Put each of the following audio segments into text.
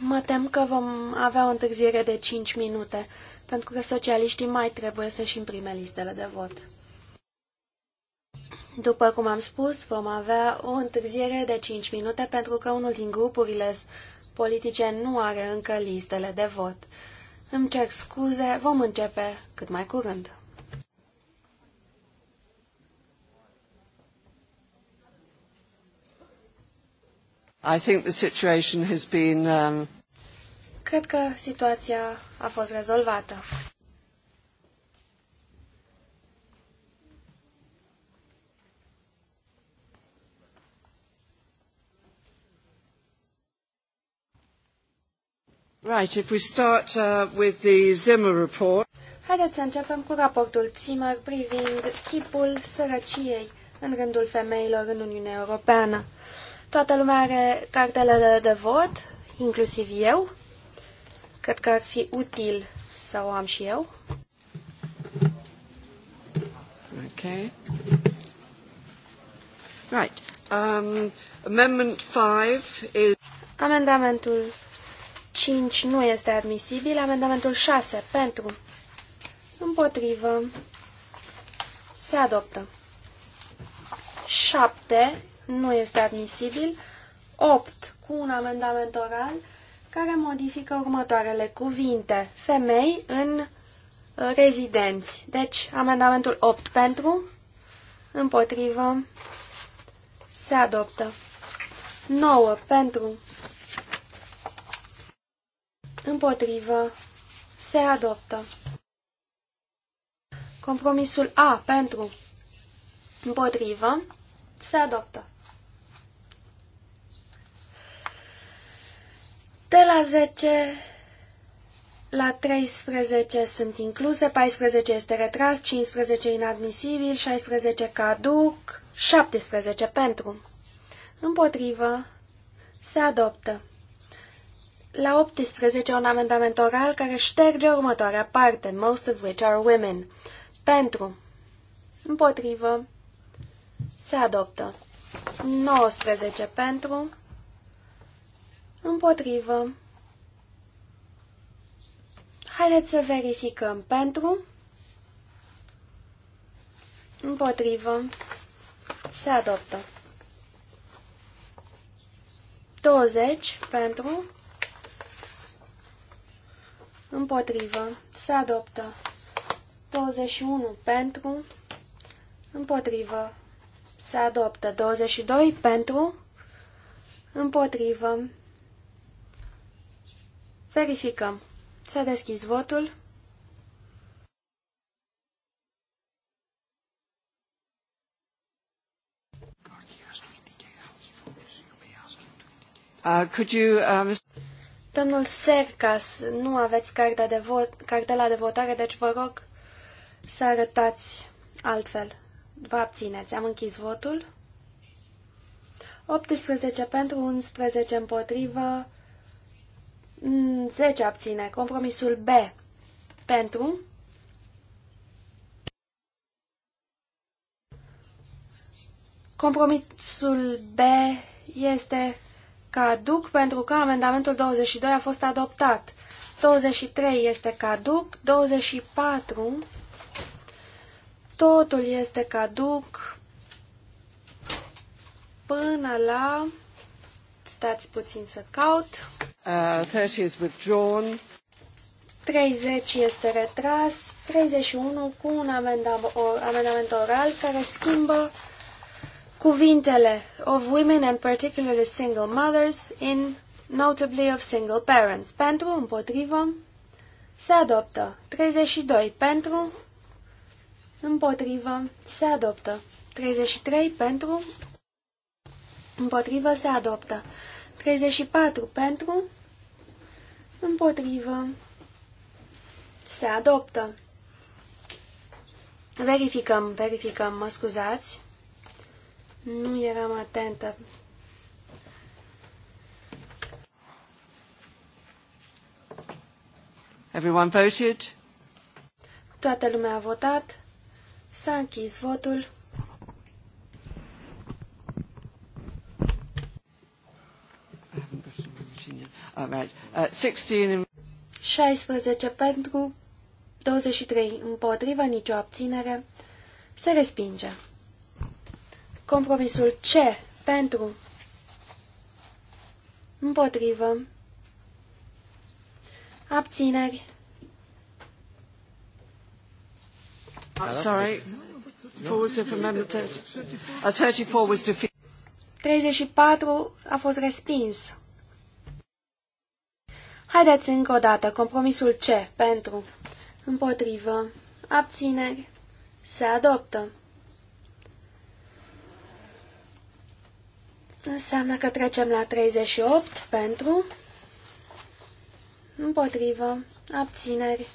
Mă tem că vom avea o întârziere de 5 minute, pentru că socialiștii mai trebuie să-și imprime listele de vot. După cum am spus, vom avea o întârziere de 5 minute pentru că unul din grupurile politice nu are încă listele de vot. Îmi cer scuze, vom începe cât mai curând. I think the situation has been, um... Cred că situația a fost rezolvată. Right, if we start uh, with the Zimmer report. Haideți să începem cu raportul Zimmer privind chipul sărăciei în rândul femeilor în Uniunea Europeană. Uh, Toată lumea are cartelele de vot, inclusiv eu. Cred că ar fi util să o am și eu. Ok. Right. Um, amendment 5 is... Amendamentul 5 nu este admisibil. Amendamentul 6 pentru. Împotrivă. Se adoptă. 7 nu este admisibil. 8. Cu un amendament oral care modifică următoarele cuvinte. Femei în uh, rezidenți. Deci, amendamentul 8 pentru, împotrivă, se adoptă. 9 pentru, împotrivă, se adoptă. Compromisul A pentru, împotrivă, se adoptă. De la 10 la 13 sunt incluse, 14 este retras, 15 inadmisibil, 16 caduc, 17 pentru. Împotrivă se adoptă. La 18 un amendament oral care șterge următoarea parte, most of which are women. Pentru. Împotrivă se adoptă. 19 pentru. Împotrivă. Haideți să verificăm. Pentru. Împotrivă. Se adoptă. 20 pentru. Împotrivă. Se adoptă. 21 pentru. Împotrivă. Se adoptă. 22 pentru. Împotrivă. Verificăm. S-a deschis votul. Uh, could you, uh, Domnul Sercas, nu aveți cartea de vot, cartela de votare, deci vă rog să arătați altfel. Vă abțineți. Am închis votul. 18 pentru, 11 împotrivă, 10 mm, abține. Compromisul B pentru. Compromisul B este caduc pentru că amendamentul 22 a fost adoptat. 23 este caduc, 24 totul este caduc până la Stați puțin să caut. Uh, 30 is withdrawn. 30 este retras, 31 cu un amendament oral care schimbă cuvintele of women and particularly single mothers in notably of single parents. Pentru, împotrivă, se adoptă. 32 pentru, împotrivă, se adoptă. 33 pentru, Împotrivă se adoptă. 34 pentru. Împotrivă se adoptă. Verificăm, verificăm, mă scuzați. Nu eram atentă. Everyone voted? Toată lumea a votat. S-a închis votul. marriage. 16 16 pentru, 23 împotrivă, nicio abținere. Se respinge. Compromisul C pentru, împotrivă, abțineri. sorry. Falls uh, was defeated. 34 a fost respins. Haideți încă o dată, compromisul C, pentru, împotrivă, abțineri, se adoptă. Înseamnă că trecem la 38, pentru, împotrivă, abțineri,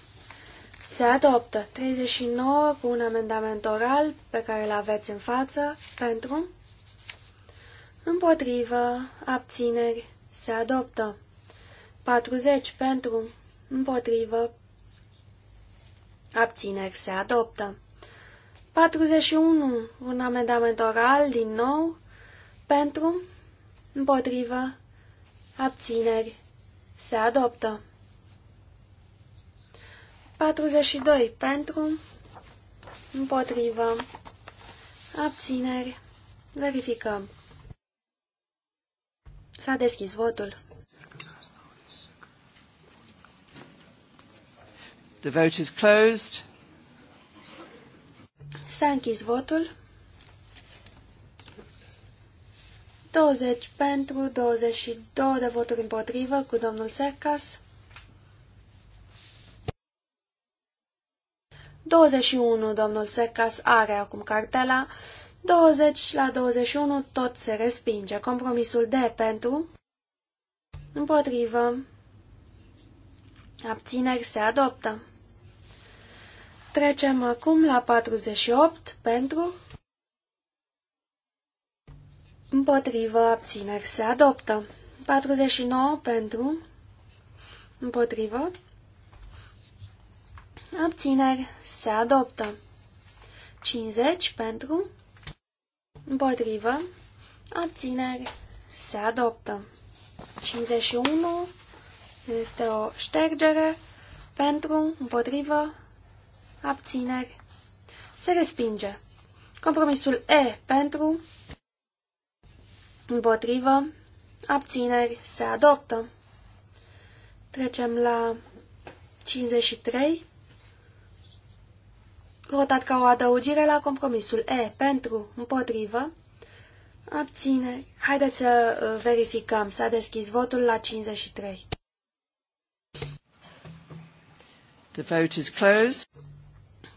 se adoptă. 39 cu un amendament oral pe care îl aveți în față, pentru, împotrivă, abțineri, se adoptă. 40 pentru, împotrivă, abțineri se adoptă. 41. Un amendament oral, din nou, pentru, împotrivă, abțineri se adoptă. 42. Pentru, împotrivă, abțineri, verificăm. S-a deschis votul. The vote is closed. S-a închis votul. 20 pentru, 22 de voturi împotrivă cu domnul Sercas. 21 domnul Secas are acum cartela. 20 la 21 tot se respinge. Compromisul de pentru, împotrivă, abțineri se adoptă. Trecem acum la 48 pentru împotrivă abțineri se adoptă. 49 pentru împotrivă abțineri se adoptă. 50 pentru împotrivă abțineri se adoptă. 51 este o ștergere pentru împotrivă abțineri, se respinge. Compromisul E pentru, împotrivă, abțineri, se adoptă. Trecem la 53, votat ca o adăugire la compromisul E pentru, împotrivă, abțineri. Haideți să uh, verificăm, s-a deschis votul la 53. The vote is closed.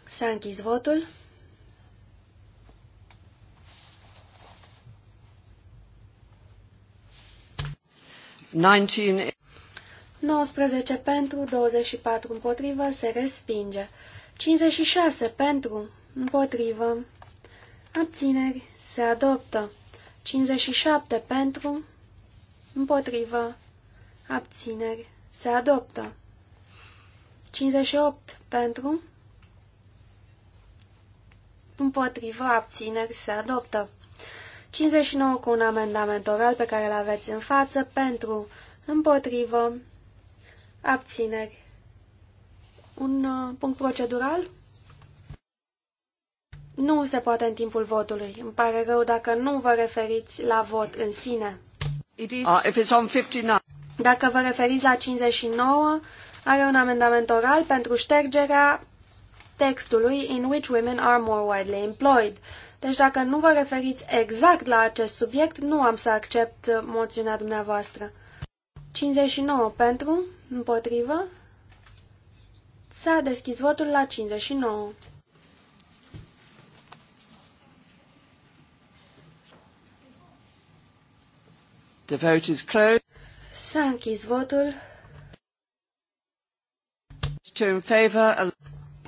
S-a închis votul. Nineteen. 19 pentru, 24 împotrivă, se respinge. 56 pentru, împotrivă, abțineri, se adoptă. 57 pentru, împotrivă, abțineri, se adoptă. 58 pentru, împotriva abțineri, se adoptă. 59 cu un amendament oral pe care îl aveți în față, pentru, împotrivă, abțineri. Un uh, punct procedural? Nu se poate în timpul votului. Îmi pare rău dacă nu vă referiți la vot în sine. It is... uh, if it's on 59. Dacă vă referiți la 59, are un amendament oral pentru ștergerea textului In which women are more widely employed. Deci dacă nu vă referiți exact la acest subiect, nu am să accept moțiunea dumneavoastră. 59 pentru, împotrivă. S-a deschis votul la 59. The vote is closed. S-a închis votul. To in favor.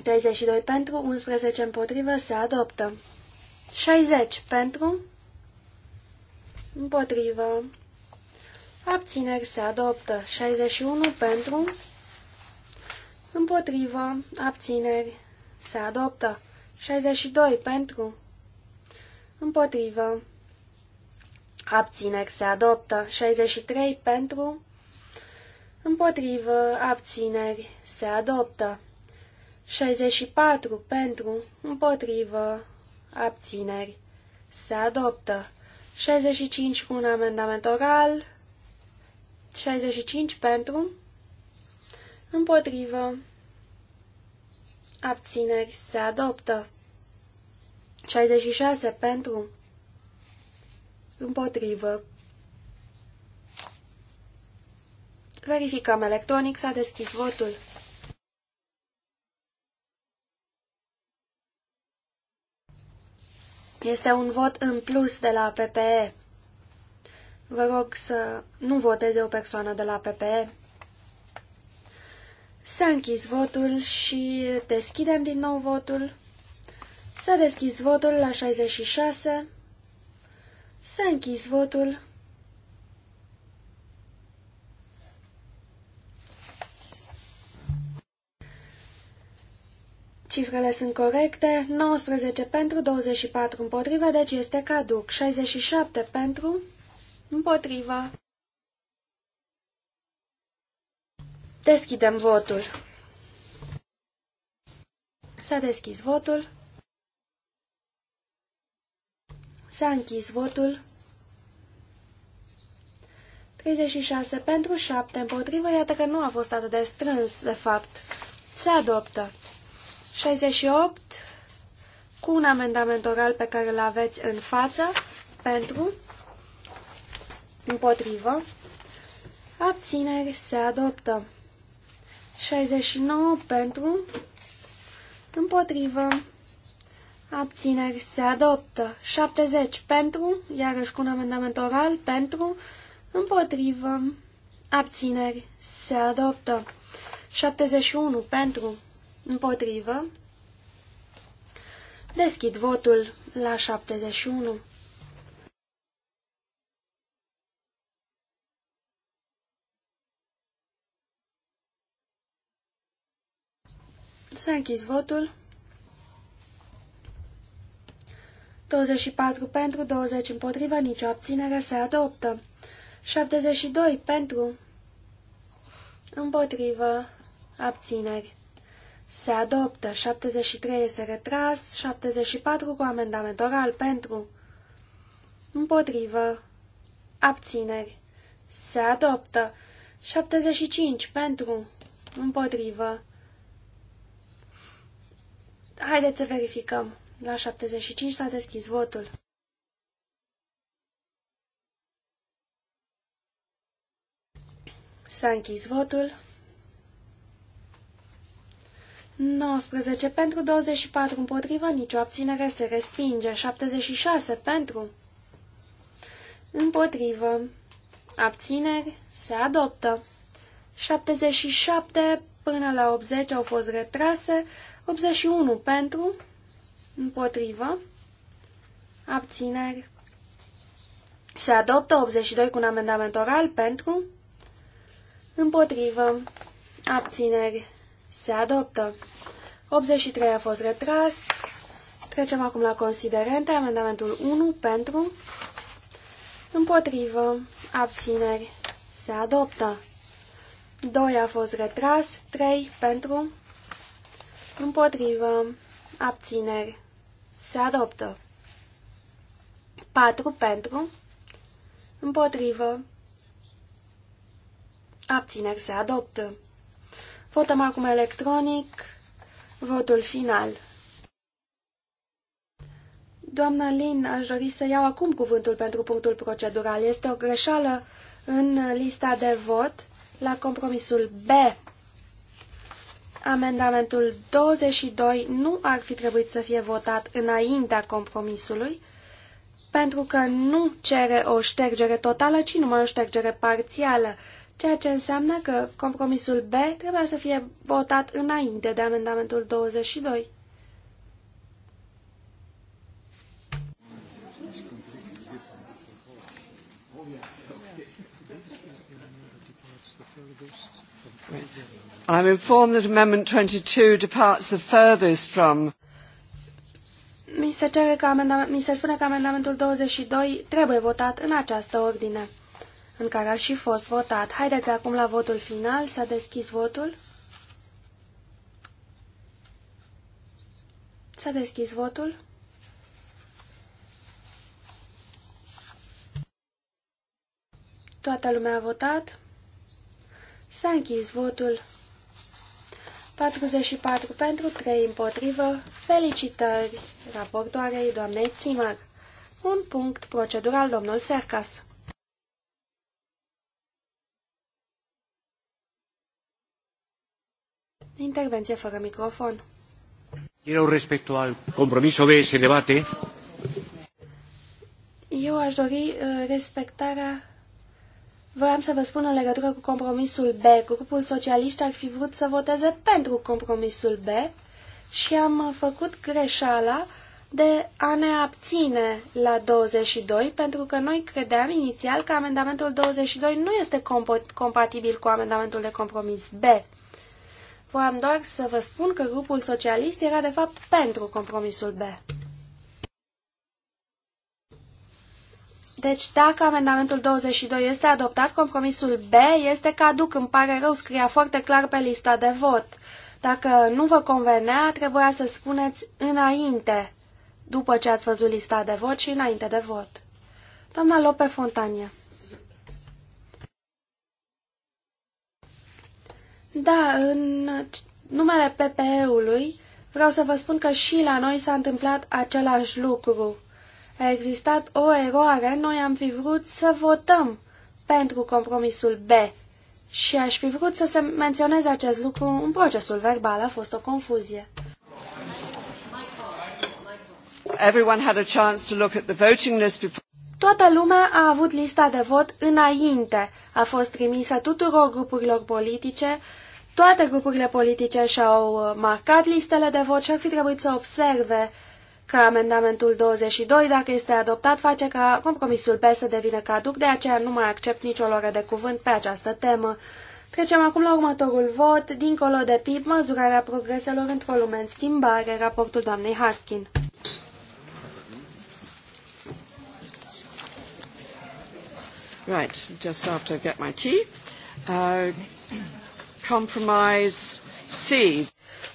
32 pentru, 11 împotrivă, se adoptă. 60 pentru, împotrivă, abțineri, se adoptă. 61 pentru, împotrivă, abțineri, se adoptă. 62 pentru, împotrivă, abțineri, se adoptă. 63 pentru, împotrivă, abțineri, se adoptă. 64 pentru, împotrivă, abțineri. Se adoptă. 65 cu un amendament oral. 65 pentru, împotrivă, abțineri. Se adoptă. 66 pentru, împotrivă. Verificăm electronic, s-a deschis votul. Este un vot în plus de la PPE. Vă rog să nu voteze o persoană de la PPE. S-a închis votul și deschidem din nou votul. S-a deschis votul la 66. S-a închis votul. Cifrele sunt corecte, 19 pentru, 24 împotrivă, deci este caduc, 67 pentru, împotrivă. Deschidem votul. S-a deschis votul. S-a închis votul. 36 pentru 7 împotrivă, iată că nu a fost atât de strâns, de fapt. Se adoptă. 68 cu un amendament oral pe care îl aveți în față pentru împotrivă abțineri se adoptă 69 pentru împotrivă abțineri se adoptă 70 pentru iarăși cu un amendament oral pentru împotrivă abțineri se adoptă 71 pentru Împotrivă. Deschid votul la 71. S-a închis votul. 24 pentru, 20 împotrivă, nicio abținere se adoptă. 72 pentru, împotrivă, abțineri. Se adoptă. 73 este retras. 74 cu amendament oral pentru. Împotrivă. Abțineri. Se adoptă. 75 pentru. Împotrivă. Haideți să verificăm. La 75 s-a deschis votul. S-a închis votul. 19 pentru 24 împotrivă, nicio abținere se respinge. 76 pentru împotrivă, abțineri se adoptă. 77 până la 80 au fost retrase, 81 pentru împotrivă, abțineri se adoptă, 82 cu un amendament oral pentru împotrivă, abțineri se adoptă. 83 a fost retras. Trecem acum la considerente. Amendamentul 1 pentru, împotrivă, abțineri, se adoptă. 2 a fost retras, 3 pentru, împotrivă, abțineri, se adoptă. 4 pentru, împotrivă, abțineri, se adoptă. Votăm acum electronic votul final. Doamna Lin, aș dori să iau acum cuvântul pentru punctul procedural. Este o greșeală în lista de vot la compromisul B. Amendamentul 22 nu ar fi trebuit să fie votat înaintea compromisului, pentru că nu cere o ștergere totală, ci numai o ștergere parțială ceea ce înseamnă că compromisul B trebuia să fie votat înainte de amendamentul 22. I'm informed that Amendment 22 departs the furthest from mi se, cere că amendament, mi se spune că amendamentul 22 trebuie votat în această ordine în care a și fost votat. Haideți acum la votul final. S-a deschis votul. S-a deschis votul. Toată lumea a votat. S-a închis votul. 44 pentru, 3 împotrivă. Felicitări raportoarei doamnei Țimăr. Un punct procedural, domnul Sercas. Intervenție fără microfon. Eu respectul al compromisul de se debate. Eu aș dori uh, respectarea Voiam să vă spun în legătură cu compromisul B. Grupul socialist ar fi vrut să voteze pentru compromisul B și am uh, făcut greșeala de a ne abține la 22, pentru că noi credeam inițial că amendamentul 22 nu este compatibil cu amendamentul de compromis B. Voiam doar să vă spun că grupul socialist era de fapt pentru compromisul B. Deci dacă amendamentul 22 este adoptat, compromisul B este caduc. Îmi pare rău, scria foarte clar pe lista de vot. Dacă nu vă convenea, trebuia să spuneți înainte, după ce ați văzut lista de vot și înainte de vot. Doamna Lope Fontania. Da, în numele PPE-ului vreau să vă spun că și la noi s-a întâmplat același lucru. A existat o eroare, noi am fi vrut să votăm pentru compromisul B și aș fi vrut să se menționeze acest lucru în procesul verbal, a fost o confuzie. Toată lumea a avut lista de vot înainte, a fost trimisă tuturor grupurilor politice toate grupurile politice și-au uh, marcat listele de vot și ar fi trebuit să observe că amendamentul 22, dacă este adoptat, face ca compromisul P să devină caduc, de aceea nu mai accept nicio loră de cuvânt pe această temă. Trecem acum la următorul vot, dincolo de PIB, măzurarea progreselor într-o lume în schimbare, raportul doamnei Harkin. Right, just after I get my tea. Uh, Compromise C.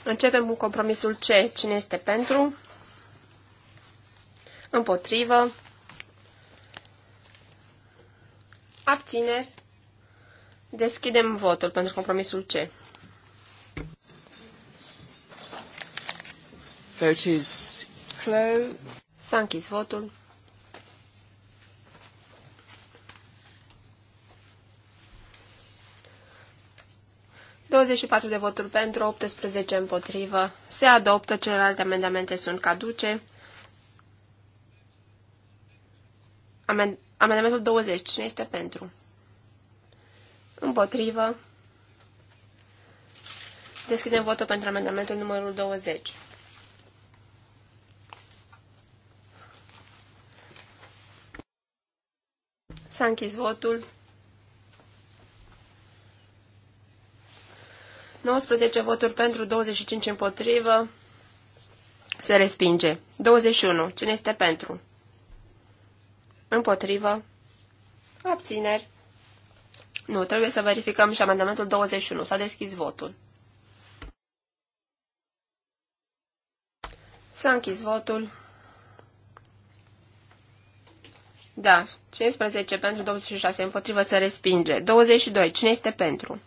Începem cu compromisul C. Cine este pentru? Împotrivă. Abțineri. Deschidem votul pentru compromisul C. Vote is closed. S-a închis votul. 24 de voturi pentru, 18 împotrivă. Se adoptă, celelalte amendamente sunt caduce. Amen amendamentul 20. Cine este pentru? Împotrivă. Deschidem votul pentru amendamentul numărul 20. S-a închis votul. 19 voturi pentru, 25 împotrivă. Se respinge. 21. Cine este pentru? Împotrivă. Abțineri. Nu, trebuie să verificăm și amendamentul 21. S-a deschis votul. S-a închis votul. Da, 15 pentru, 26 împotrivă, se respinge. 22. Cine este pentru?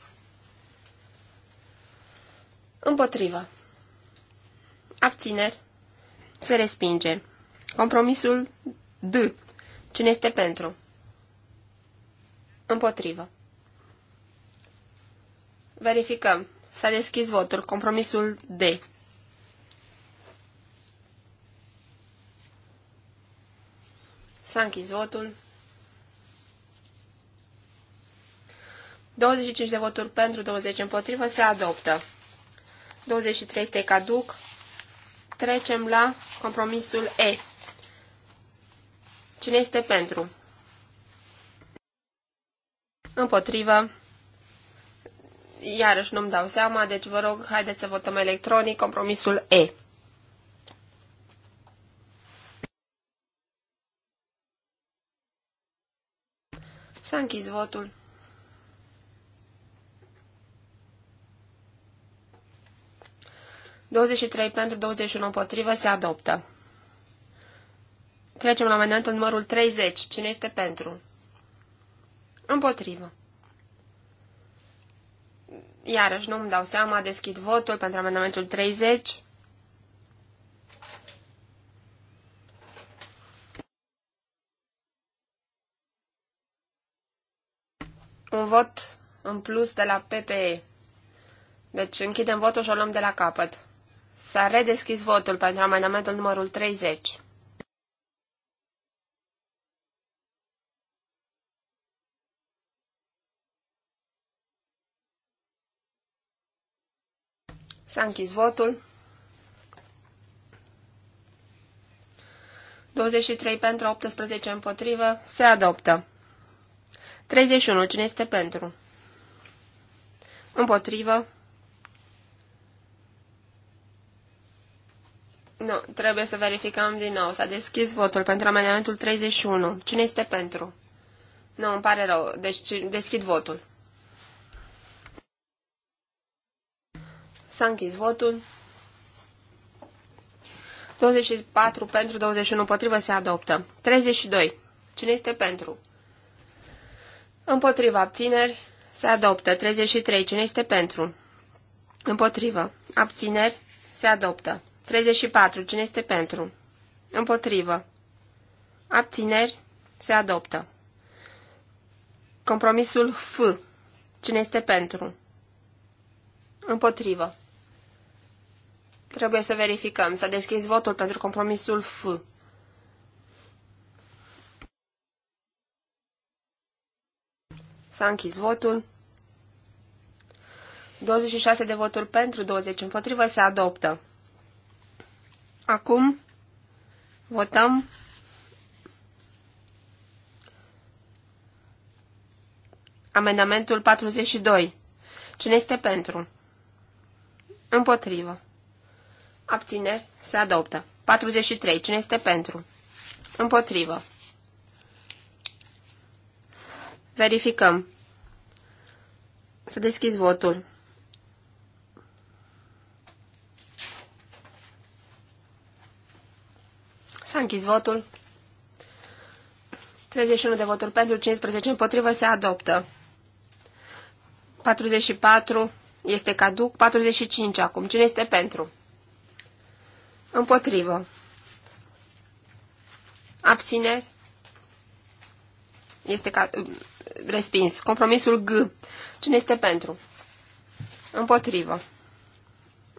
Împotrivă. Abțineri. Se respinge. Compromisul D. Cine este pentru? Împotrivă. Verificăm. S-a deschis votul. Compromisul D. S-a închis votul. 25 de voturi pentru, 20 împotrivă, se adoptă. 23 este caduc. Trecem la compromisul E. Cine este pentru? Împotrivă. Iarăși nu-mi dau seama, deci vă rog, haideți să votăm electronic compromisul E. S-a închis votul. 23 pentru, 21 împotrivă, se adoptă. Trecem la amendamentul numărul 30. Cine este pentru? Împotrivă. Iarăși nu-mi dau seama, deschid votul pentru amendamentul 30. Un vot în plus de la PPE. Deci închidem votul și o luăm de la capăt. S-a redeschis votul pentru amendamentul numărul 30. S-a închis votul. 23 pentru, 18 împotrivă. Se adoptă. 31. Cine este pentru? Împotrivă. Nu, trebuie să verificăm din nou. S-a deschis votul pentru amendamentul 31. Cine este pentru? Nu, îmi pare rău. Deci deschid votul. S-a închis votul. 24 pentru, 21 împotrivă se adoptă. 32. Cine este pentru? Împotrivă abțineri se adoptă. 33. Cine este pentru? Împotrivă. Abțineri se adoptă. 34. Cine este pentru? Împotrivă. Abțineri. Se adoptă. Compromisul F. Cine este pentru? Împotrivă. Trebuie să verificăm. S-a deschis votul pentru compromisul F. S-a închis votul. 26 de voturi pentru, 20 împotrivă, se adoptă. Acum votăm amendamentul 42. Cine este pentru? Împotrivă. Abțineri. Se adoptă. 43. Cine este pentru? Împotrivă. Verificăm. Să deschizi votul. S-a închis votul. 31 de voturi pentru, 15 împotrivă, se adoptă. 44 este caduc, 45 acum. Cine este pentru? Împotrivă. Abțineri. Este ca... respins. Compromisul G. Cine este pentru? Împotrivă.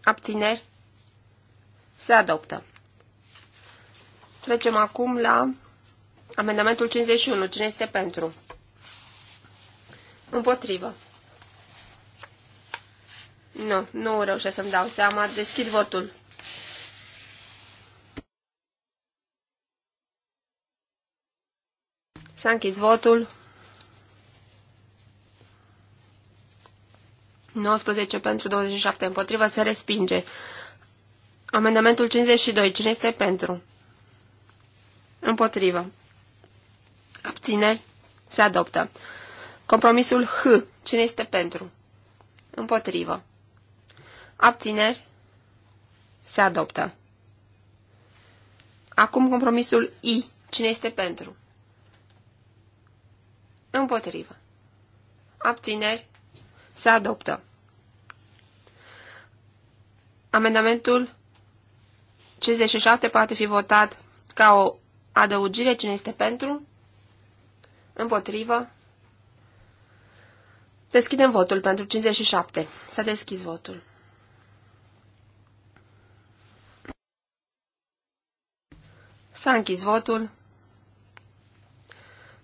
Abțineri. Se adoptă. Trecem acum la amendamentul 51. Cine este pentru? Împotrivă. Nu, nu reușesc să-mi dau seama. Deschid votul. S-a închis votul. 19 pentru 27 împotrivă se respinge. Amendamentul 52. Cine este pentru? Împotrivă. Abțineri. Se adoptă. Compromisul H. Cine este pentru? Împotrivă. Abțineri. Se adoptă. Acum compromisul I. Cine este pentru? Împotrivă. Abțineri. Se adoptă. Amendamentul 57 poate fi votat ca o adăugire, cine este pentru? Împotrivă? Deschidem votul pentru 57. S-a deschis votul. S-a închis votul.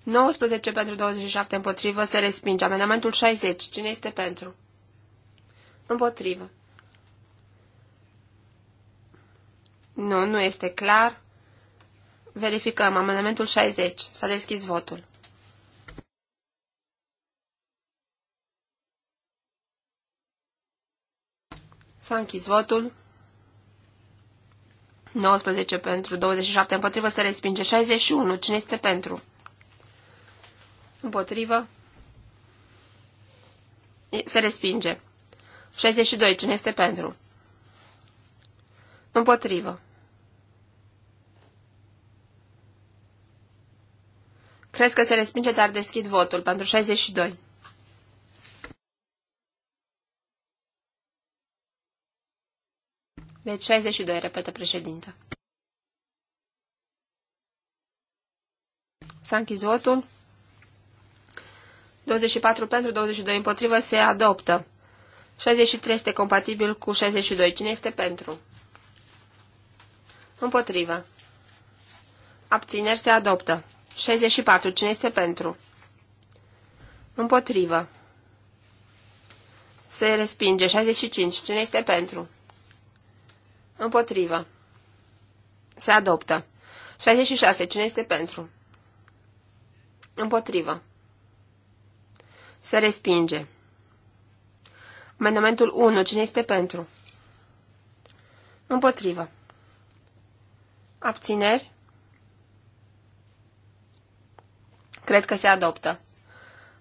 19 pentru 27 împotrivă se respinge. Amendamentul 60. Cine este pentru? Împotrivă. Nu, nu este clar. Verificăm. Amendamentul 60. S-a deschis votul. S-a închis votul. 19 pentru, 27 împotrivă, se respinge. 61. Cine este pentru? Împotrivă. Se respinge. 62. Cine este pentru? Împotrivă. Cred că se respinge, dar deschid votul pentru 62. Deci 62, repetă președinte. S-a închis votul. 24 pentru, 22 împotrivă, se adoptă. 63 este compatibil cu 62. Cine este pentru? Împotrivă. Abțineri se adoptă. 64. Cine este pentru? Împotrivă. Se respinge. 65. Cine este pentru? Împotrivă. Se adoptă. 66. Cine este pentru? Împotrivă. Se respinge. Amendamentul 1. Cine este pentru? Împotrivă. Abțineri? Cred că se adoptă.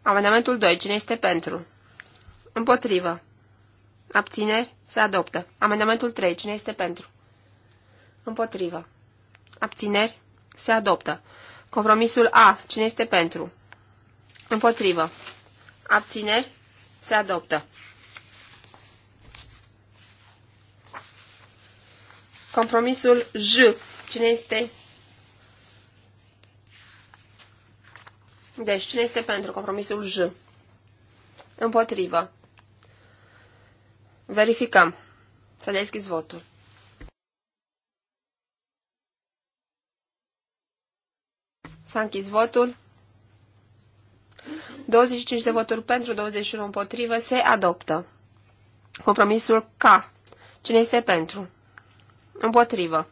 Amendamentul 2. Cine este pentru? Împotrivă. Abțineri? Se adoptă. Amendamentul 3. Cine este pentru? Împotrivă. Abțineri? Se adoptă. Compromisul A. Cine este pentru? Împotrivă. Abțineri? Se adoptă. Compromisul J. Cine este Deci, cine este pentru compromisul J? Împotrivă. Verificăm. Să deschizi votul. S-a închis votul. 25 de voturi pentru, 21 împotrivă. Se adoptă. Compromisul K. Cine este pentru? Împotrivă.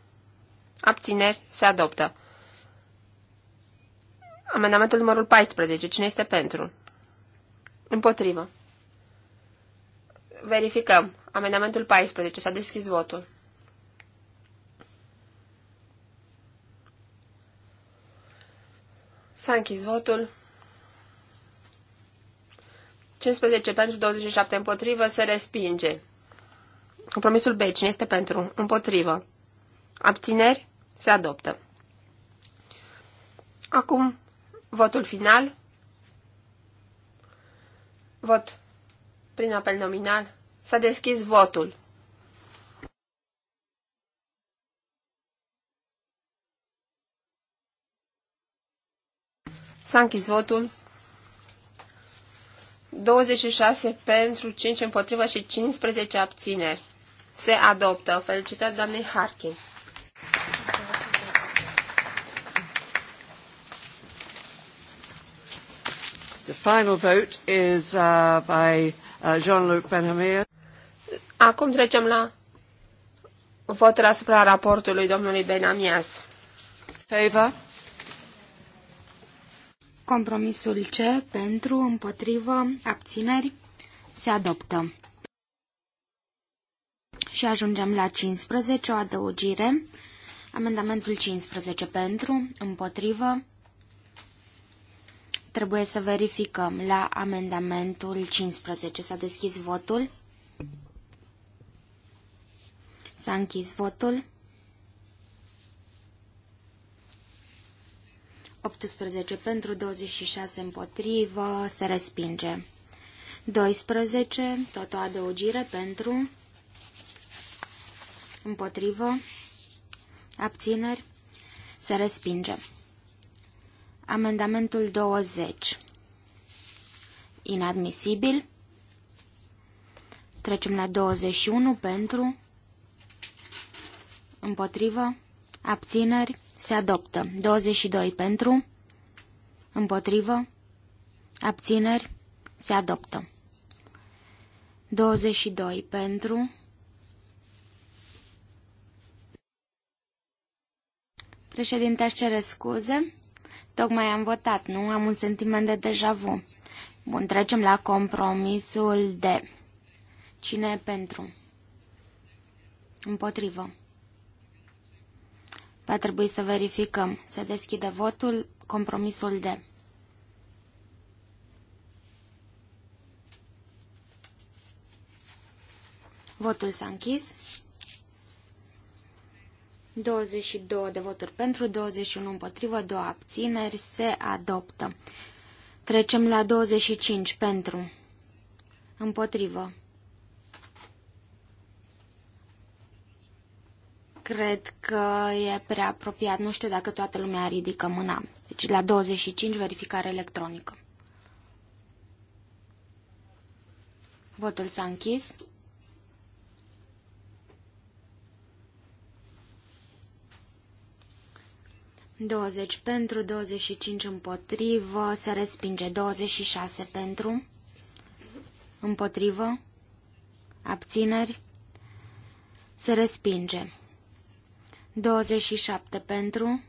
Abțineri. Se adoptă. Amendamentul numărul 14. Cine este pentru? Împotrivă. Verificăm. Amendamentul 14. S-a deschis votul. S-a închis votul. 15 pentru, 27 împotrivă, se respinge. Compromisul B, cine este pentru? Împotrivă. Abțineri? Se adoptă. Acum Votul final. Vot prin apel nominal. S-a deschis votul. S-a închis votul. 26 pentru, 5 împotrivă și 15 abțineri. Se adoptă. Felicitări doamnei Harkin. The final vote is uh, by uh, Jean-Luc Benhamir. Acum trecem la votul asupra raportului domnului Benamias. Favor. Compromisul C pentru, împotrivă, abțineri se adoptă. Și ajungem la 15, o adăugire. Amendamentul 15 pentru, împotrivă, Trebuie să verificăm la amendamentul 15. S-a deschis votul. S-a închis votul. 18 pentru, 26 împotrivă, se respinge. 12, tot o adăugire pentru, împotrivă, abțineri, se respinge. Amendamentul 20. Inadmisibil. Trecem la 21 pentru. Împotrivă. Abțineri. Se adoptă. 22 pentru. Împotrivă. Abțineri. Se adoptă. 22 pentru. Președinte, aș cere scuze. Tocmai am votat, nu? Am un sentiment de deja vu. Bun, trecem la compromisul de cine e pentru. Împotrivă. Va trebui să verificăm. Se deschide votul, compromisul de. Votul s-a închis. 22 de voturi pentru, 21 împotrivă, 2 abțineri, se adoptă. Trecem la 25 pentru, împotrivă. Cred că e prea apropiat, nu știu dacă toată lumea ridică mâna. Deci la 25 verificare electronică. Votul s-a închis. 20 pentru, 25 împotrivă, se respinge 26 pentru, împotrivă, abțineri, se respinge 27 pentru,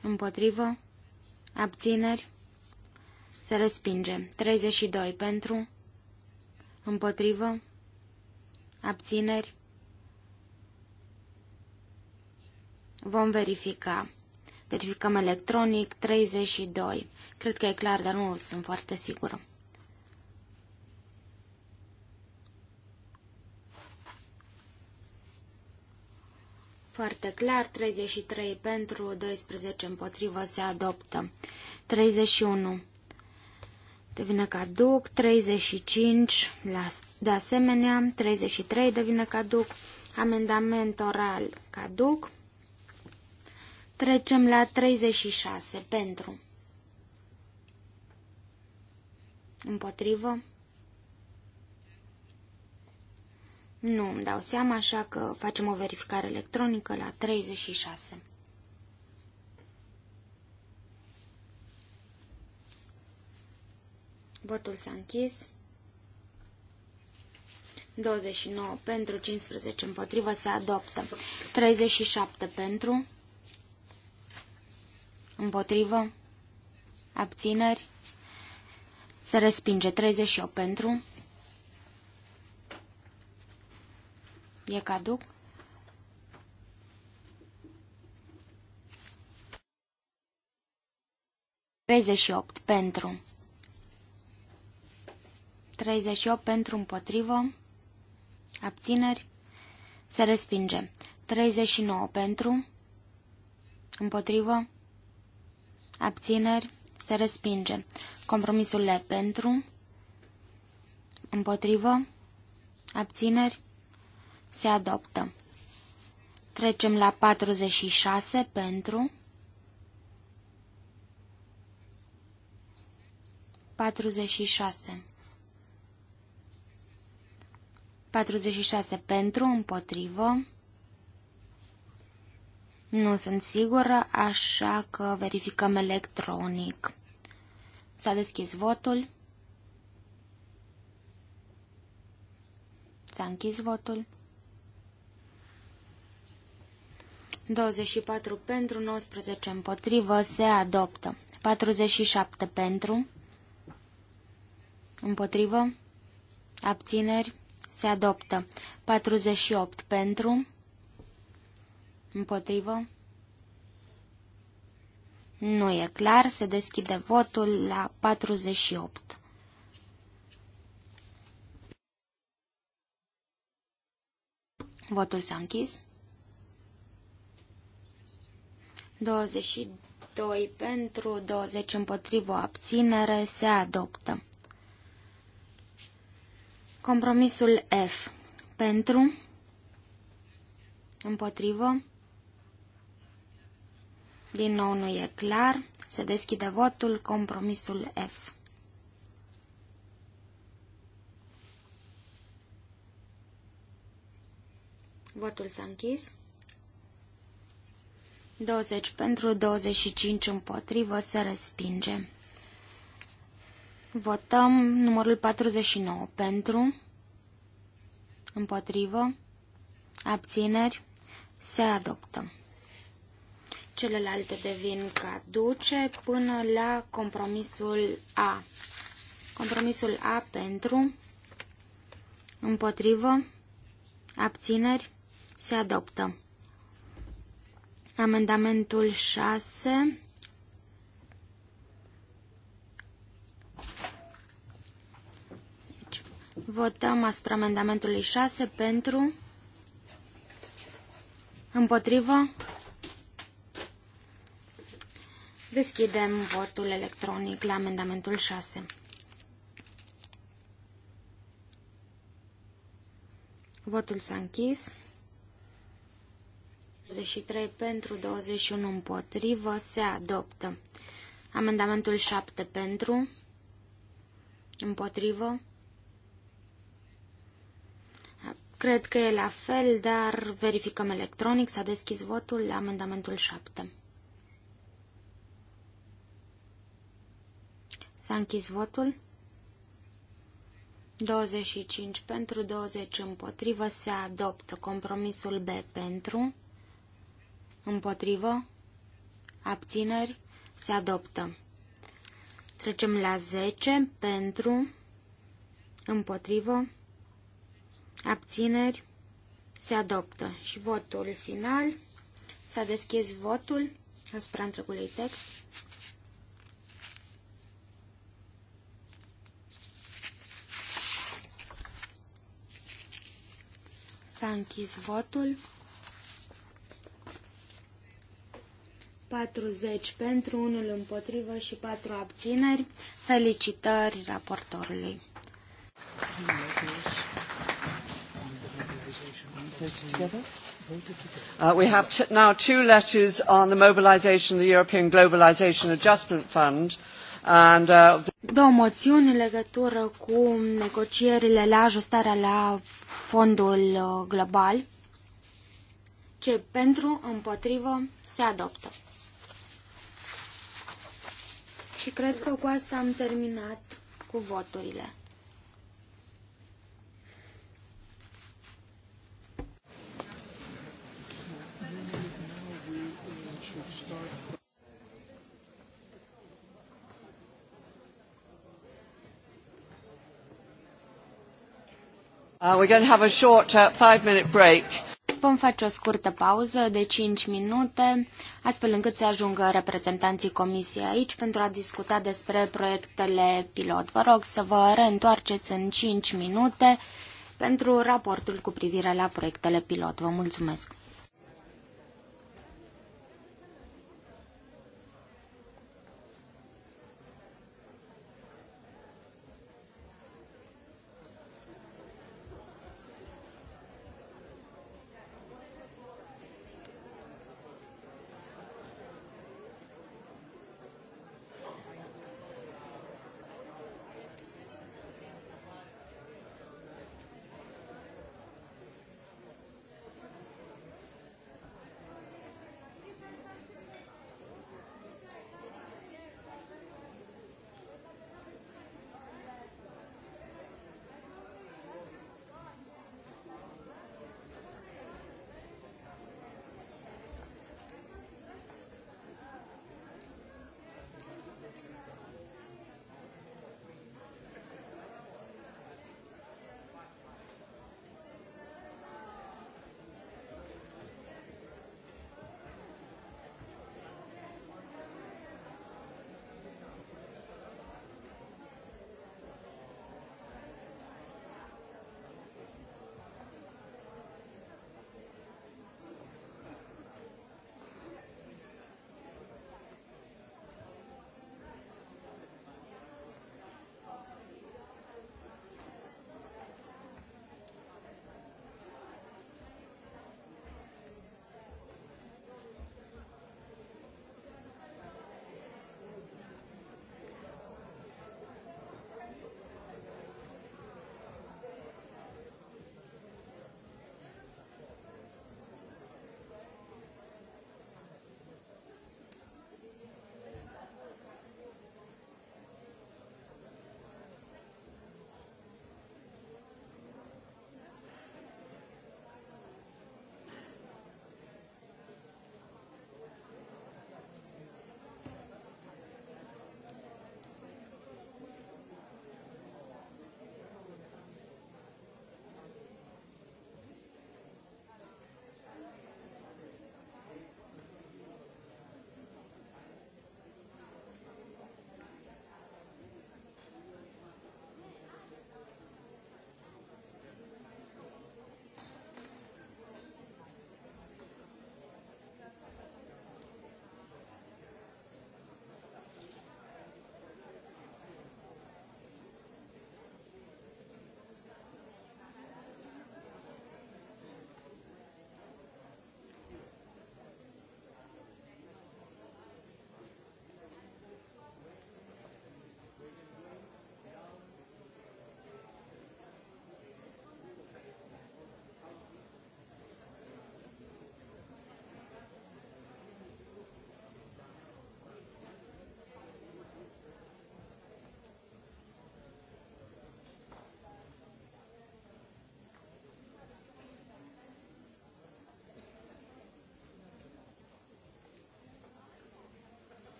împotrivă, abțineri, se respinge 32 pentru, împotrivă, abțineri, Vom verifica. Verificăm electronic 32. Cred că e clar, dar nu sunt foarte sigură. Foarte clar, 33 pentru, 12 împotrivă se adoptă. 31 devine caduc, 35 la, de asemenea, 33 devine caduc, amendament oral caduc, Trecem la 36. Pentru. Împotrivă. Nu îmi dau seama, așa că facem o verificare electronică la 36. Votul s-a închis. 29 pentru, 15 împotrivă, se adoptă. 37 pentru, Împotrivă. Abțineri. Se respinge 38 pentru. E caduc. Treizeci opt pentru. Treizeci opt pentru împotrivă. Abțineri. Se respinge. Treizeci nouă pentru. Împotrivă abțineri, se respinge. Compromisul le pentru, împotrivă, abțineri, se adoptă. Trecem la 46 pentru 46 46 pentru, împotrivă, nu sunt sigură, așa că verificăm electronic. S-a deschis votul. S-a închis votul. 24 pentru, 19 împotrivă, se adoptă. 47 pentru, împotrivă, abțineri, se adoptă. 48 pentru, Împotrivă? Nu e clar, se deschide votul la 48. Votul s-a închis. 22 pentru, 20 împotrivă, abținere, se adoptă. Compromisul F. Pentru, împotrivă, din nou nu e clar. Se deschide votul, compromisul F. Votul s-a închis. 20 pentru, 25 împotrivă, se respinge. Votăm numărul 49 pentru, împotrivă, abțineri, se adoptă celelalte devin caduce până la compromisul A. Compromisul A pentru, împotrivă, abțineri, se adoptă. Amendamentul 6 deci, Votăm asupra amendamentului 6 pentru, împotrivă, Deschidem votul electronic la amendamentul 6. Votul s-a închis. 23 pentru, 21 împotrivă, se adoptă. Amendamentul 7 pentru, împotrivă. Cred că e la fel, dar verificăm electronic. S-a deschis votul la amendamentul 7. S-a închis votul. 25 pentru, 20 împotrivă, se adoptă compromisul B pentru, împotrivă, abțineri, se adoptă. Trecem la 10 pentru, împotrivă, abțineri, se adoptă. Și votul final, s-a deschis votul asupra întregului text. s închis votul. 40 pentru, 1 împotrivă și 4 abțineri. Felicitări raportorului. Uh, we have t now two letters on the mobilization of the European Globalization Adjustment Fund. And, uh, Două moțiuni în legătură cu negocierile la ajustarea la fondul uh, global, ce pentru, împotrivă, se adoptă. Și cred că cu asta am terminat cu voturile. Uh, we're going to have a short uh, five-minute break. Vom face o scurtă pauză de 5 minute, astfel încât să ajungă reprezentanții comisiei aici pentru a discuta despre proiectele pilot. Vă rog să vă reîntoarceți în 5 minute pentru raportul cu privire la proiectele pilot. Vă mulțumesc!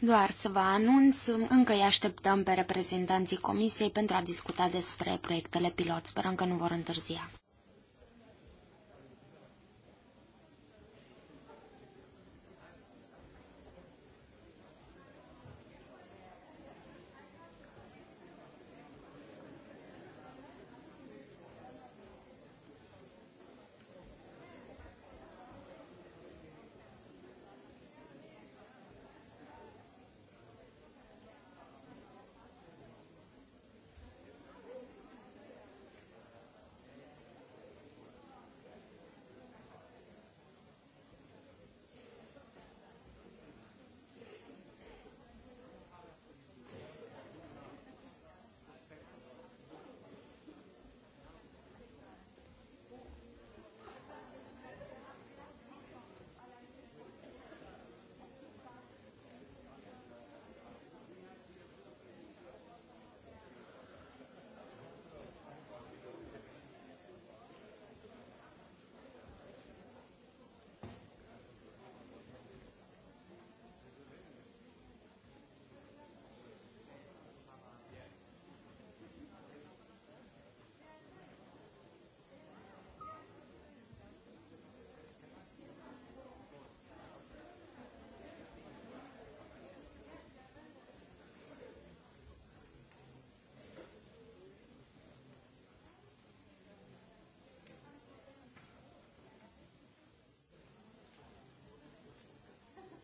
Doar să vă anunț, încă îi așteptăm pe reprezentanții Comisiei pentru a discuta despre proiectele pilot. Sperăm că nu vor întârzia.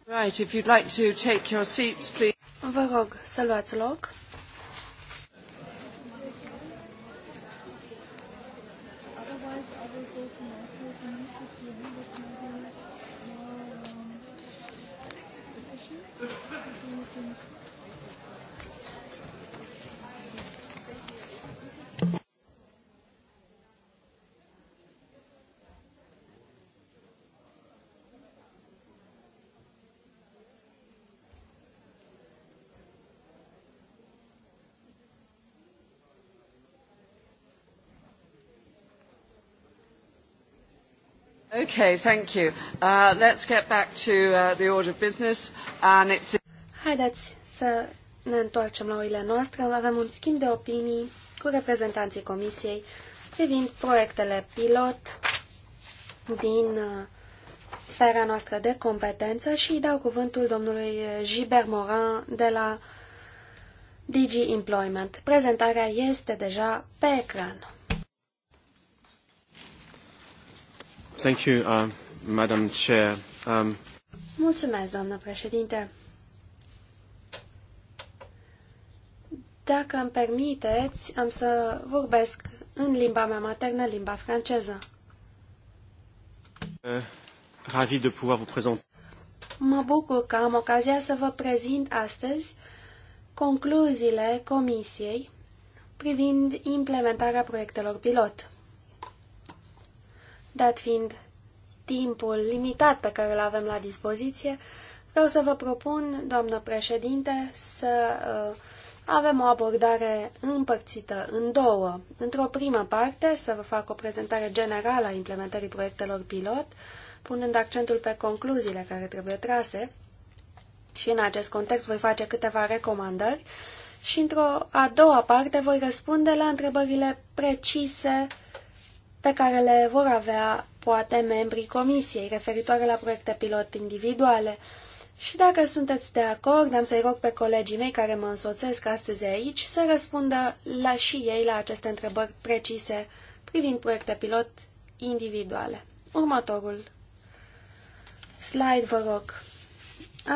Right, if you'd like to take your seats, please. Vă rog să luați loc. Okay, thank you. Uh, let's get back to uh, the order of business. And it's... Haideți să ne întoarcem la oile noastre. Avem un schimb de opinii cu reprezentanții Comisiei privind proiectele pilot din uh, sfera noastră de competență și îi dau cuvântul domnului Gilbert Morin de la DG Employment. Prezentarea este deja pe ecran. Thank you, uh, Madam Chair. Um... Mulțumesc, doamnă președinte. Dacă îmi permiteți, am să vorbesc în limba mea maternă, limba franceză. Uh, ravi de pouvoir vous présenter. Mă bucur că am ocazia să vă prezint astăzi concluziile Comisiei privind implementarea proiectelor pilot. Dat fiind timpul limitat pe care îl avem la dispoziție, vreau să vă propun, doamnă președinte, să uh, avem o abordare împărțită în două. Într-o primă parte, să vă fac o prezentare generală a implementării proiectelor pilot, punând accentul pe concluziile care trebuie trase și în acest context voi face câteva recomandări și într-o a doua parte voi răspunde la întrebările precise pe care le vor avea poate membrii comisiei referitoare la proiecte pilot individuale. Și dacă sunteți de acord, am să-i rog pe colegii mei care mă însoțesc astăzi aici să răspundă la și ei la aceste întrebări precise privind proiecte pilot individuale. Următorul slide, vă rog.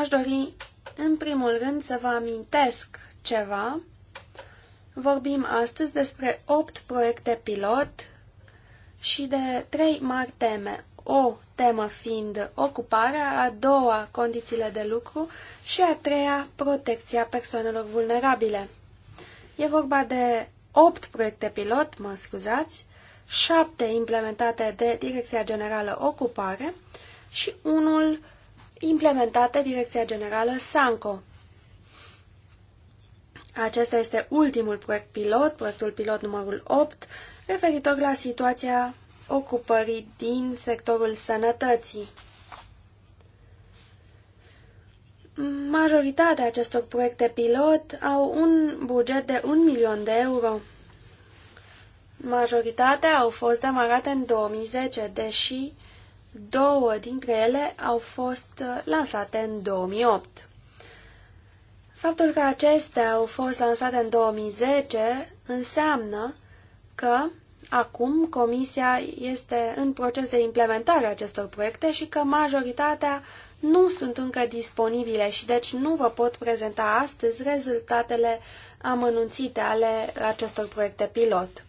Aș dori, în primul rând, să vă amintesc ceva. Vorbim astăzi despre 8 proiecte pilot și de trei mari teme. O temă fiind ocuparea, a doua condițiile de lucru și a treia protecția persoanelor vulnerabile. E vorba de opt proiecte pilot, mă scuzați, 7 implementate de Direcția Generală Ocupare și unul implementat de Direcția Generală Sanco. Acesta este ultimul proiect pilot, proiectul pilot numărul 8, referitor la situația ocupării din sectorul sănătății. Majoritatea acestor proiecte pilot au un buget de 1 milion de euro. Majoritatea au fost demarate în 2010, deși două dintre ele au fost uh, lansate în 2008. Faptul că acestea au fost lansate în 2010 înseamnă că acum Comisia este în proces de implementare a acestor proiecte și că majoritatea nu sunt încă disponibile și deci nu vă pot prezenta astăzi rezultatele amănunțite ale acestor proiecte pilot,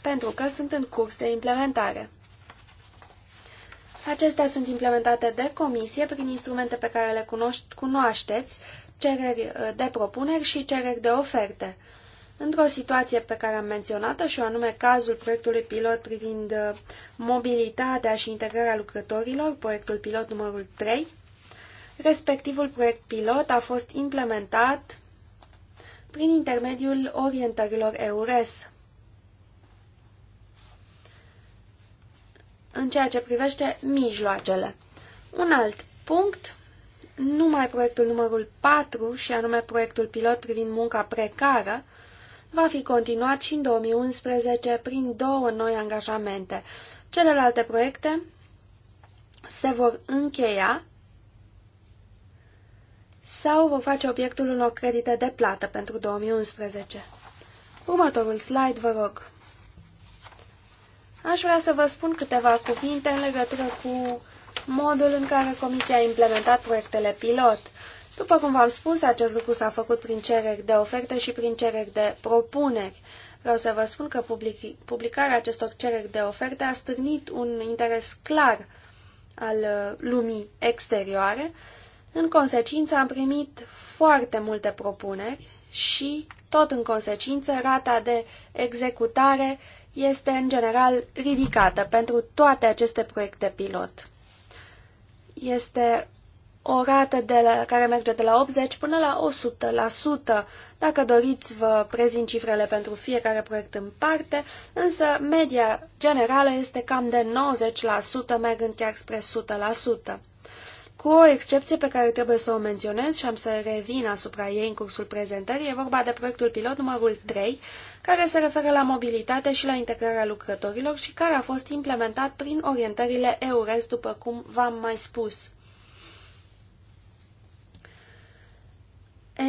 pentru că sunt în curs de implementare. Acestea sunt implementate de comisie prin instrumente pe care le cunoașteți, cereri uh, de propuneri și cereri de oferte într-o situație pe care am menționat-o și anume cazul proiectului pilot privind uh, mobilitatea și integrarea lucrătorilor, proiectul pilot numărul 3. Respectivul proiect pilot a fost implementat prin intermediul orientărilor EURES. În ceea ce privește mijloacele. Un alt punct, numai proiectul numărul 4 și anume proiectul pilot privind munca precară, va fi continuat și în 2011 prin două noi angajamente. Celelalte proiecte se vor încheia sau vor face obiectul unor credite de plată pentru 2011. Următorul slide, vă rog. Aș vrea să vă spun câteva cuvinte în legătură cu modul în care Comisia a implementat proiectele pilot. După cum v-am spus, acest lucru s-a făcut prin cereri de oferte și prin cereri de propuneri. Vreau să vă spun că publicarea acestor cereri de oferte a stârnit un interes clar al uh, lumii exterioare. În consecință am primit foarte multe propuneri și, tot în consecință, rata de executare este în general ridicată pentru toate aceste proiecte pilot. Este o rată de la, care merge de la 80 până la 100%. Dacă doriți, vă prezint cifrele pentru fiecare proiect în parte, însă media generală este cam de 90%, mergând chiar spre 100%. Cu o excepție pe care trebuie să o menționez și am să revin asupra ei în cursul prezentării, e vorba de proiectul pilot numărul 3, care se referă la mobilitate și la integrarea lucrătorilor și care a fost implementat prin orientările EURES, după cum v-am mai spus.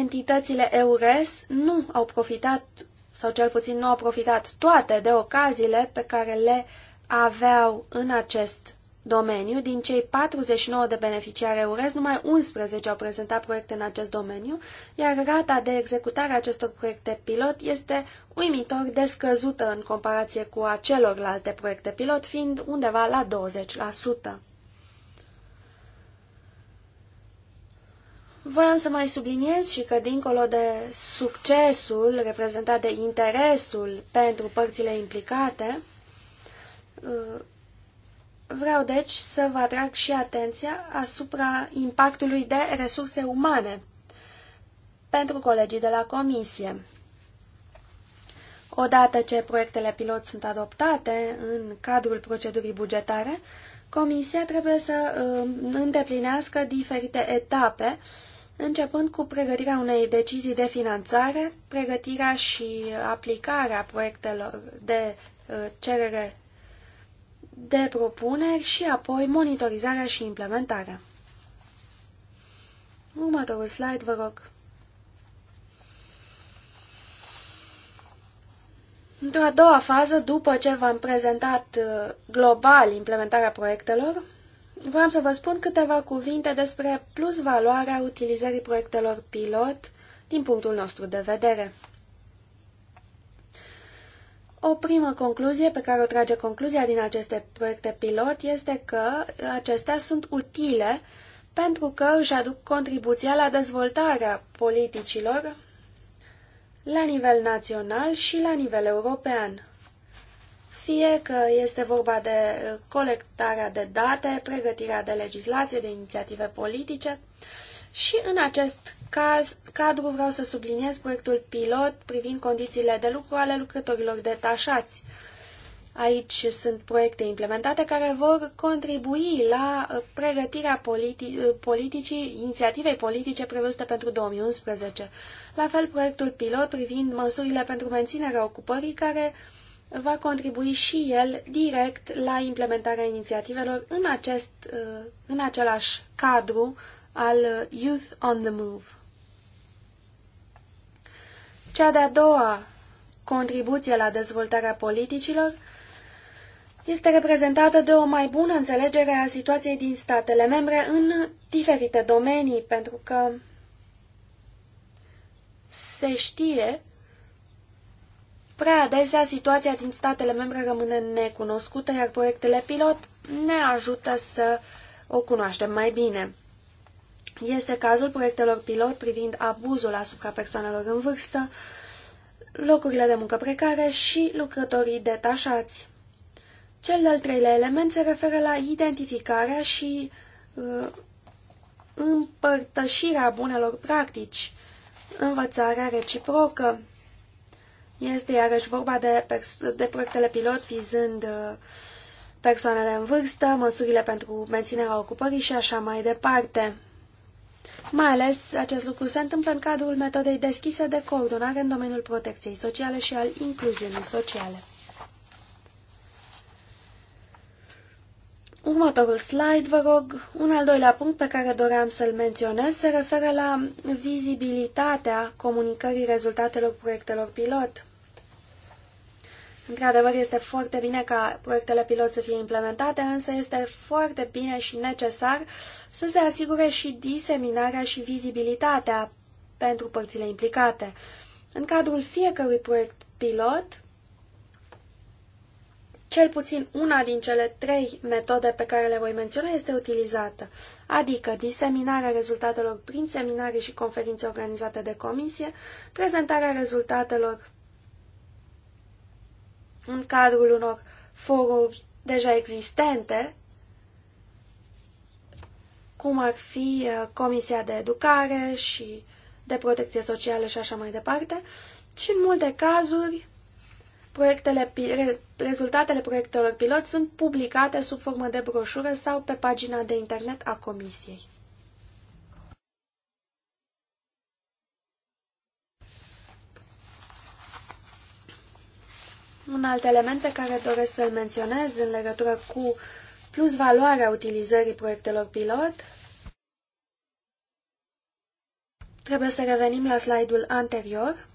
entitățile EURES nu au profitat, sau cel puțin nu au profitat toate de ocaziile pe care le aveau în acest domeniu. Din cei 49 de beneficiari EURES, numai 11 au prezentat proiecte în acest domeniu, iar rata de executare a acestor proiecte pilot este uimitor de scăzută în comparație cu a celorlalte proiecte pilot, fiind undeva la 20%. Voiam să mai subliniez și că, dincolo de succesul reprezentat de interesul pentru părțile implicate, uh, vreau deci să vă atrag și atenția asupra impactului de resurse umane pentru colegii de la comisie. Odată ce proiectele pilot sunt adoptate în cadrul procedurii bugetare, comisia trebuie să uh, îndeplinească diferite etape începând cu pregătirea unei decizii de finanțare, pregătirea și aplicarea proiectelor de uh, cerere de propuneri și apoi monitorizarea și implementarea. Următorul slide, vă rog. Într-o a doua fază, după ce v-am prezentat uh, global implementarea proiectelor, Vreau să vă spun câteva cuvinte despre plus valoarea utilizării proiectelor pilot din punctul nostru de vedere. O primă concluzie pe care o trage concluzia din aceste proiecte pilot este că acestea sunt utile pentru că își aduc contribuția la dezvoltarea politicilor la nivel național și la nivel european fie că este vorba de uh, colectarea de date, pregătirea de legislație, de inițiative politice și în acest caz, cadru vreau să subliniez proiectul pilot privind condițiile de lucru ale lucrătorilor detașați. Aici sunt proiecte implementate care vor contribui la uh, pregătirea politi- uh, politicii, inițiativei politice prevăzute pentru 2011. La fel, proiectul pilot privind măsurile pentru menținerea ocupării care uh, va contribui și el direct la implementarea inițiativelor în, acest, uh, în același cadru al Youth on the Move. Cea de-a doua contribuție la dezvoltarea politicilor este reprezentată de o mai bună înțelegere a situației din statele membre în diferite domenii, pentru că se știe Prea adesea, situația din statele membre rămâne necunoscută, iar proiectele pilot ne ajută să o cunoaștem mai bine. Este cazul proiectelor pilot privind abuzul asupra persoanelor în vârstă, locurile de muncă precare și lucrătorii detașați. Cel de-al treilea element se referă la identificarea și uh, împărtășirea bunelor practici, învățarea reciprocă, este iarăși vorba de, de proiectele pilot vizând uh, persoanele în vârstă, măsurile pentru menținerea ocupării și așa mai departe. Mai ales, acest lucru se întâmplă în cadrul metodei deschise de coordonare în domeniul protecției sociale și al incluziunii sociale. Următorul slide, vă rog, un al doilea punct pe care doream să-l menționez se referă la vizibilitatea comunicării rezultatelor proiectelor pilot. Într-adevăr, este foarte bine ca proiectele pilot să fie implementate, însă este foarte bine și necesar să se asigure și diseminarea și vizibilitatea pentru părțile implicate. În cadrul fiecărui proiect pilot, cel puțin una din cele trei metode pe care le voi menționa este utilizată, adică diseminarea rezultatelor prin seminarii și conferințe organizate de comisie, prezentarea rezultatelor în cadrul unor foruri deja existente, cum ar fi uh, Comisia de Educare și de Protecție Socială și așa mai departe, și în multe cazuri proiectele, rezultatele proiectelor pilot sunt publicate sub formă de broșură sau pe pagina de internet a Comisiei. Un alt element pe care doresc să-l menționez în legătură cu plus valoarea utilizării proiectelor pilot Trebuie să revenim la slide-ul anterior.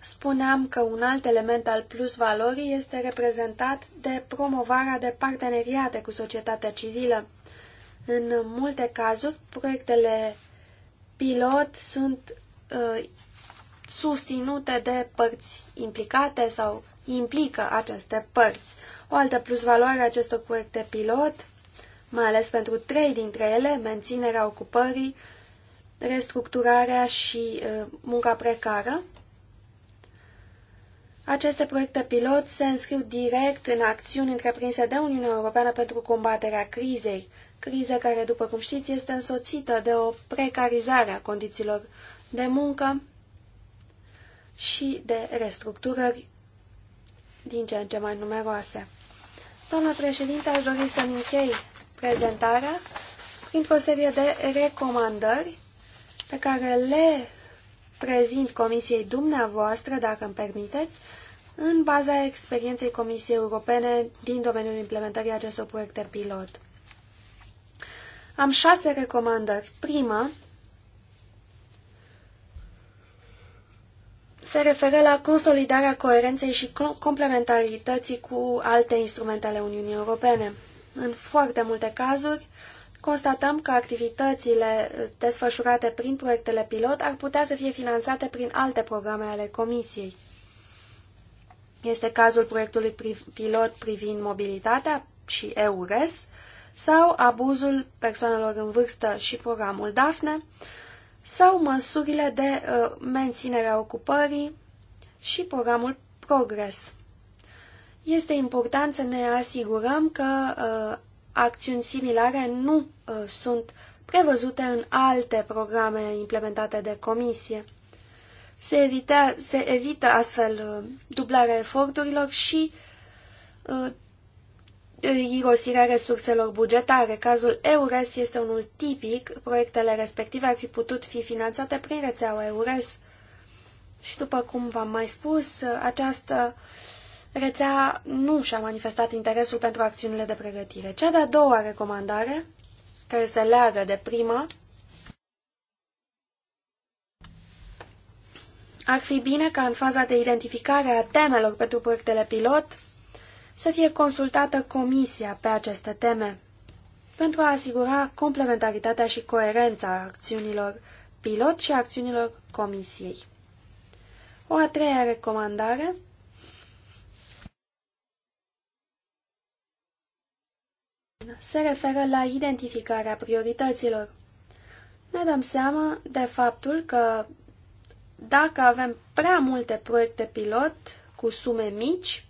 Spuneam că un alt element al plus valorii este reprezentat de promovarea de parteneriate cu societatea civilă. În multe cazuri, proiectele pilot sunt uh, susținute de părți implicate sau implică aceste părți. O altă plusvaloare a acestor proiecte pilot, mai ales pentru trei dintre ele, menținerea ocupării, restructurarea și uh, munca precară. Aceste proiecte pilot se înscriu direct în acțiuni întreprinse de Uniunea Europeană pentru combaterea crizei, criză care, după cum știți, este însoțită de o precarizare a condițiilor de muncă și de restructurări din ce în ce mai numeroase. Doamna președinte, aș dori să-mi închei prezentarea printr-o serie de recomandări pe care le prezint Comisiei dumneavoastră, dacă îmi permiteți, în baza experienței Comisiei Europene din domeniul implementării acestor proiecte pilot. Am șase recomandări. Prima se referă la consolidarea coerenței și complementarității cu alte instrumente ale Uniunii Europene. În foarte multe cazuri, constatăm că activitățile uh, desfășurate prin proiectele pilot ar putea să fie finanțate prin alte programe ale Comisiei. Este cazul proiectului pilot privind mobilitatea și EURES, sau abuzul persoanelor în vârstă și programul DAFNE, sau măsurile de uh, menținere a ocupării și programul Progress. Este important să ne asigurăm că uh, acțiuni similare nu uh, sunt prevăzute în alte programe implementate de comisie. Se, evitea, se evită astfel uh, dublarea eforturilor și uh, irosirea resurselor bugetare. Cazul EURES este unul tipic. Proiectele respective ar fi putut fi finanțate prin rețeaua EURES. Și după cum v-am mai spus, această rețea nu și-a manifestat interesul pentru acțiunile de pregătire. Cea de-a doua recomandare, care se leagă de prima, ar fi bine ca în faza de identificare a temelor pentru proiectele pilot să fie consultată Comisia pe aceste teme, pentru a asigura complementaritatea și coerența acțiunilor pilot și acțiunilor Comisiei. O a treia recomandare se referă la identificarea priorităților. Ne dăm seama de faptul că dacă avem prea multe proiecte pilot cu sume mici,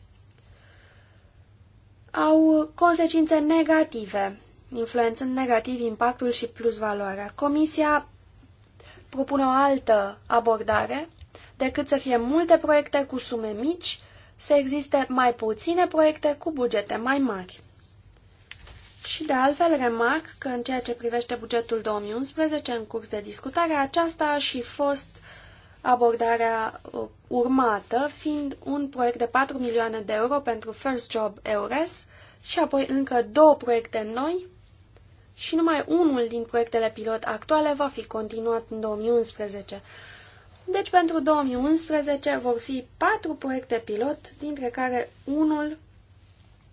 au consecințe negative, influențând negativ impactul și plus valoarea. Comisia propune o altă abordare, decât să fie multe proiecte cu sume mici, să existe mai puține proiecte cu bugete mai mari. Și de altfel remarc că în ceea ce privește bugetul 2011 în curs de discutare, aceasta a și fost abordarea uh, urmată fiind un proiect de 4 milioane de euro pentru First Job EURES și apoi încă două proiecte noi și numai unul din proiectele pilot actuale va fi continuat în 2011. Deci pentru 2011 vor fi patru proiecte pilot, dintre care unul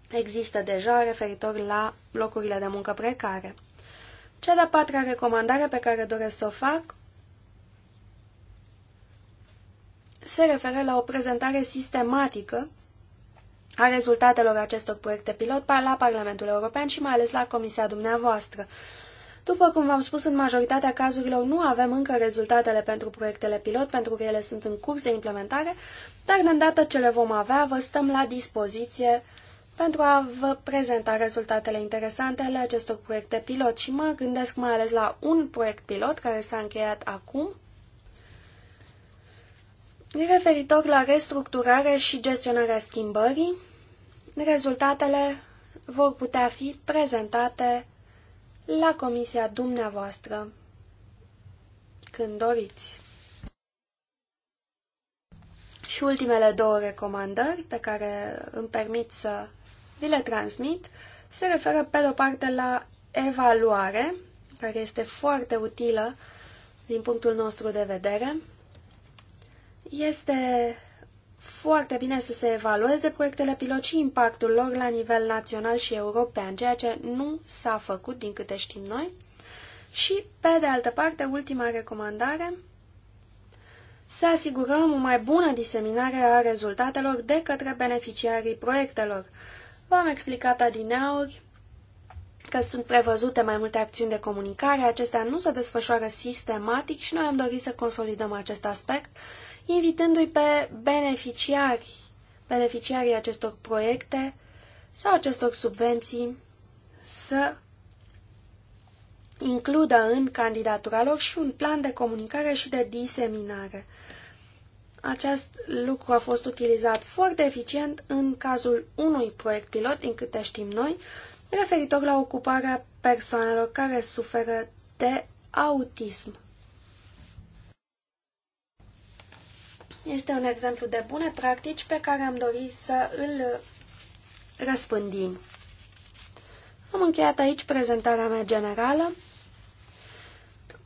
există deja referitor la locurile de muncă precare. Cea de-a patra recomandare pe care doresc să o fac se referă la o prezentare sistematică a rezultatelor acestor proiecte pilot la Parlamentul European și mai ales la Comisia dumneavoastră. După cum v-am spus, în majoritatea cazurilor nu avem încă rezultatele pentru proiectele pilot, pentru că ele sunt în curs de implementare, dar de îndată ce le vom avea, vă stăm la dispoziție pentru a vă prezenta rezultatele interesante ale acestor proiecte pilot și mă gândesc mai ales la un proiect pilot care s-a încheiat acum, Referitor la restructurare și gestionarea schimbării, rezultatele vor putea fi prezentate la comisia dumneavoastră când doriți. Și ultimele două recomandări pe care îmi permit să vi le transmit se referă pe de-o parte la evaluare, care este foarte utilă din punctul nostru de vedere, este foarte bine să se evalueze proiectele pilot și impactul lor la nivel național și european, ceea ce nu s-a făcut din câte știm noi. Și, pe de altă parte, ultima recomandare, să asigurăm o mai bună diseminare a rezultatelor de către beneficiarii proiectelor. V-am explicat adineauri că sunt prevăzute mai multe acțiuni de comunicare, acestea nu se desfășoară sistematic și noi am dorit să consolidăm acest aspect invitându-i pe beneficiari, beneficiarii acestor proiecte sau acestor subvenții să includă în candidatura lor și un plan de comunicare și de diseminare. Acest lucru a fost utilizat foarte eficient în cazul unui proiect pilot, din câte știm noi, referitor la ocuparea persoanelor care suferă de autism. Este un exemplu de bune practici pe care am dorit să îl răspândim. Am încheiat aici prezentarea mea generală.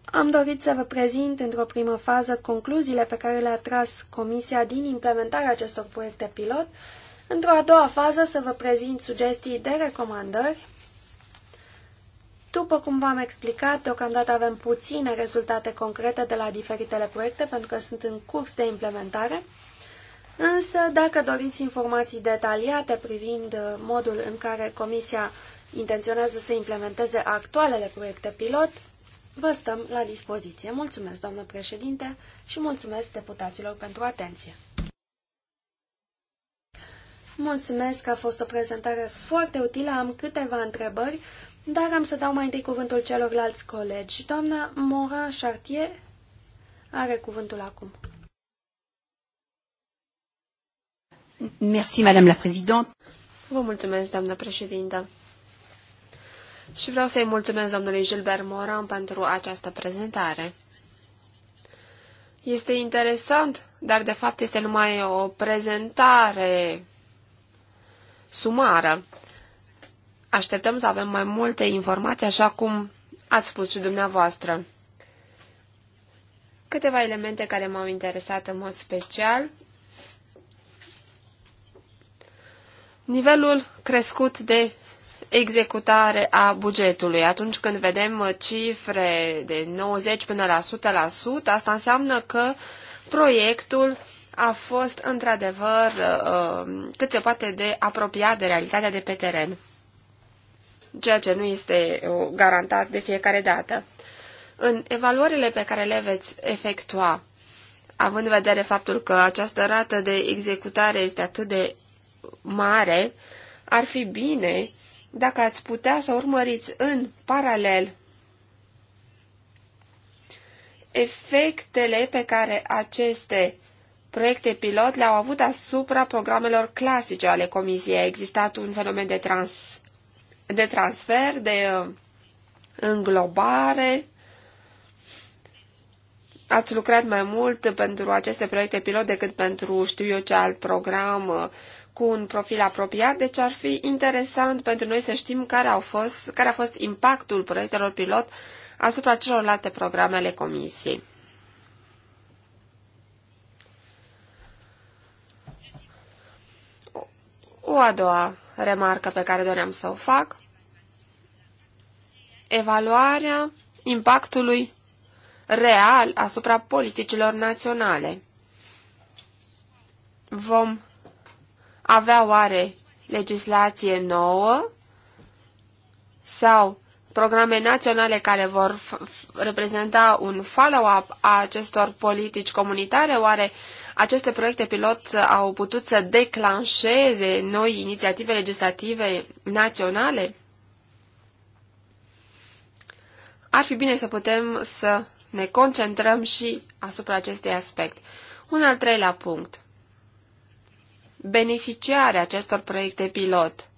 Am dorit să vă prezint într-o primă fază concluziile pe care le-a tras Comisia din implementarea acestor proiecte pilot, într-o a doua fază să vă prezint sugestii de recomandări după cum v-am explicat, deocamdată avem puține rezultate concrete de la diferitele proiecte pentru că sunt în curs de implementare, însă dacă doriți informații detaliate privind uh, modul în care Comisia intenționează să implementeze actualele proiecte pilot, vă stăm la dispoziție. Mulțumesc, doamnă președinte, și mulțumesc deputaților pentru atenție. Mulțumesc, a fost o prezentare foarte utilă. Am câteva întrebări dar am să dau mai întâi cuvântul celorlalți colegi. Doamna Morin Chartier are cuvântul acum. Merci, Madame la Présidente. Vă mulțumesc, doamnă președintă. Și vreau să-i mulțumesc domnului Gilbert Moran pentru această prezentare. Este interesant, dar de fapt este numai o prezentare sumară așteptăm să avem mai multe informații, așa cum ați spus și dumneavoastră. Câteva elemente care m-au interesat în mod special. Nivelul crescut de executare a bugetului. Atunci când vedem cifre de 90 până la 100%, asta înseamnă că proiectul a fost într-adevăr uh, cât se poate de apropiat de realitatea de pe teren ceea ce nu este uh, garantat de fiecare dată. În evaluările pe care le veți efectua, având în vedere faptul că această rată de executare este atât de mare, ar fi bine dacă ați putea să urmăriți în paralel efectele pe care aceste proiecte pilot le-au avut asupra programelor clasice ale Comisiei. A existat un fenomen de trans de transfer, de uh, înglobare. Ați lucrat mai mult pentru aceste proiecte pilot decât pentru știu eu ce alt program uh, cu un profil apropiat, deci ar fi interesant pentru noi să știm care, au fost, care a fost impactul proiectelor pilot asupra celorlalte programe ale Comisiei. O a doua remarcă pe care doream să o fac evaluarea impactului real asupra politicilor naționale. Vom avea oare legislație nouă sau programe naționale care vor reprezenta un follow-up a acestor politici comunitare? Oare aceste proiecte pilot au putut să declanșeze noi inițiative legislative naționale? ar fi bine să putem să ne concentrăm și asupra acestui aspect. Un al treilea punct. Beneficiarea acestor proiecte pilot.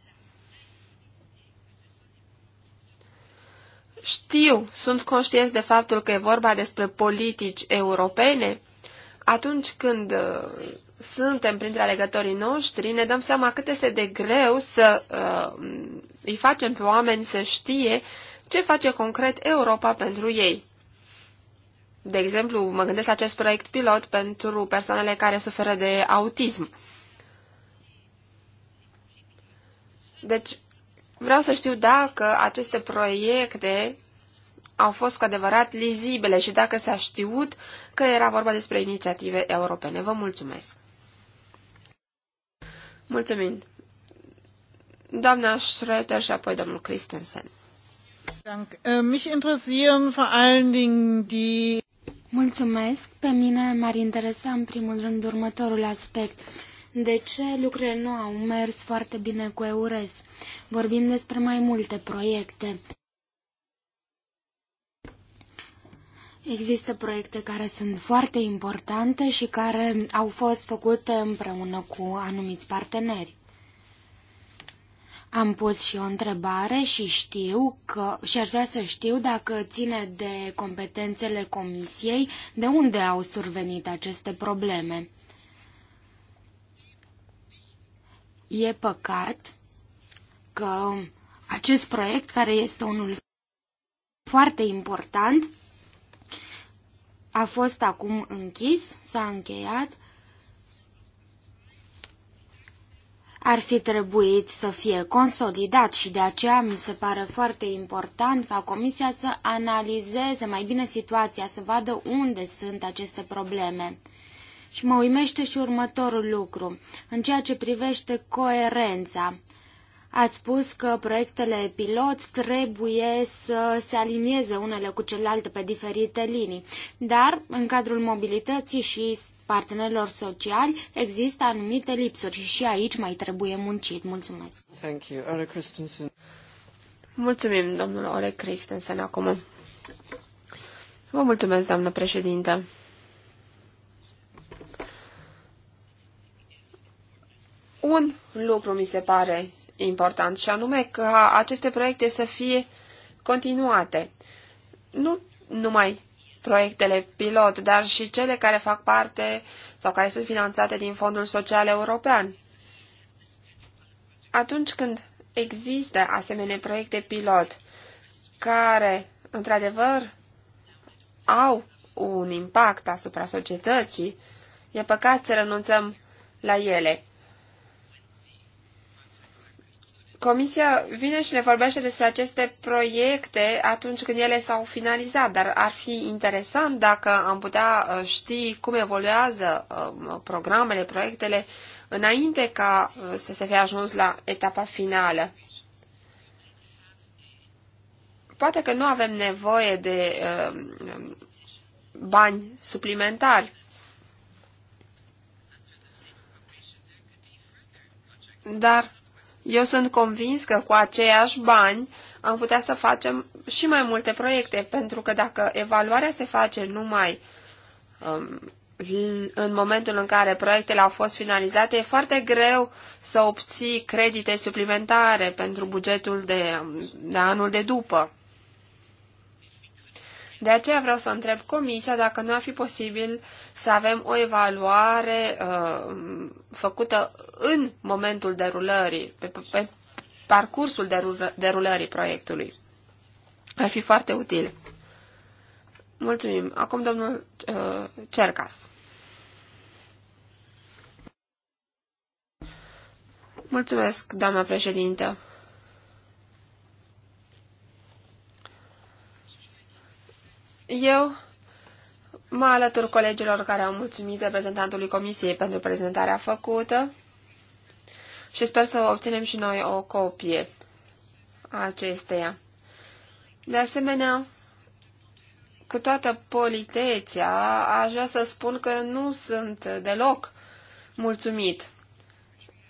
Știu, sunt conștienți de faptul că e vorba despre politici europene. Atunci când uh, suntem printre alegătorii noștri, ne dăm seama cât este de greu să uh, îi facem pe oameni să știe ce face concret Europa pentru ei. De exemplu, mă gândesc la acest proiect pilot pentru persoanele care suferă de autism. Deci, vreau să știu dacă aceste proiecte au fost cu adevărat lizibile și dacă s-a știut că era vorba despre inițiative europene. Vă mulțumesc! Mulțumim! Doamna Schröter și apoi domnul Christensen. Äh, Mulțumesc. Pe mine m-ar interesa în primul rând următorul aspect. De ce lucrurile nu au mers foarte bine cu EURES? Vorbim despre mai multe proiecte. Există proiecte care sunt foarte importante și care au fost făcute împreună cu anumiți parteneri. Am pus și o întrebare și știu că și aș vrea să știu dacă ține de competențele comisiei, de unde au survenit aceste probleme. E păcat că acest proiect, care este unul foarte important, a fost acum închis, s-a încheiat ar fi trebuit să fie consolidat și de aceea mi se pare foarte important ca Comisia să analizeze mai bine situația, să vadă unde sunt aceste probleme. Și mă uimește și următorul lucru, în ceea ce privește coerența. Ați spus că proiectele pilot trebuie să se alinieze unele cu celelalte pe diferite linii, dar în cadrul mobilității și partenerilor sociali există anumite lipsuri și aici mai trebuie muncit. Mulțumesc! Thank you. Ole Christensen. Mulțumim, domnul Ole Christensen, acum. Vă mulțumesc, doamnă președinte. Un lucru mi se pare important, și anume că aceste proiecte să fie continuate. Nu numai proiectele pilot, dar și cele care fac parte sau care sunt finanțate din Fondul Social European. Atunci când există asemenea proiecte pilot care, într-adevăr, au un impact asupra societății, e păcat să renunțăm la ele. Comisia vine și ne vorbește despre aceste proiecte atunci când ele s-au finalizat, dar ar fi interesant dacă am putea uh, ști cum evoluează um, programele, proiectele, înainte ca uh, să se fie ajuns la etapa finală. Poate că nu avem nevoie de um, bani suplimentari. Dar eu sunt convins că cu aceiași bani am putea să facem și mai multe proiecte, pentru că dacă evaluarea se face numai um, în momentul în care proiectele au fost finalizate, e foarte greu să obții credite suplimentare pentru bugetul de, de anul de după. De aceea vreau să întreb comisia dacă nu ar fi posibil să avem o evaluare uh, făcută în momentul derulării, pe, pe parcursul derul, derulării proiectului. Ar fi foarte util. Mulțumim. Acum domnul uh, Cercas. Mulțumesc, doamna președintă. Eu mă alătur colegilor care au mulțumit reprezentantului Comisiei pentru prezentarea făcută și sper să obținem și noi o copie a acesteia. De asemenea, cu toată politețea, aș vrea să spun că nu sunt deloc mulțumit.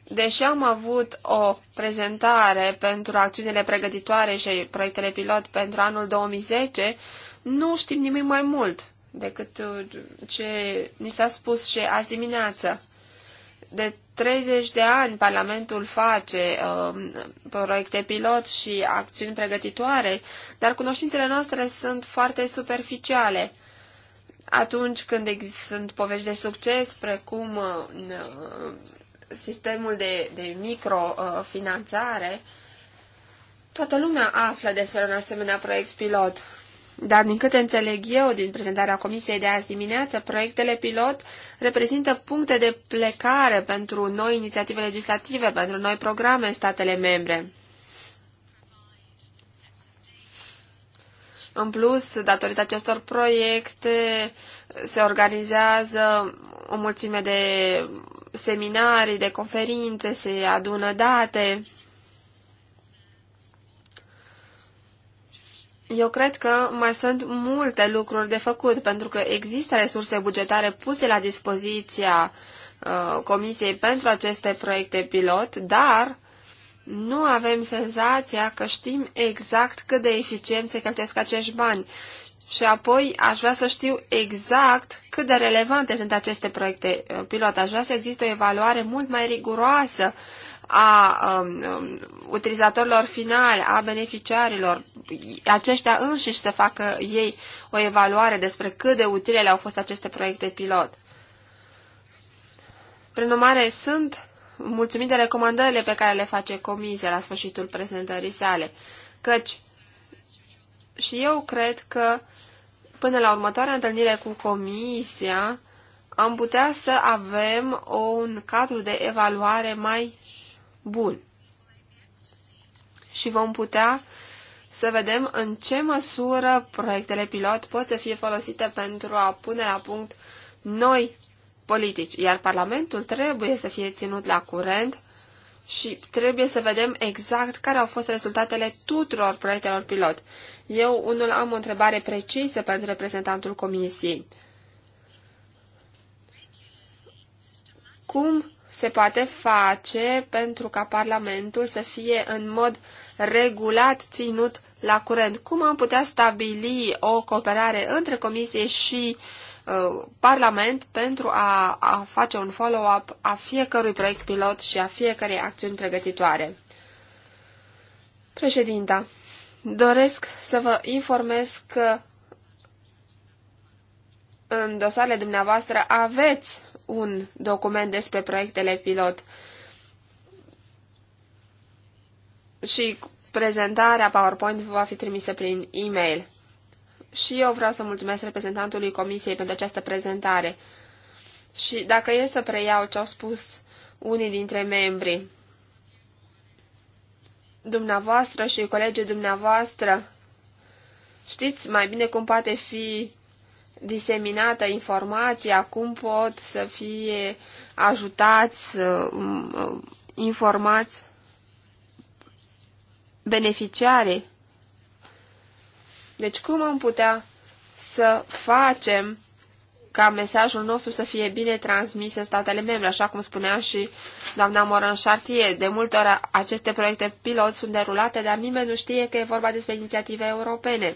Deși am avut o prezentare pentru acțiunile pregătitoare și proiectele pilot pentru anul 2010, nu știm nimic mai mult decât uh, ce ni s-a spus și azi dimineață. De 30 de ani Parlamentul face uh, proiecte pilot și acțiuni pregătitoare, dar cunoștințele noastre sunt foarte superficiale. Atunci când sunt povești de succes, precum uh, uh, sistemul de, de microfinanțare, uh, toată lumea află despre un asemenea proiect pilot dar din câte înțeleg eu din prezentarea comisiei de azi dimineață, proiectele pilot reprezintă puncte de plecare pentru noi inițiative legislative, pentru noi programe în statele membre. În plus, datorită acestor proiecte, se organizează o mulțime de seminarii, de conferințe, se adună date. Eu cred că mai sunt multe lucruri de făcut, pentru că există resurse bugetare puse la dispoziția uh, Comisiei pentru aceste proiecte pilot, dar nu avem senzația că știm exact cât de eficient se cheltuiesc acești bani. Și apoi aș vrea să știu exact cât de relevante sunt aceste proiecte uh, pilot. Aș vrea să existe o evaluare mult mai riguroasă a um, um, utilizatorilor finali, a beneficiarilor, aceștia înșiși să facă ei o evaluare despre cât de utile le-au fost aceste proiecte pilot. Prin urmare, sunt mulțumit de recomandările pe care le face comisia la sfârșitul prezentării sale, căci și eu cred că până la următoarea întâlnire cu comisia am putea să avem un cadru de evaluare mai bun. Și vom putea să vedem în ce măsură proiectele pilot pot să fie folosite pentru a pune la punct noi politici, iar Parlamentul trebuie să fie ținut la curent și trebuie să vedem exact care au fost rezultatele tuturor proiectelor pilot. Eu unul am o întrebare precisă pentru reprezentantul Comisiei. Cum se poate face pentru ca Parlamentul să fie în mod regulat ținut la curent? Cum am putea stabili o cooperare între Comisie și uh, Parlament pentru a, a face un follow-up a fiecărui proiect pilot și a fiecărei acțiuni pregătitoare? Președinta, doresc să vă informez că în dosarele dumneavoastră aveți un document despre proiectele pilot și prezentarea PowerPoint va fi trimisă prin e-mail. Și eu vreau să mulțumesc reprezentantului Comisiei pentru această prezentare. Și dacă e să preiau ce au spus unii dintre membri, dumneavoastră și colegii dumneavoastră, știți mai bine cum poate fi diseminată informația, cum pot să fie ajutați, uh, uh, informați beneficiare. Deci cum am putea să facem ca mesajul nostru să fie bine transmis în statele membre, așa cum spunea și doamna Moran Chartier. De multe ori aceste proiecte pilot sunt derulate, dar nimeni nu știe că e vorba despre inițiative europene.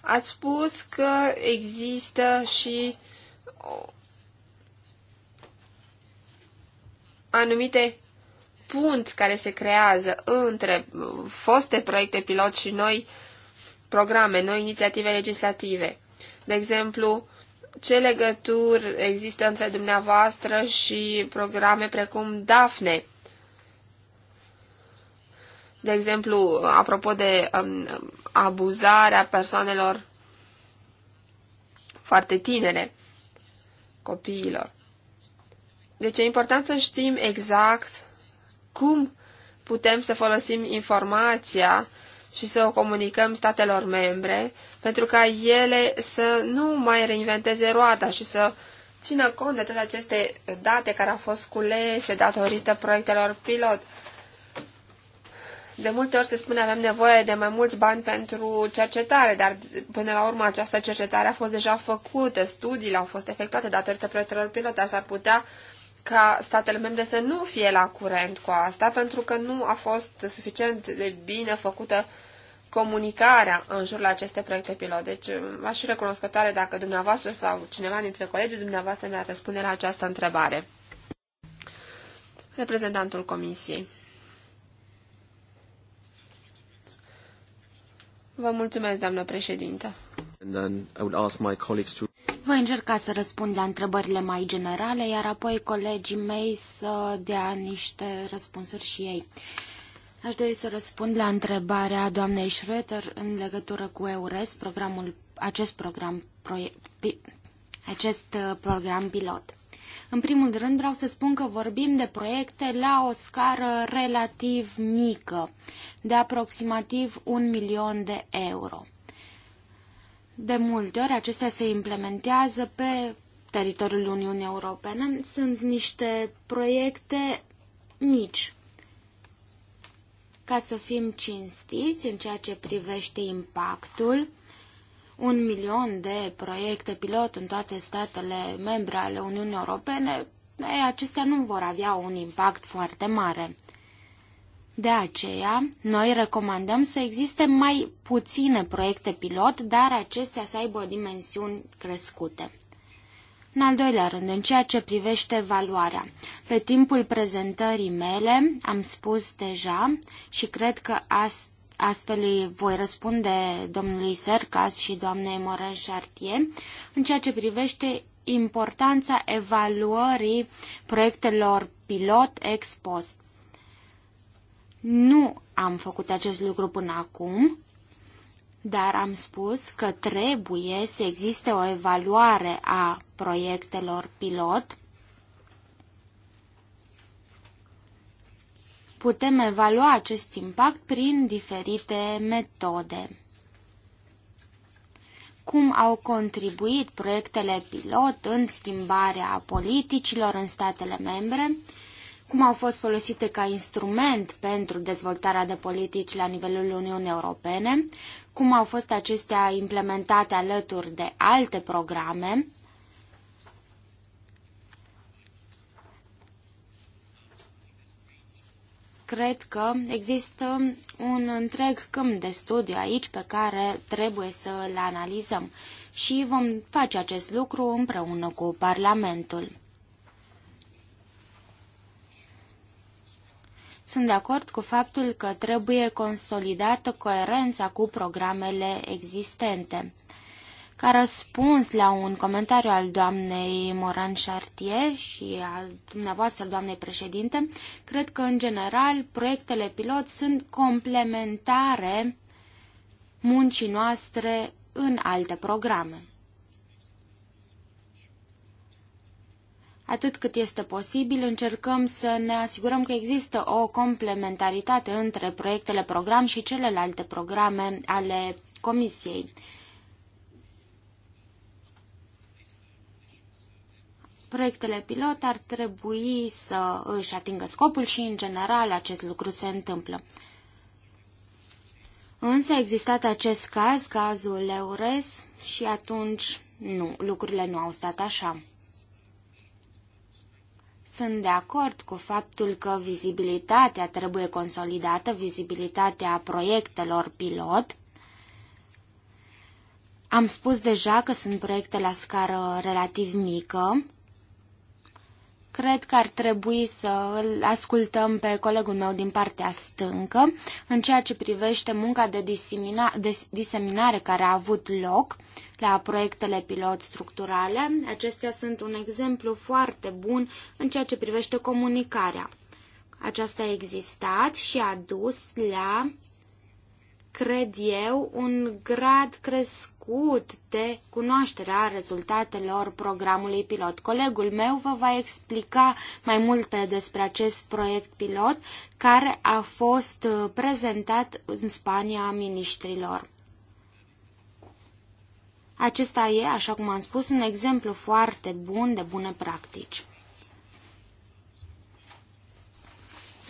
Ați spus că există și anumite punți care se creează între foste proiecte pilot și noi programe, noi inițiative legislative. De exemplu, ce legături există între dumneavoastră și programe precum DAFNE, de exemplu, apropo de um, abuzarea persoanelor foarte tinere, copiilor. Deci e important să știm exact cum putem să folosim informația și să o comunicăm statelor membre pentru ca ele să nu mai reinventeze roata și să țină cont de toate aceste date care au fost culese datorită proiectelor pilot de multe ori se spune avem nevoie de mai mulți bani pentru cercetare, dar până la urmă această cercetare a fost deja făcută, studiile au fost efectuate datorită proiectelor pilot, dar s-ar putea ca statele membre să nu fie la curent cu asta, pentru că nu a fost suficient de bine făcută comunicarea în jurul acestei proiecte pilot. Deci aș fi recunoscătoare dacă dumneavoastră sau cineva dintre colegii dumneavoastră mi-ar răspunde la această întrebare. Reprezentantul Comisiei. Vă mulțumesc, doamnă președintă. Voi încerca să răspund la întrebările mai generale, iar apoi colegii mei să dea niște răspunsuri și ei. Aș dori să răspund la întrebarea doamnei Schroeter în legătură cu EURES, programul, acest program, acest uh, program pilot. În primul rând vreau să spun că vorbim de proiecte la o scară relativ mică, de aproximativ un milion de euro. De multe ori acestea se implementează pe teritoriul Uniunii Europene. Sunt niște proiecte mici. Ca să fim cinstiți în ceea ce privește impactul, un milion de proiecte pilot în toate statele membre ale Uniunii Europene, ei, acestea nu vor avea un impact foarte mare. De aceea, noi recomandăm să existe mai puține proiecte pilot, dar acestea să aibă dimensiuni crescute. În al doilea rând, în ceea ce privește valoarea. Pe timpul prezentării mele am spus deja și cred că asta Astfel voi răspunde domnului Sercas și doamnei Moran Chartier în ceea ce privește importanța evaluării proiectelor pilot ex post. Nu am făcut acest lucru până acum, dar am spus că trebuie să existe o evaluare a proiectelor pilot Putem evalua acest impact prin diferite metode. Cum au contribuit proiectele pilot în schimbarea politicilor în statele membre? cum au fost folosite ca instrument pentru dezvoltarea de politici la nivelul Uniunii Europene, cum au fost acestea implementate alături de alte programe cred că există un întreg câmp de studiu aici pe care trebuie să îl analizăm și vom face acest lucru împreună cu Parlamentul. Sunt de acord cu faptul că trebuie consolidată coerența cu programele existente. Ca răspuns la un comentariu al doamnei Moran Chartier și al dumneavoastră, doamnei președinte, cred că, în general, proiectele pilot sunt complementare muncii noastre în alte programe. Atât cât este posibil, încercăm să ne asigurăm că există o complementaritate între proiectele program și celelalte programe ale Comisiei. Proiectele pilot ar trebui să își atingă scopul și, în general, acest lucru se întâmplă. Însă a existat acest caz, cazul Eures, și atunci nu, lucrurile nu au stat așa. Sunt de acord cu faptul că vizibilitatea trebuie consolidată, vizibilitatea proiectelor pilot. Am spus deja că sunt proiecte la scară relativ mică, Cred că ar trebui să îl ascultăm pe colegul meu din partea stâncă în ceea ce privește munca de, disemina, de diseminare care a avut loc la proiectele pilot structurale. Acestea sunt un exemplu foarte bun în ceea ce privește comunicarea. Aceasta a existat și a dus la cred eu, un grad crescut de cunoaștere a rezultatelor programului pilot. Colegul meu vă va explica mai multe despre acest proiect pilot care a fost uh, prezentat în Spania a ministrilor. Acesta e, așa cum am spus, un exemplu foarte bun de bune practici.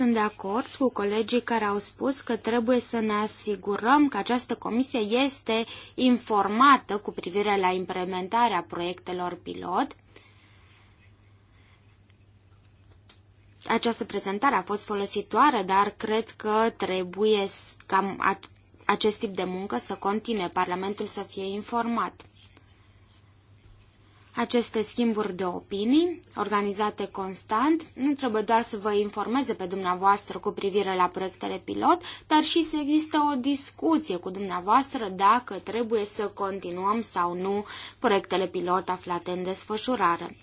Sunt de acord cu colegii care au spus că trebuie să ne asigurăm că această comisie este informată cu privire la implementarea proiectelor pilot. Această prezentare a fost folositoare, dar cred că trebuie ca acest tip de muncă să continue, Parlamentul să fie informat. Aceste schimburi de opinii, organizate constant, nu trebuie doar să vă informeze pe dumneavoastră cu privire la proiectele pilot, dar și să există o discuție cu dumneavoastră dacă trebuie să continuăm sau nu proiectele pilot aflate în desfășurare.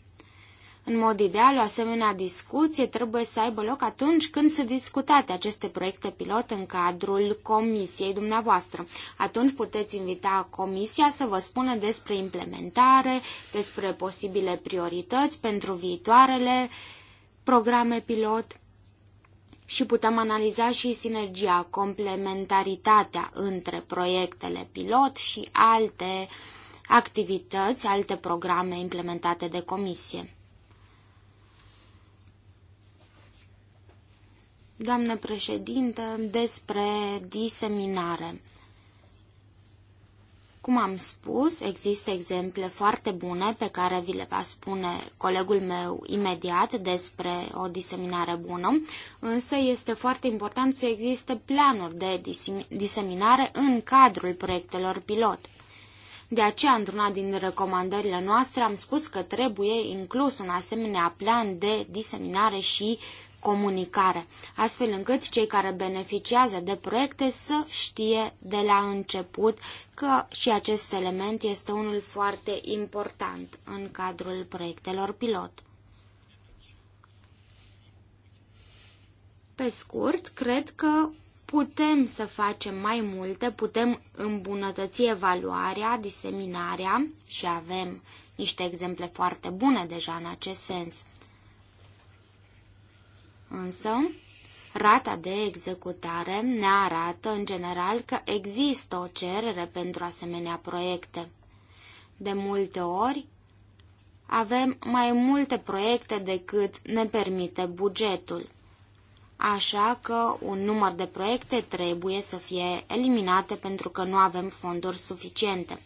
În mod ideal, o asemenea discuție trebuie să aibă loc atunci când se discutate aceste proiecte pilot în cadrul comisiei dumneavoastră. Atunci puteți invita comisia să vă spună despre implementare, despre posibile priorități pentru viitoarele programe pilot și putem analiza și sinergia, complementaritatea între proiectele pilot și alte activități, alte programe implementate de comisie. doamnă președinte, despre diseminare. Cum am spus, există exemple foarte bune pe care vi le va spune colegul meu imediat despre o diseminare bună, însă este foarte important să existe planuri de diseminare în cadrul proiectelor pilot. De aceea, într-una din recomandările noastre, am spus că trebuie inclus un asemenea plan de diseminare și comunicare, astfel încât cei care beneficiază de proiecte să știe de la început că și acest element este unul foarte important în cadrul proiectelor pilot. Pe scurt, cred că putem să facem mai multe, putem îmbunătăți evaluarea, diseminarea și avem niște exemple foarte bune deja în acest sens. Însă, rata de executare ne arată în general că există o cerere pentru asemenea proiecte. De multe ori, avem mai multe proiecte decât ne permite bugetul. Așa că un număr de proiecte trebuie să fie eliminate pentru că nu avem fonduri suficiente.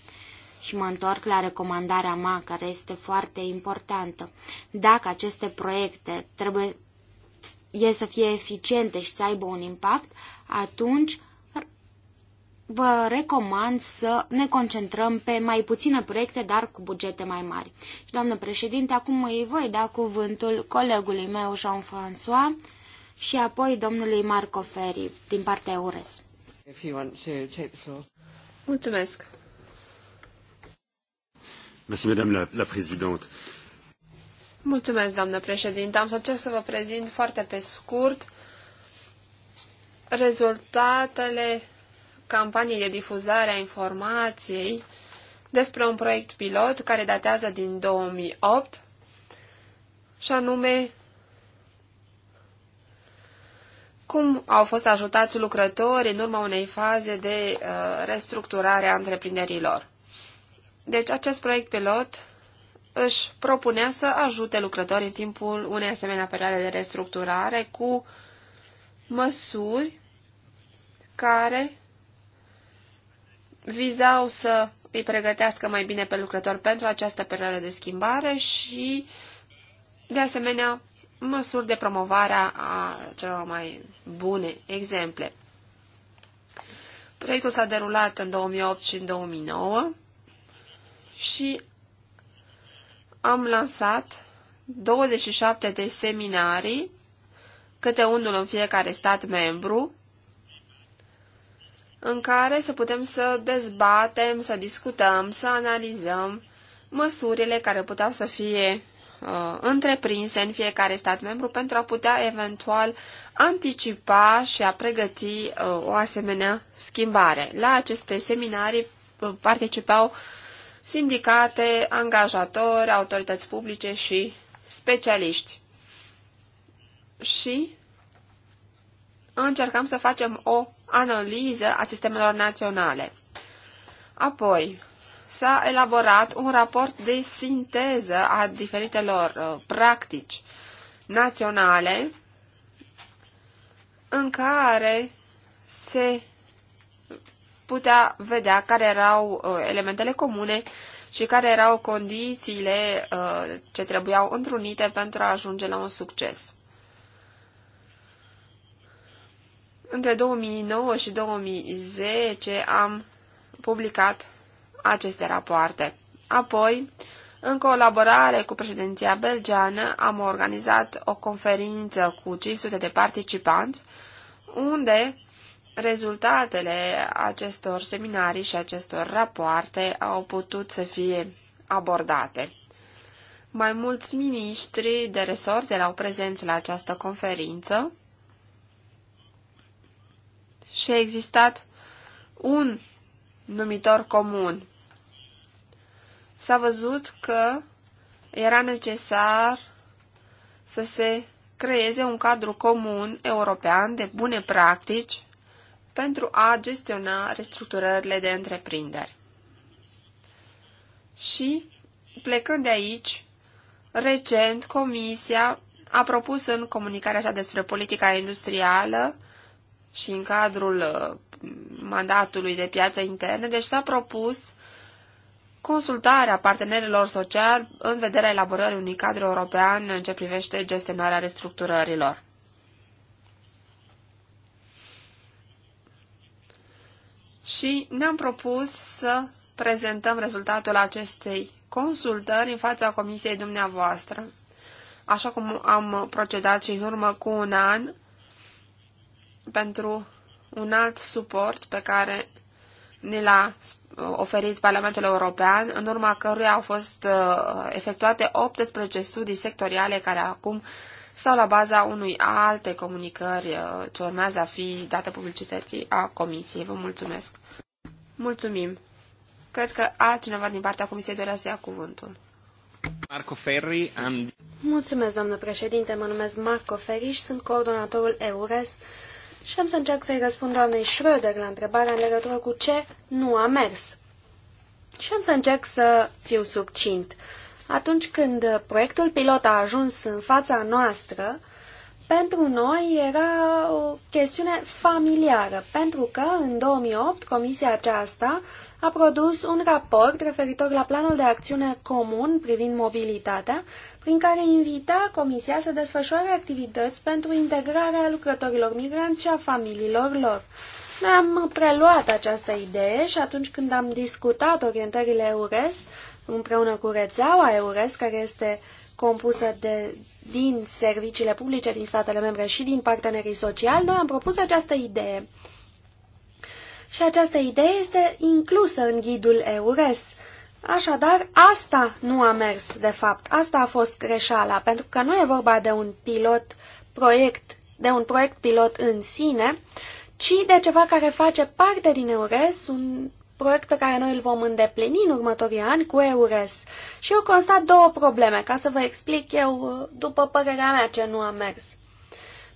Și mă întorc la recomandarea mea, care este foarte importantă. Dacă aceste proiecte trebuie e să fie eficiente și să aibă un impact, atunci vă recomand să ne concentrăm pe mai puține proiecte, dar cu bugete mai mari. Și, doamnă președinte, acum îi voi da cuvântul colegului meu, Jean-François, și apoi domnului Marco Ferri, din partea URES. Mulțumesc! Mulțumesc, doamnă președinte. Mulțumesc, doamnă președinte. Am să încerc să vă prezint foarte pe scurt rezultatele campaniei de difuzare a informației despre un proiect pilot care datează din 2008 și anume cum au fost ajutați lucrătorii în urma unei faze de uh, restructurare a întreprinderilor. Deci acest proiect pilot își propunea să ajute lucrătorii în timpul unei asemenea perioade de restructurare cu măsuri care vizau să îi pregătească mai bine pe lucrători pentru această perioadă de schimbare și, de asemenea, măsuri de promovare a celor mai bune exemple. Proiectul s-a derulat în 2008 și în 2009 și am lansat 27 de seminarii, câte unul în fiecare stat membru, în care să putem să dezbatem, să discutăm, să analizăm măsurile care puteau să fie uh, întreprinse în fiecare stat membru pentru a putea eventual anticipa și a pregăti uh, o asemenea schimbare. La aceste seminarii uh, participau sindicate, angajatori, autorități publice și specialiști. Și încercăm să facem o analiză a sistemelor naționale. Apoi, s-a elaborat un raport de sinteză a diferitelor uh, practici naționale în care se putea vedea care erau uh, elementele comune și care erau condițiile uh, ce trebuiau întrunite pentru a ajunge la un succes. Între 2009 și 2010 am publicat aceste rapoarte. Apoi, în colaborare cu președinția belgeană, am organizat o conferință cu 500 de participanți, unde rezultatele acestor seminarii și acestor rapoarte au putut să fie abordate. Mai mulți miniștri de resort erau prezenți la această conferință și a existat un numitor comun. S-a văzut că era necesar să se creeze un cadru comun european de bune practici pentru a gestiona restructurările de întreprinderi. Și, plecând de aici, recent Comisia a propus în comunicarea sa despre politica industrială și în cadrul uh, mandatului de piață internă, deci s-a propus consultarea partenerilor sociali în vederea elaborării unui cadru european în ce privește gestionarea restructurărilor. și ne-am propus să prezentăm rezultatul acestei consultări în fața comisiei dumneavoastră. Așa cum am procedat și în urmă cu un an pentru un alt suport pe care ni l-a uh, oferit Parlamentul European, în urma căruia au fost uh, efectuate 18 studii sectoriale care acum sau la baza unui alte comunicări uh, ce urmează a fi date publicității a Comisiei. Vă mulțumesc! Mulțumim. Cred că altcineva din partea Comisiei dorea să ia cuvântul. Marco Ferri, am... Mulțumesc, doamnă președinte. Mă numesc Marco Ferri și sunt coordonatorul EURES și am să încerc să-i răspund doamnei Schröder la întrebarea în legătură cu ce nu a mers. Și am să încerc să fiu succint. Atunci când proiectul pilot a ajuns în fața noastră, pentru noi era o chestiune familiară, pentru că în 2008 comisia aceasta a produs un raport referitor la planul de acțiune comun privind mobilitatea, prin care invita Comisia să desfășoare activități pentru integrarea lucrătorilor migranți și a familiilor lor. Noi am preluat această idee și atunci când am discutat orientările EURES împreună cu rețeaua EURES, care este compusă de din serviciile publice din statele membre și din partenerii sociali, noi am propus această idee. Și această idee este inclusă în ghidul EURES. Așadar, asta nu a mers, de fapt. Asta a fost greșeala, pentru că nu e vorba de un pilot proiect, de un proiect pilot în sine, ci de ceva care face parte din EURES, un proiect pe care noi îl vom îndeplini în următorii ani cu EURES. Și eu constat două probleme, ca să vă explic eu, după părerea mea, ce nu a mers.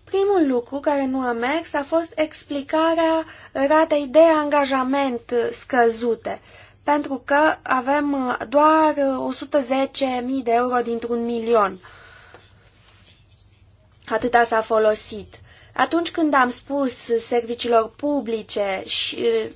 Primul lucru care nu a mers a fost explicarea ratei de angajament scăzute, pentru că avem uh, doar 110.000 uh, de euro dintr-un milion. Atâta s-a folosit. Atunci când am spus serviciilor publice și uh,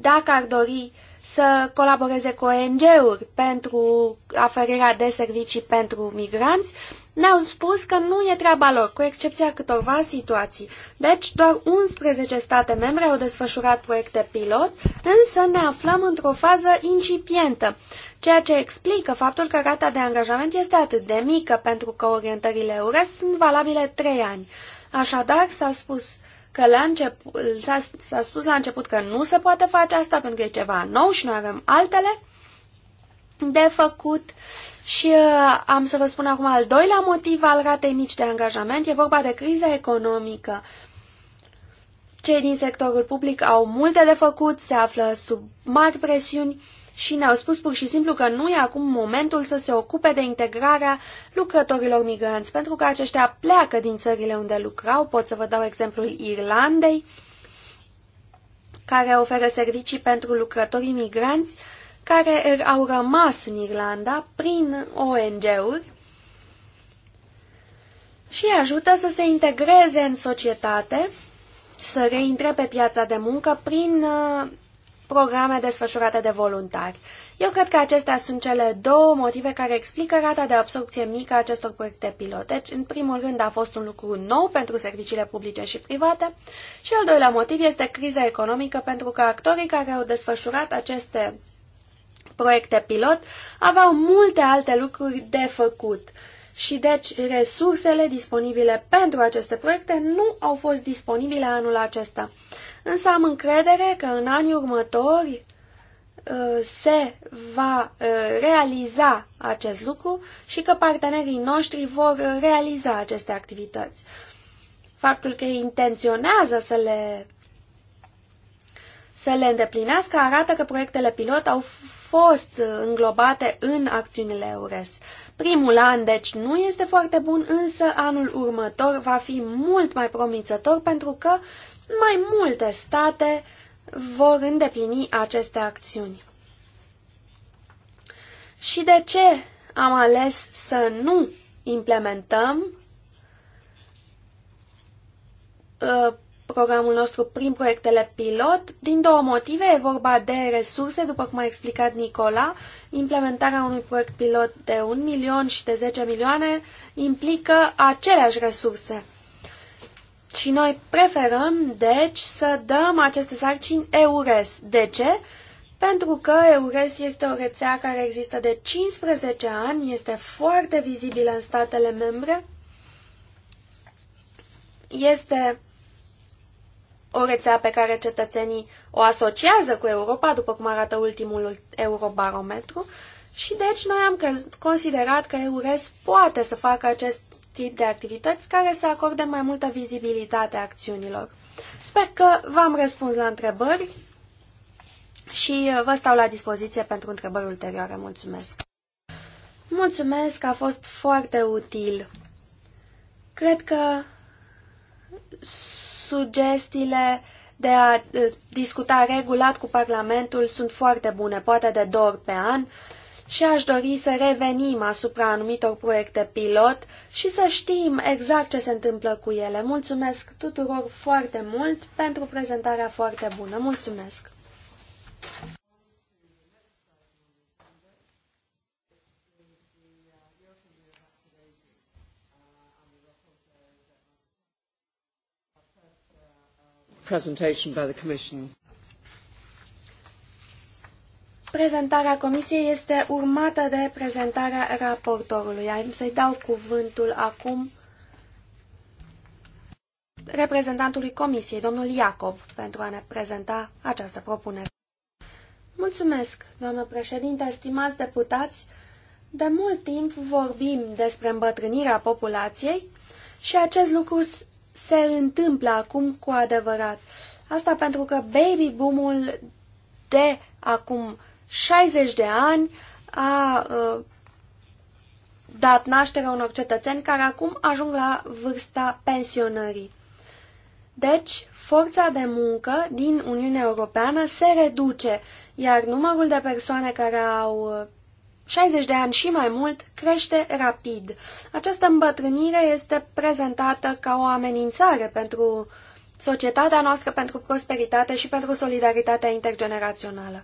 dacă ar dori să colaboreze cu ONG-uri pentru aferirea de servicii pentru migranți, ne-au spus că nu e treaba lor, cu excepția câtorva situații. Deci, doar 11 state membre au desfășurat proiecte pilot, însă ne aflăm într-o fază incipientă, ceea ce explică faptul că rata de angajament este atât de mică, pentru că orientările URES sunt valabile 3 ani. Așadar, s-a spus că la început, s-a, spus la început că nu se poate face asta pentru că e ceva nou și noi avem altele de făcut și uh, am să vă spun acum al doilea motiv al ratei mici de angajament, e vorba de criza economică. Cei din sectorul public au multe de făcut, se află sub mari presiuni și ne-au spus pur și simplu că nu e acum momentul să se ocupe de integrarea lucrătorilor migranți, pentru că aceștia pleacă din țările unde lucrau, pot să vă dau exemplul Irlandei, care oferă servicii pentru lucrătorii migranți care er, au rămas în Irlanda prin ONG-uri și ajută să se integreze în societate, să reintre pe piața de muncă prin uh, programe desfășurate de voluntari. Eu cred că acestea sunt cele două motive care explică rata de absorpție mică a acestor proiecte pilot. Deci, în primul rând, a fost un lucru nou pentru serviciile publice și private și al doilea motiv este criza economică pentru că actorii care au desfășurat aceste proiecte pilot aveau multe alte lucruri de făcut. Și deci resursele disponibile pentru aceste proiecte nu au fost disponibile anul acesta însă am încredere că în anii următori uh, se va uh, realiza acest lucru și că partenerii noștri vor uh, realiza aceste activități. Faptul că ei intenționează să le, să le îndeplinească arată că proiectele pilot au fost înglobate în acțiunile EURES. Primul an, deci, nu este foarte bun, însă anul următor va fi mult mai promițător pentru că mai multe state vor îndeplini aceste acțiuni. Și de ce am ales să nu implementăm ă, programul nostru prin proiectele pilot. Din două motive, e vorba de resurse, după cum a explicat Nicola, implementarea unui proiect pilot de 1 milion și de 10 milioane implică aceleași resurse. Și noi preferăm, deci, să dăm aceste sarcini EURES. De ce? Pentru că EURES este o rețea care există de 15 ani, este foarte vizibilă în statele membre, este o rețea pe care cetățenii o asociază cu Europa, după cum arată ultimul eurobarometru, și deci noi am considerat că EURES poate să facă acest tip de activități care să acorde mai multă vizibilitate acțiunilor. Sper că v-am răspuns la întrebări și uh, vă stau la dispoziție pentru întrebări ulterioare. Mulțumesc! Mulțumesc, a fost foarte util. Cred că sugestiile de a uh, discuta regulat cu Parlamentul sunt foarte bune, poate de două ori pe an, și aș dori să revenim asupra anumitor proiecte pilot și să știm exact ce se întâmplă cu ele. Mulțumesc tuturor foarte mult pentru prezentarea foarte bună. Mulțumesc! presentation by the Commission. Prezentarea comisiei este urmată de prezentarea raportorului. Am să-i dau cuvântul acum reprezentantului comisiei, domnul Iacob, pentru a ne prezenta această propunere. Mulțumesc, doamnă președinte, stimați deputați. De mult timp vorbim despre îmbătrânirea populației și acest lucru se întâmplă acum cu adevărat. Asta pentru că baby boom-ul de acum 60 de ani a uh, dat naștere unor cetățeni care acum ajung la vârsta pensionării. Deci, forța de muncă din Uniunea Europeană se reduce, iar numărul de persoane care au 60 de ani și mai mult crește rapid. Această îmbătrânire este prezentată ca o amenințare pentru societatea noastră, pentru prosperitate și pentru solidaritatea intergenerațională.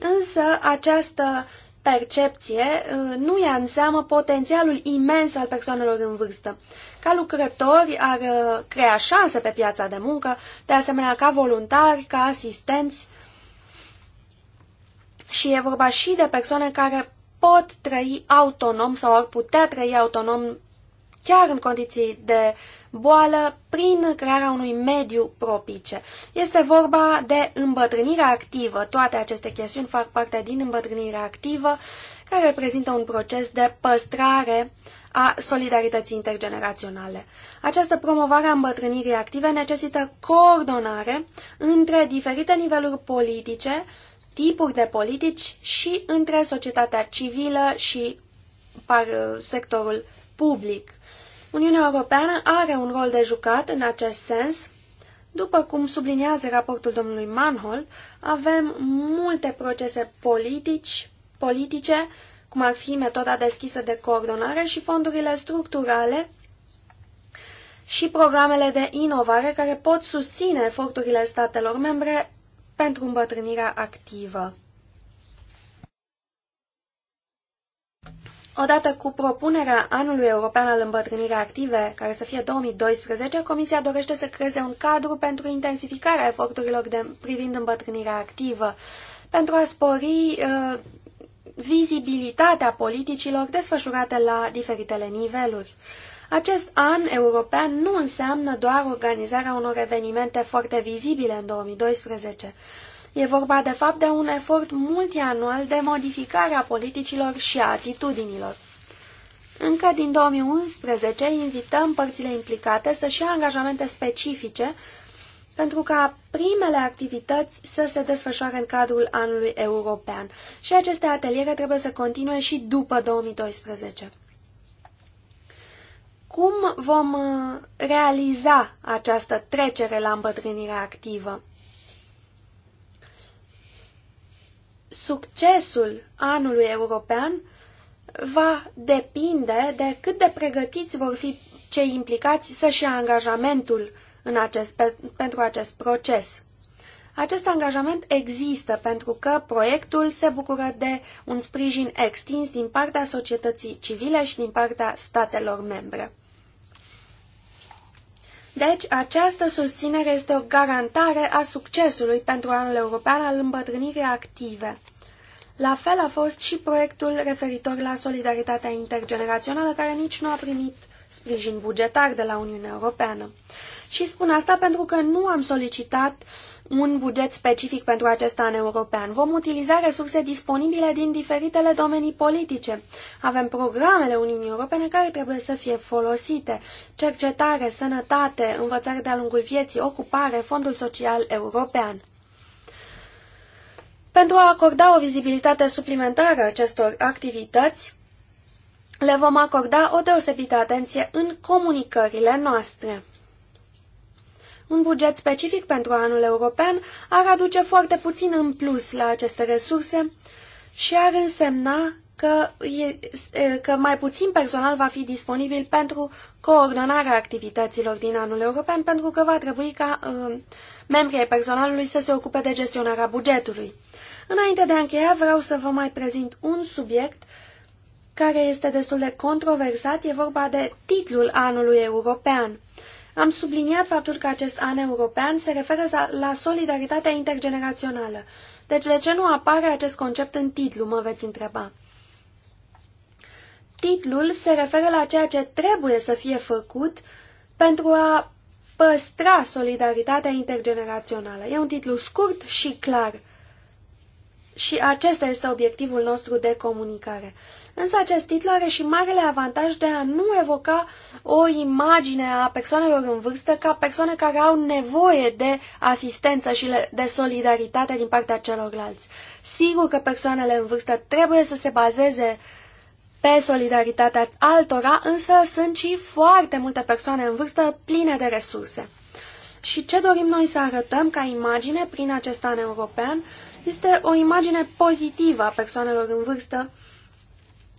Însă această percepție uh, nu ia în seamă potențialul imens al persoanelor în vârstă. Ca lucrători ar uh, crea șanse pe piața de muncă, de asemenea ca voluntari, ca asistenți și e vorba și de persoane care pot trăi autonom sau ar putea trăi autonom chiar în condiții de boală prin crearea unui mediu propice. Este vorba de îmbătrânirea activă. Toate aceste chestiuni fac parte din îmbătrânirea activă, care reprezintă un proces de păstrare a solidarității intergeneraționale. Această promovare a îmbătrânirii active necesită coordonare între diferite niveluri politice, tipuri de politici și între societatea civilă și sectorul public. Uniunea Europeană are un rol de jucat în acest sens. După cum subliniază raportul domnului Manhol, avem multe procese politici, politice, cum ar fi metoda deschisă de coordonare și fondurile structurale și programele de inovare care pot susține eforturile statelor membre pentru îmbătrânirea activă. Odată cu propunerea Anului European al Îmbătrânirii Active, care să fie 2012, Comisia dorește să creeze un cadru pentru intensificarea eforturilor de, privind îmbătrânirea activă, pentru a spori uh, vizibilitatea politicilor desfășurate la diferitele niveluri. Acest an european nu înseamnă doar organizarea unor evenimente foarte vizibile în 2012. E vorba de fapt de un efort multianual de modificare a politicilor și a atitudinilor. Încă din 2011 invităm părțile implicate să-și ia angajamente specifice pentru ca primele activități să se desfășoare în cadrul anului european și aceste ateliere trebuie să continue și după 2012. Cum vom uh, realiza această trecere la îmbătrânirea activă? succesul anului european va depinde de cât de pregătiți vor fi cei implicați să-și ia angajamentul în acest, pe, pentru acest proces. Acest angajament există pentru că proiectul se bucură de un sprijin extins din partea societății civile și din partea statelor membre. Deci, această susținere este o garantare a succesului pentru anul european al îmbătrânirii active. La fel a fost și proiectul referitor la solidaritatea intergenerațională, care nici nu a primit sprijin bugetar de la Uniunea Europeană. Și spun asta pentru că nu am solicitat uh, un buget specific pentru acest an european. Vom utiliza resurse disponibile din diferitele domenii politice. Avem programele Uniunii Europene care trebuie să fie folosite. Cercetare, sănătate, învățare de-a lungul vieții, ocupare, fondul social european. Pentru a acorda o vizibilitate suplimentară acestor activități, le vom acorda o deosebită atenție în comunicările noastre. Un buget specific pentru anul european ar aduce foarte puțin în plus la aceste resurse și ar însemna că, e, că mai puțin personal va fi disponibil pentru coordonarea activităților din anul european, pentru că va trebui ca uh, membrii personalului să se ocupe de gestionarea bugetului. Înainte de a încheia, vreau să vă mai prezint un subiect care este destul de controversat, e vorba de titlul anului european. Am subliniat faptul că acest an european se referă la solidaritatea intergenerațională. Deci de ce nu apare acest concept în titlu, mă veți întreba? Titlul se referă la ceea ce trebuie să fie făcut pentru a păstra solidaritatea intergenerațională. E un titlu scurt și clar și acesta este obiectivul nostru de comunicare. Însă acest titlu are și marele avantaj de a nu evoca o imagine a persoanelor în vârstă ca persoane care au nevoie de asistență și de solidaritate din partea celorlalți. Sigur că persoanele în vârstă trebuie să se bazeze pe solidaritatea altora, însă sunt și foarte multe persoane în vârstă pline de resurse. Și ce dorim noi să arătăm ca imagine prin acest an european este o imagine pozitivă a persoanelor în vârstă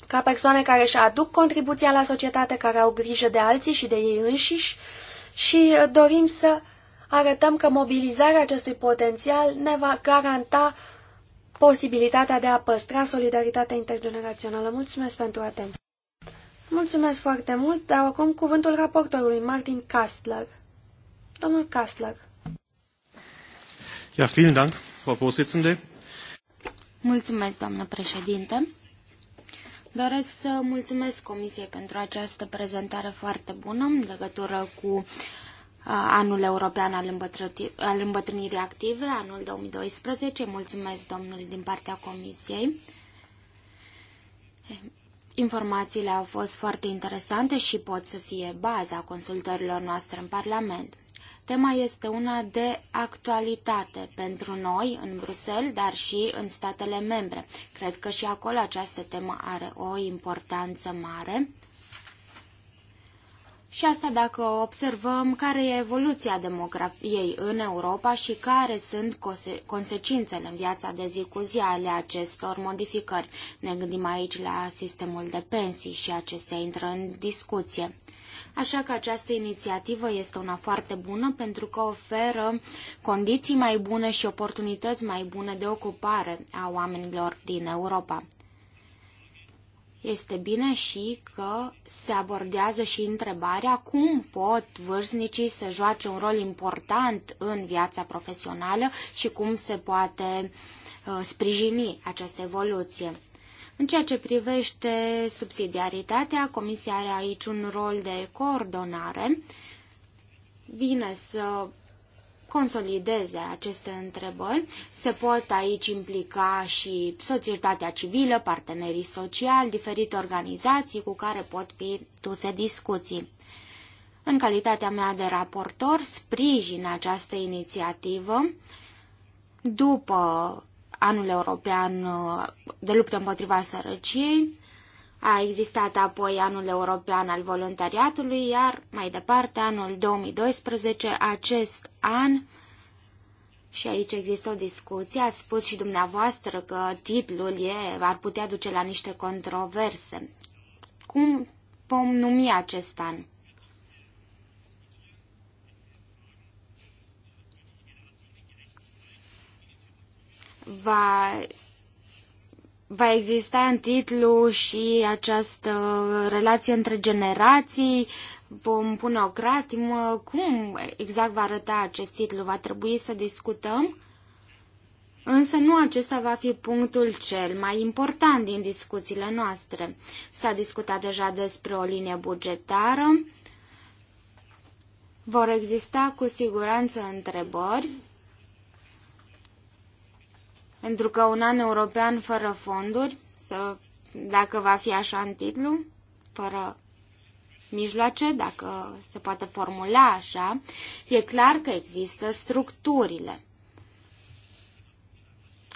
ca persoane care își aduc contribuția la societate, care au grijă de alții și de ei înșiși și dorim să arătăm că mobilizarea acestui potențial ne va garanta posibilitatea de a păstra solidaritatea intergenerațională. Mulțumesc pentru atenție! Mulțumesc foarte mult, dar acum cuvântul raportorului Martin Kastler. Domnul Kastler. Ja, vielen Dank. Frau Vorsitzende. Mulțumesc, doamnă președinte. Doresc să mulțumesc Comisiei pentru această prezentare foarte bună în legătură cu anul european al, îmbătrânirii active, anul 2012. Mulțumesc domnului din partea Comisiei. Informațiile au fost foarte interesante și pot să fie baza consultărilor noastre în Parlament. Tema este una de actualitate pentru noi în Bruxelles, dar și în statele membre. Cred că și acolo această temă are o importanță mare. Și asta dacă observăm care e evoluția demografiei în Europa și care sunt conse consecințele în viața de zi cu zi ale acestor modificări. Ne gândim aici la sistemul de pensii și acestea intră în discuție. Așa că această inițiativă este una foarte bună pentru că oferă condiții mai bune și oportunități mai bune de ocupare a oamenilor din Europa. Este bine și că se abordează și întrebarea cum pot vârstnicii să joace un rol important în viața profesională și cum se poate uh, sprijini această evoluție. În ceea ce privește subsidiaritatea, Comisia are aici un rol de coordonare. Vine să consolideze aceste întrebări. Se pot aici implica și societatea civilă, partenerii sociali, diferite organizații cu care pot fi duse discuții. În calitatea mea de raportor, sprijin această inițiativă. După anul european uh, de luptă împotriva sărăciei, a existat apoi anul european al voluntariatului, iar mai departe, anul 2012, acest an, și aici există o discuție, ați spus și dumneavoastră că titlul e, ar putea duce la niște controverse. Cum vom numi acest an? va, va exista în titlu și această relație între generații, vom pune o cratimă, cum exact va arăta acest titlu, va trebui să discutăm. Însă nu acesta va fi punctul cel mai important din discuțiile noastre. S-a discutat deja despre o linie bugetară. Vor exista cu siguranță întrebări pentru că un an european fără fonduri, să, dacă va fi așa în titlu, fără mijloace, dacă se poate formula așa, e clar că există structurile.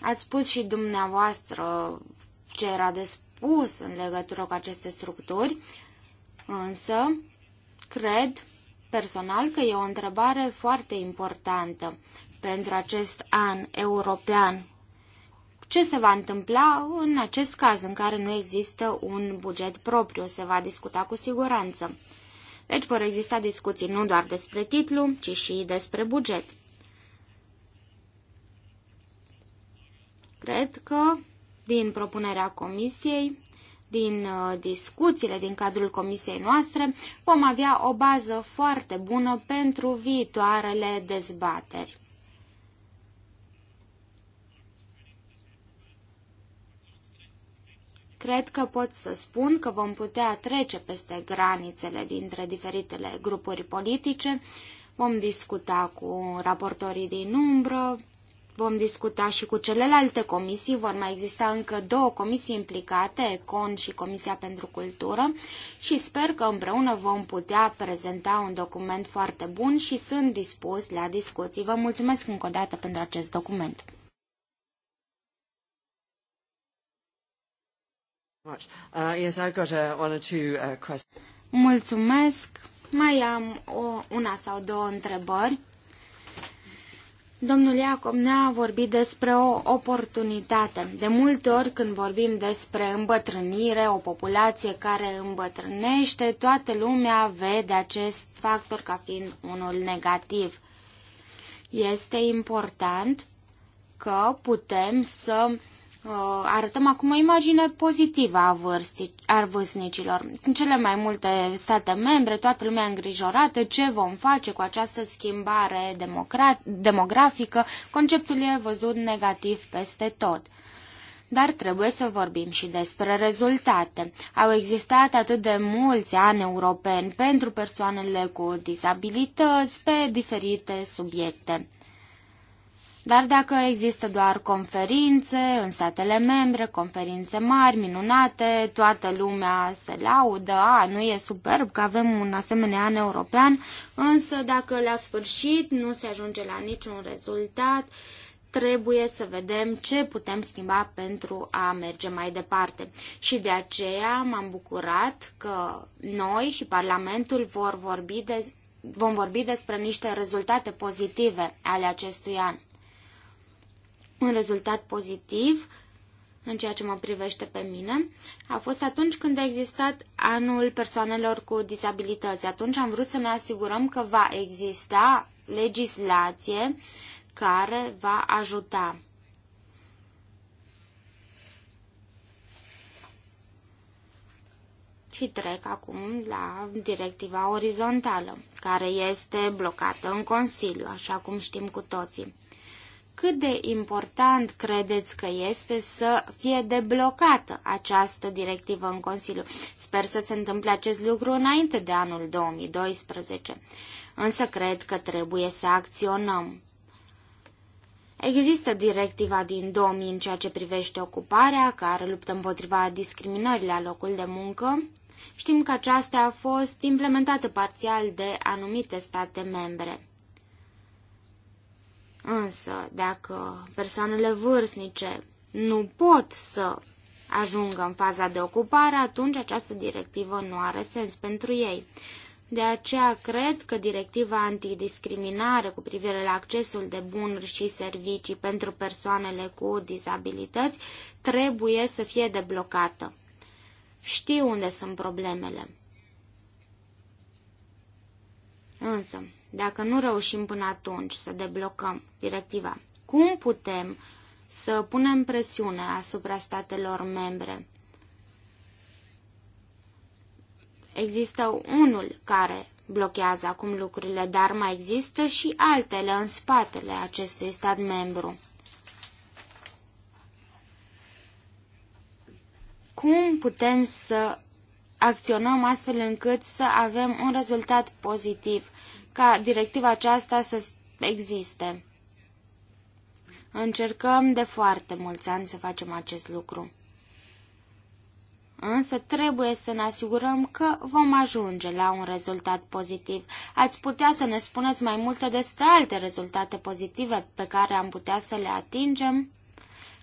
Ați spus și dumneavoastră ce era de spus în legătură cu aceste structuri, însă cred personal că e o întrebare foarte importantă pentru acest an european ce se va întâmpla în acest caz în care nu există un buget propriu, se va discuta cu siguranță. Deci vor exista discuții nu doar despre titlu, ci și despre buget. Cred că din propunerea comisiei, din uh, discuțiile din cadrul comisiei noastre, vom avea o bază foarte bună pentru viitoarele dezbateri. Cred că pot să spun că vom putea trece peste granițele dintre diferitele grupuri politice, vom discuta cu raportorii din umbră, vom discuta și cu celelalte comisii, vor mai exista încă două comisii implicate, CON și Comisia pentru Cultură, și sper că împreună vom putea prezenta un document foarte bun și sunt dispus la discuții. Vă mulțumesc încă o dată pentru acest document. Uh, uh, uh, Mulțumesc. Mai am o, una sau două întrebări. Domnul Iacob ne-a vorbit despre o oportunitate. De multe ori când vorbim despre îmbătrânire, o populație care îmbătrânește, toată lumea vede acest factor ca fiind unul negativ. Este important că putem să Uh, arătăm acum o imagine pozitivă a, vârstic, a vârstnicilor. În cele mai multe state membre, toată lumea îngrijorată ce vom face cu această schimbare demografică, conceptul e văzut negativ peste tot. Dar trebuie să vorbim și despre rezultate. Au existat atât de mulți ani europeni pentru persoanele cu dizabilități pe diferite subiecte. Dar dacă există doar conferințe în statele membre, conferințe mari, minunate, toată lumea se laudă, a, nu e superb că avem un asemenea an european, însă dacă la sfârșit nu se ajunge la niciun rezultat, trebuie să vedem ce putem schimba pentru a merge mai departe. Și de aceea m-am bucurat că noi și Parlamentul vor vorbi de, vom vorbi despre niște rezultate pozitive ale acestui an un rezultat pozitiv în ceea ce mă privește pe mine, a fost atunci când a existat anul persoanelor cu disabilități. Atunci am vrut să ne asigurăm că va exista legislație care va ajuta. Și trec acum la directiva orizontală, care este blocată în Consiliu, așa cum știm cu toții. Cât de important credeți că este să fie deblocată această directivă în Consiliu? Sper să se întâmple acest lucru înainte de anul 2012. Însă cred că trebuie să acționăm. Există directiva din 2000 în ceea ce privește ocuparea, care luptă împotriva discriminării la locul de muncă. Știm că aceasta a fost implementată parțial de anumite state membre. Însă, dacă persoanele vârstnice nu pot să ajungă în faza de ocupare, atunci această directivă nu are sens pentru ei. De aceea cred că directiva antidiscriminare cu privire la accesul de bunuri și servicii pentru persoanele cu dizabilități trebuie să fie deblocată. Știu unde sunt problemele. Însă, dacă nu reușim până atunci să deblocăm directiva, cum putem să punem presiune asupra statelor membre? Există unul care blochează acum lucrurile, dar mai există și altele în spatele acestui stat membru. Cum putem să acționăm astfel încât să avem un rezultat pozitiv ca directiva aceasta să existe. Încercăm de foarte mulți ani să facem acest lucru. Însă trebuie să ne asigurăm că vom ajunge la un rezultat pozitiv. Ați putea să ne spuneți mai multe despre alte rezultate pozitive pe care am putea să le atingem?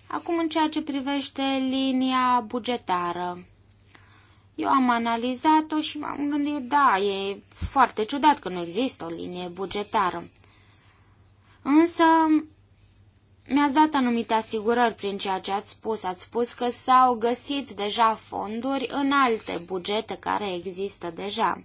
Acum în ceea ce privește linia bugetară. Eu am analizat-o și m-am gândit, da, e foarte ciudat că nu există o linie bugetară. Însă mi-ați dat anumite asigurări prin ceea ce ați spus. Ați spus că s-au găsit deja fonduri în alte bugete care există deja.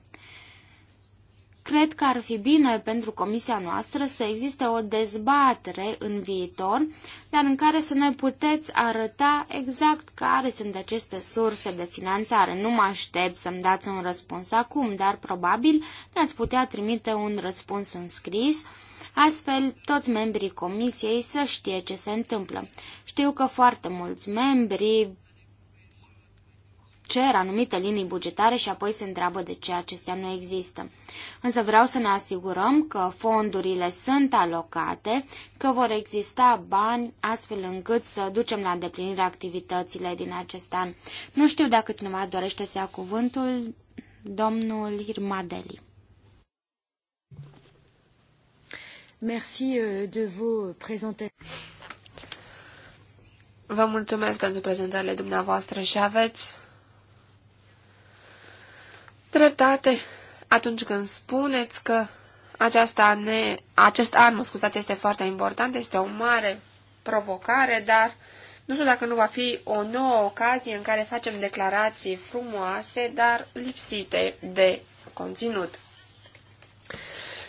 Cred că ar fi bine pentru comisia noastră să existe o dezbatere în viitor, dar în care să ne puteți arăta exact care sunt aceste surse de finanțare. Nu mă aștept să-mi dați un răspuns acum, dar probabil ne-ați putea trimite un răspuns în scris, astfel toți membrii comisiei să știe ce se întâmplă. Știu că foarte mulți membri cer anumite linii bugetare și apoi se întreabă de ce acestea nu există. Însă vreau să ne asigurăm că fondurile sunt alocate, că vor exista bani astfel încât să ducem la îndeplinirea activitățile din acest an. Nu știu dacă cineva dorește să ia cuvântul domnul Irmadeli. Merci euh, de vos présentations. Vă mulțumesc pentru prezentările dumneavoastră și aveți dreptate atunci când spuneți că aceasta ne, acest an, mă scuzați, este foarte important, este o mare provocare, dar nu știu dacă nu va fi o nouă ocazie în care facem declarații frumoase, dar lipsite de conținut.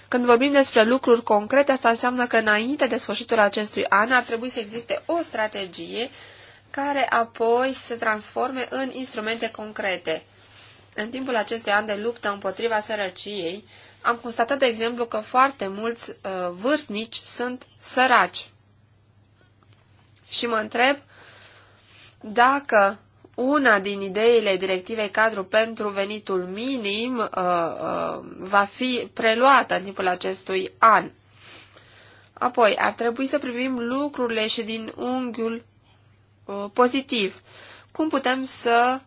Când vorbim despre lucruri concrete, asta înseamnă că înainte de sfârșitul acestui an ar trebui să existe o strategie care apoi să se transforme în instrumente concrete. În timpul acestui an de luptă împotriva sărăciei, am constatat, de exemplu, că foarte mulți uh, vârstnici sunt săraci. Și mă întreb dacă una din ideile directivei cadru pentru venitul minim uh, uh, va fi preluată în timpul acestui an. Apoi, ar trebui să privim lucrurile și din unghiul uh, pozitiv. Cum putem să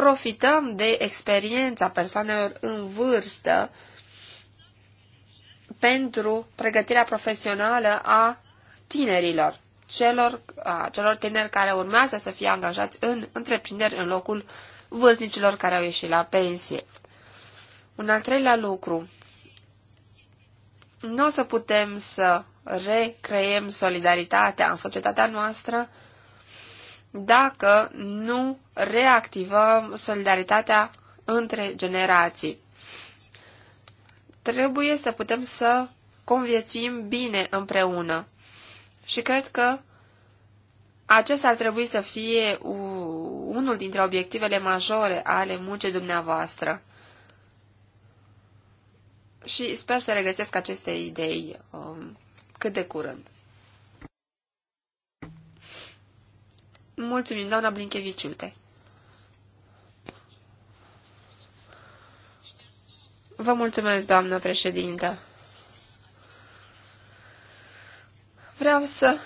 profităm de experiența persoanelor în vârstă pentru pregătirea profesională a tinerilor, celor, a celor tineri care urmează să fie angajați în întreprinderi în locul vârstnicilor care au ieșit la pensie. Un al treilea lucru, nu o să putem să recreem solidaritatea în societatea noastră dacă nu reactivăm solidaritatea între generații. Trebuie să putem să conviețuim bine împreună. Și cred că acesta ar trebui să fie unul dintre obiectivele majore ale muncii dumneavoastră. Și sper să regăsesc aceste idei um, cât de curând. Mulțumim, doamna Blinkeviciute! Vă mulțumesc, doamnă președintă. Vreau să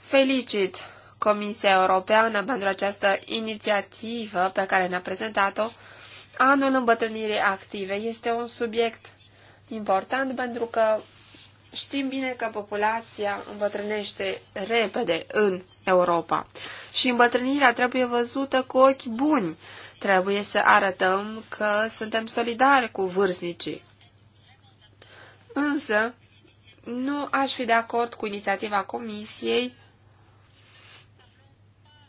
felicit Comisia Europeană pentru această inițiativă pe care ne-a prezentat-o. Anul îmbătrânirii active este un subiect important pentru că știm bine că populația îmbătrânește repede în Europa și îmbătrânirea trebuie văzută cu ochi buni Trebuie să arătăm că suntem solidari cu vârstnicii. Însă, nu aș fi de acord cu inițiativa Comisiei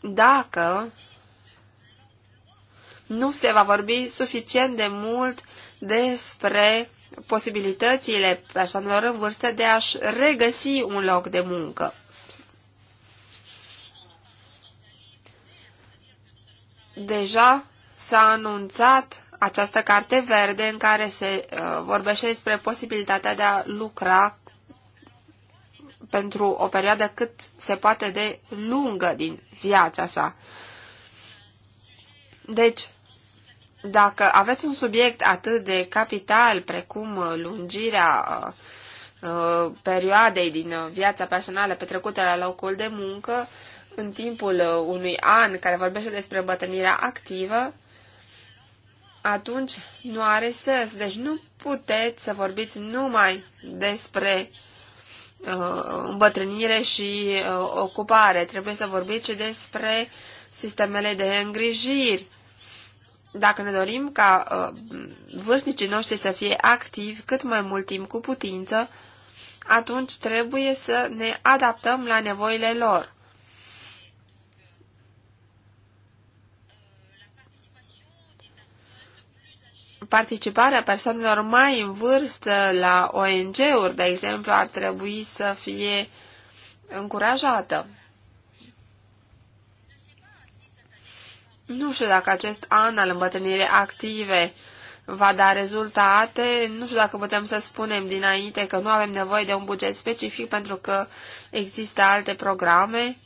dacă nu se va vorbi suficient de mult despre posibilitățile persoanelor în vârstă de a-și regăsi un loc de muncă. Deja s-a anunțat această carte verde în care se uh, vorbește despre posibilitatea de a lucra pentru o perioadă cât se poate de lungă din viața sa. Deci, dacă aveți un subiect atât de capital precum uh, lungirea uh, uh, perioadei din uh, viața personală petrecută la locul de muncă, în timpul unui an care vorbește despre bătănirea activă, atunci nu are sens. Deci nu puteți să vorbiți numai despre uh, îmbătrânire și uh, ocupare. Trebuie să vorbiți și despre sistemele de îngrijiri. Dacă ne dorim ca uh, vârstnicii noștri să fie activi cât mai mult timp cu putință, atunci trebuie să ne adaptăm la nevoile lor. participarea persoanelor mai în vârstă la ONG-uri, de exemplu, ar trebui să fie încurajată. Nu știu dacă acest an al îmbătrânirii active va da rezultate, nu știu dacă putem să spunem dinainte că nu avem nevoie de un buget specific pentru că există alte programe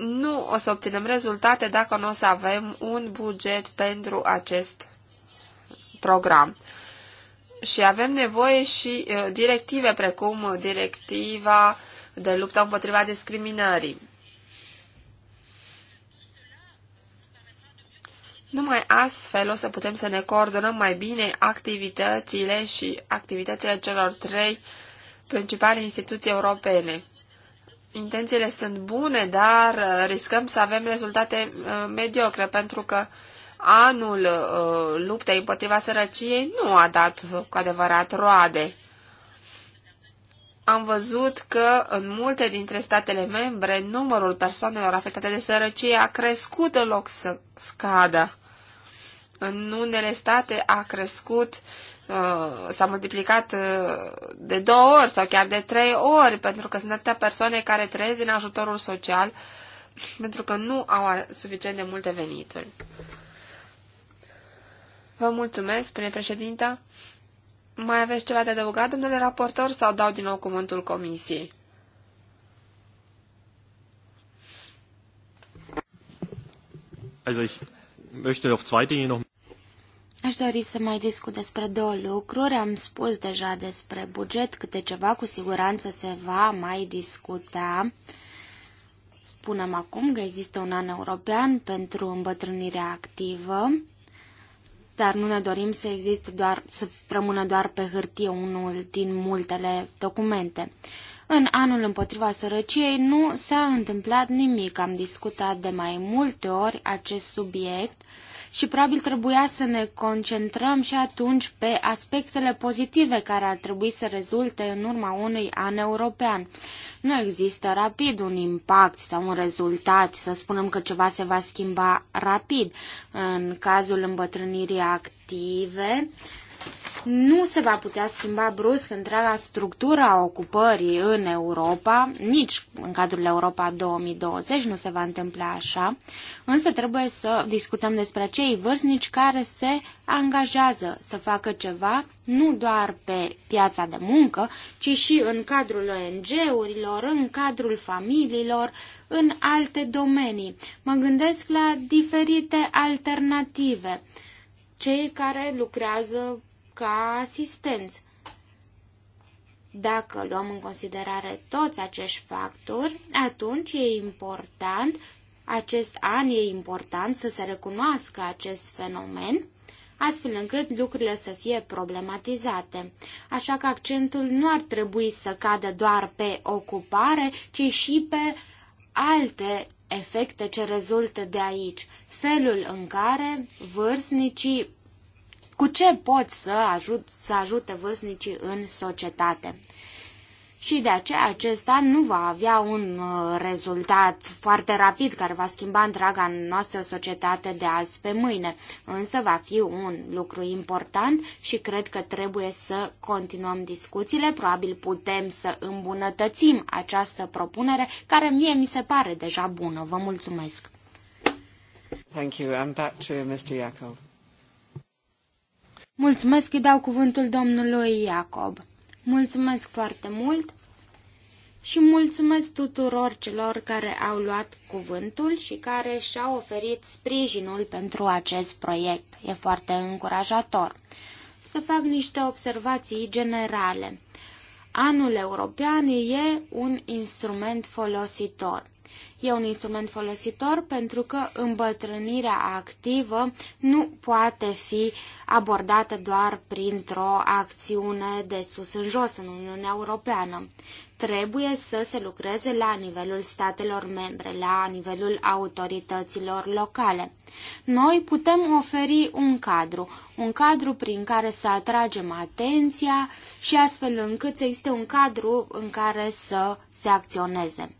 nu o să obținem rezultate dacă nu o să avem un buget pentru acest program. Și avem nevoie și directive precum directiva de luptă împotriva discriminării. Numai astfel o să putem să ne coordonăm mai bine activitățile și activitățile celor trei principale instituții europene intențiile sunt bune, dar uh, riscăm să avem rezultate uh, mediocre, pentru că anul uh, luptei împotriva sărăciei nu a dat cu adevărat roade. Am văzut că în multe dintre statele membre numărul persoanelor afectate de sărăcie a crescut în loc să scadă. În unele state a crescut uh, Uh, s-a multiplicat uh, de două ori sau chiar de trei ori, pentru că sunt atâtea persoane care trăiesc în ajutorul social, pentru că nu au suficient de multe venituri. Vă mulțumesc, spune președinta. Mai aveți ceva de adăugat, domnule raportor, sau dau din nou cuvântul comisiei? Also ich möchte auf zwei Dinge noch Aș dori să mai discut despre două lucruri. Am spus deja despre buget, câte ceva cu siguranță se va mai discuta. Spunem acum că există un an european pentru îmbătrânirea activă, dar nu ne dorim să existe doar, să rămână doar pe hârtie unul din multele documente. În anul împotriva sărăciei nu s-a întâmplat nimic. Am discutat de mai multe ori acest subiect și probabil trebuia să ne concentrăm și atunci pe aspectele pozitive care ar trebui să rezulte în urma unui an european. Nu există rapid un impact sau un rezultat, să spunem că ceva se va schimba rapid. În cazul îmbătrânirii active, nu se va putea schimba brusc întreaga structură a ocupării în Europa, nici în cadrul Europa 2020 nu se va întâmpla așa, însă trebuie să discutăm despre cei vârstnici care se angajează să facă ceva nu doar pe piața de muncă, ci și în cadrul ONG-urilor, în cadrul familiilor, în alte domenii. Mă gândesc la diferite alternative. Cei care lucrează ca asistenți. Dacă luăm în considerare toți acești factori, atunci e important, acest an e important să se recunoască acest fenomen, astfel încât lucrurile să fie problematizate. Așa că accentul nu ar trebui să cadă doar pe ocupare, ci și pe alte efecte ce rezultă de aici, felul în care vârstnicii cu ce pot să, ajut, să ajute vârstnicii în societate. Și de aceea acesta nu va avea un uh, rezultat foarte rapid care va schimba întreaga noastră societate de azi pe mâine, însă va fi un lucru important și cred că trebuie să continuăm discuțiile, probabil putem să îmbunătățim această propunere care mie mi se pare deja bună. Vă mulțumesc! Thank you. I'm back to Mr. Yakov. Mulțumesc, îi dau cuvântul domnului Iacob. Mulțumesc foarte mult și mulțumesc tuturor celor care au luat cuvântul și care și-au oferit sprijinul pentru acest proiect. E foarte încurajator. Să fac niște observații generale. Anul european e un instrument folositor. E un instrument folositor pentru că îmbătrânirea activă nu poate fi abordată doar printr-o acțiune de sus în jos în Uniunea Europeană. Trebuie să se lucreze la nivelul statelor membre, la nivelul autorităților locale. Noi putem oferi un cadru, un cadru prin care să atragem atenția și astfel încât să existe un cadru în care să se acționeze.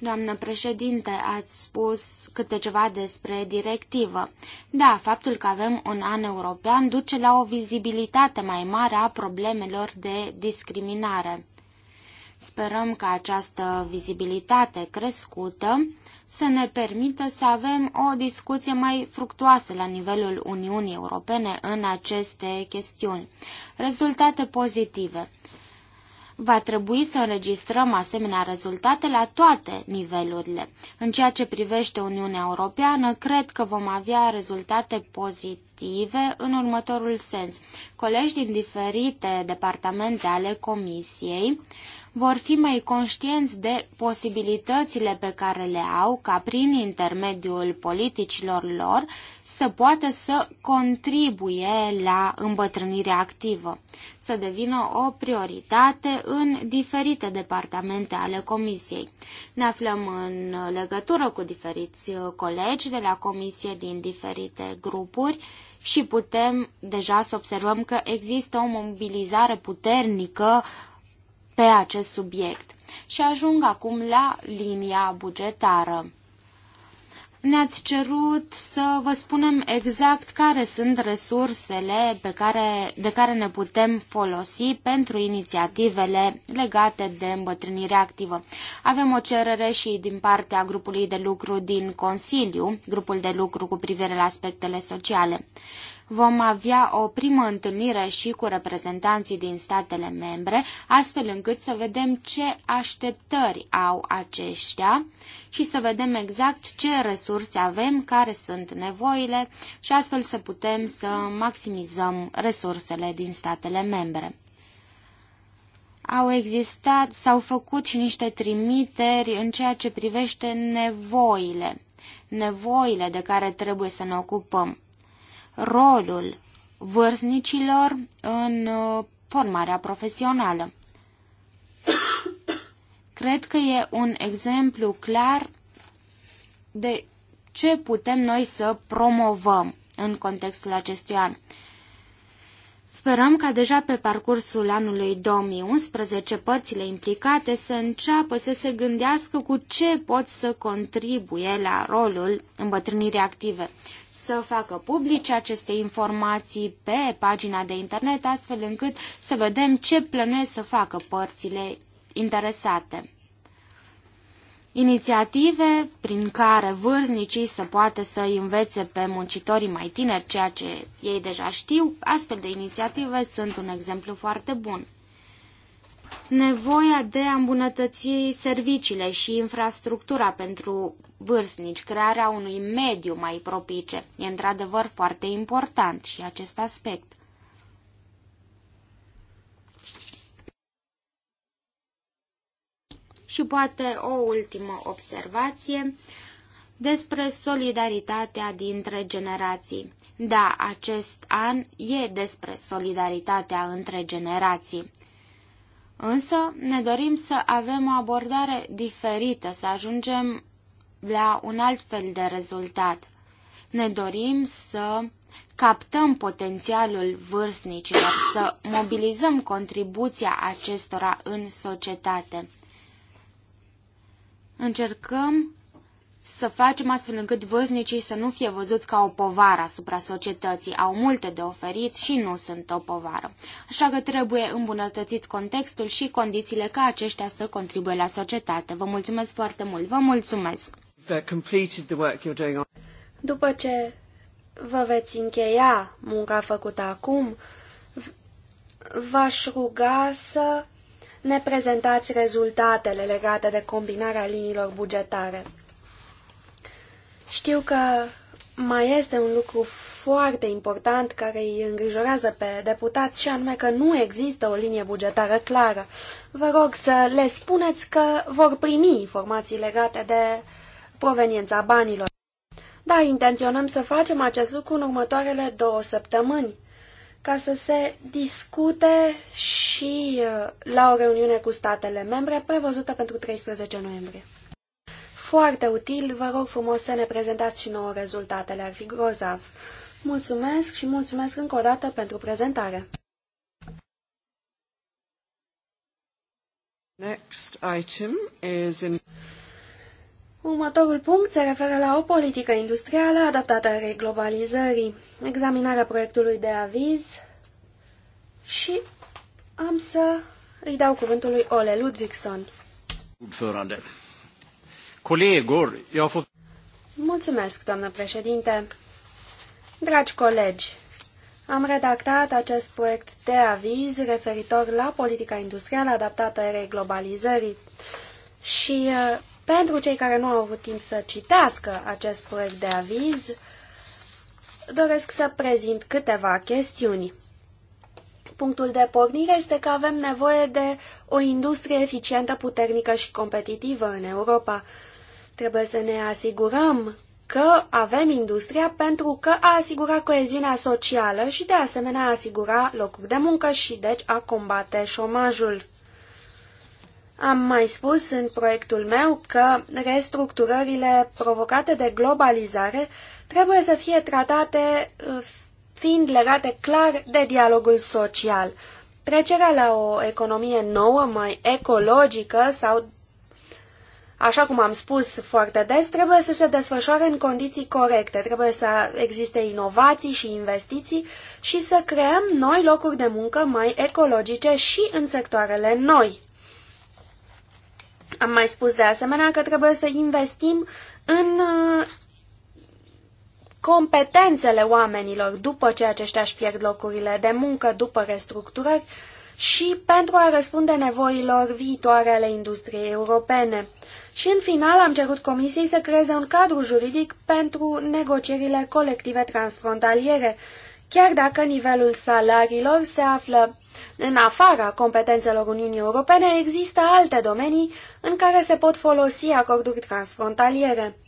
Doamnă președinte, ați spus câte ceva despre directivă. Da, faptul că avem un an european duce la o vizibilitate mai mare a problemelor de discriminare. Sperăm că această vizibilitate crescută să ne permită să avem o discuție mai fructuoasă la nivelul Uniunii Europene în aceste chestiuni. Rezultate pozitive. Va trebui să înregistrăm asemenea rezultate la toate nivelurile. În ceea ce privește Uniunea Europeană, cred că vom avea rezultate pozitive în următorul sens. Colegi din diferite departamente ale Comisiei vor fi mai conștienți de posibilitățile pe care le au ca prin intermediul politicilor lor să poată să contribuie la îmbătrânirea activă, să devină o prioritate în diferite departamente ale Comisiei. Ne aflăm în legătură cu diferiți colegi de la Comisie din diferite grupuri și putem deja să observăm că există o mobilizare puternică pe acest subiect. Și ajung acum la linia bugetară. Ne-ați cerut să vă spunem exact care sunt resursele pe care, de care ne putem folosi pentru inițiativele legate de îmbătrânire activă. Avem o cerere și din partea grupului de lucru din Consiliu, grupul de lucru cu privire la aspectele sociale. Vom avea o primă întâlnire și cu reprezentanții din statele membre, astfel încât să vedem ce așteptări au aceștia și să vedem exact ce resurse avem, care sunt nevoile și astfel să putem să maximizăm resursele din statele membre au existat, s-au făcut și niște trimiteri în ceea ce privește nevoile, nevoile de care trebuie să ne ocupăm rolul vârstnicilor în uh, formarea profesională. Cred că e un exemplu clar de ce putem noi să promovăm în contextul acestui an. Sperăm ca deja pe parcursul anului 2011 părțile implicate să înceapă să se gândească cu ce pot să contribuie la rolul îmbătrânirii active să facă publice aceste informații pe pagina de internet, astfel încât să vedem ce plănuiesc să facă părțile interesate. Inițiative prin care vârznicii să poată să învețe pe muncitorii mai tineri ceea ce ei deja știu, astfel de inițiative sunt un exemplu foarte bun nevoia de a îmbunătăți serviciile și infrastructura pentru vârstnici, crearea unui mediu mai propice. E într-adevăr foarte important și acest aspect. Și poate o ultimă observație despre solidaritatea dintre generații. Da, acest an e despre solidaritatea între generații. Însă ne dorim să avem o abordare diferită, să ajungem la un alt fel de rezultat. Ne dorim să captăm potențialul vârstnicilor, să mobilizăm contribuția acestora în societate. Încercăm să facem astfel încât vârstnicii să nu fie văzuți ca o povară asupra societății. Au multe de oferit și nu sunt o povară. Așa că trebuie îmbunătățit contextul și condițiile ca aceștia să contribuie la societate. Vă mulțumesc foarte mult! Vă mulțumesc! completed the work you're doing on... După ce vă veți încheia munca făcută acum, v-aș ruga să ne prezentați rezultatele legate de combinarea liniilor bugetare. Știu că mai este un lucru foarte important care îi îngrijorează pe deputați și anume că nu există o linie bugetară clară. Vă rog să le spuneți că vor primi informații legate de proveniența banilor. Da, intenționăm să facem acest lucru în următoarele două săptămâni, ca să se discute și uh, la o reuniune cu statele membre prevăzută pentru 13 noiembrie. Foarte util, vă rog frumos să ne prezentați și nouă rezultatele, ar fi grozav. Mulțumesc și mulțumesc încă o dată pentru prezentare. Next item is in... Următorul punct se referă la o politică industrială adaptată reglobalizării, examinarea proiectului de aviz și am să îi dau cuvântul lui Ole Ludvigson. Colegor, eu Mulțumesc, doamnă președinte. Dragi colegi, am redactat acest proiect de aviz referitor la politica industrială adaptată reglobalizării și uh, pentru cei care nu au avut timp să citească acest proiect de aviz, doresc să prezint câteva chestiuni. Punctul de pornire este că avem nevoie de o industrie eficientă, puternică și competitivă în Europa. Trebuie să ne asigurăm că avem industria pentru că a asigura coeziunea socială și de asemenea a asigura locuri de muncă și deci a combate șomajul. Am mai spus în proiectul meu că restructurările provocate de globalizare trebuie să fie tratate uh, fiind legate clar de dialogul social. Trecerea la o economie nouă, mai ecologică sau, așa cum am spus foarte des, trebuie să se desfășoare în condiții corecte, trebuie să existe inovații și investiții și să creăm noi locuri de muncă mai ecologice și în sectoarele noi. Am mai spus de asemenea că trebuie să investim în uh, competențele oamenilor după ce aceștia își pierd locurile de muncă, după restructurări și pentru a răspunde nevoilor viitoare ale industriei europene. Și în final am cerut Comisiei să creeze un cadru juridic pentru negocierile colective transfrontaliere, Chiar dacă nivelul salariilor se află în afara competențelor Uniunii Europene, există alte domenii în care se pot folosi acorduri transfrontaliere.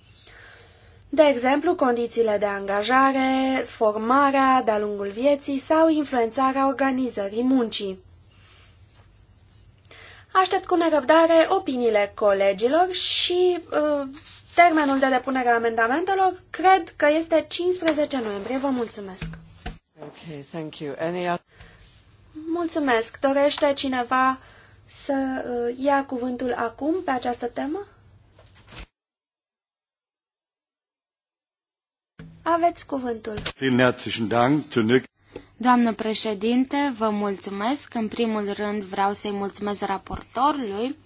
De exemplu, condițiile de angajare, formarea de-a lungul vieții sau influențarea organizării muncii. Aștept cu nerăbdare opiniile colegilor și uh, termenul de depunere a amendamentelor cred că este 15 noiembrie. Vă mulțumesc! Okay, thank you. Any other... Mulțumesc. Dorește cineva să uh, ia cuvântul acum pe această temă? Aveți cuvântul. Doamnă președinte, vă mulțumesc. În primul rând vreau să-i mulțumesc raportorului.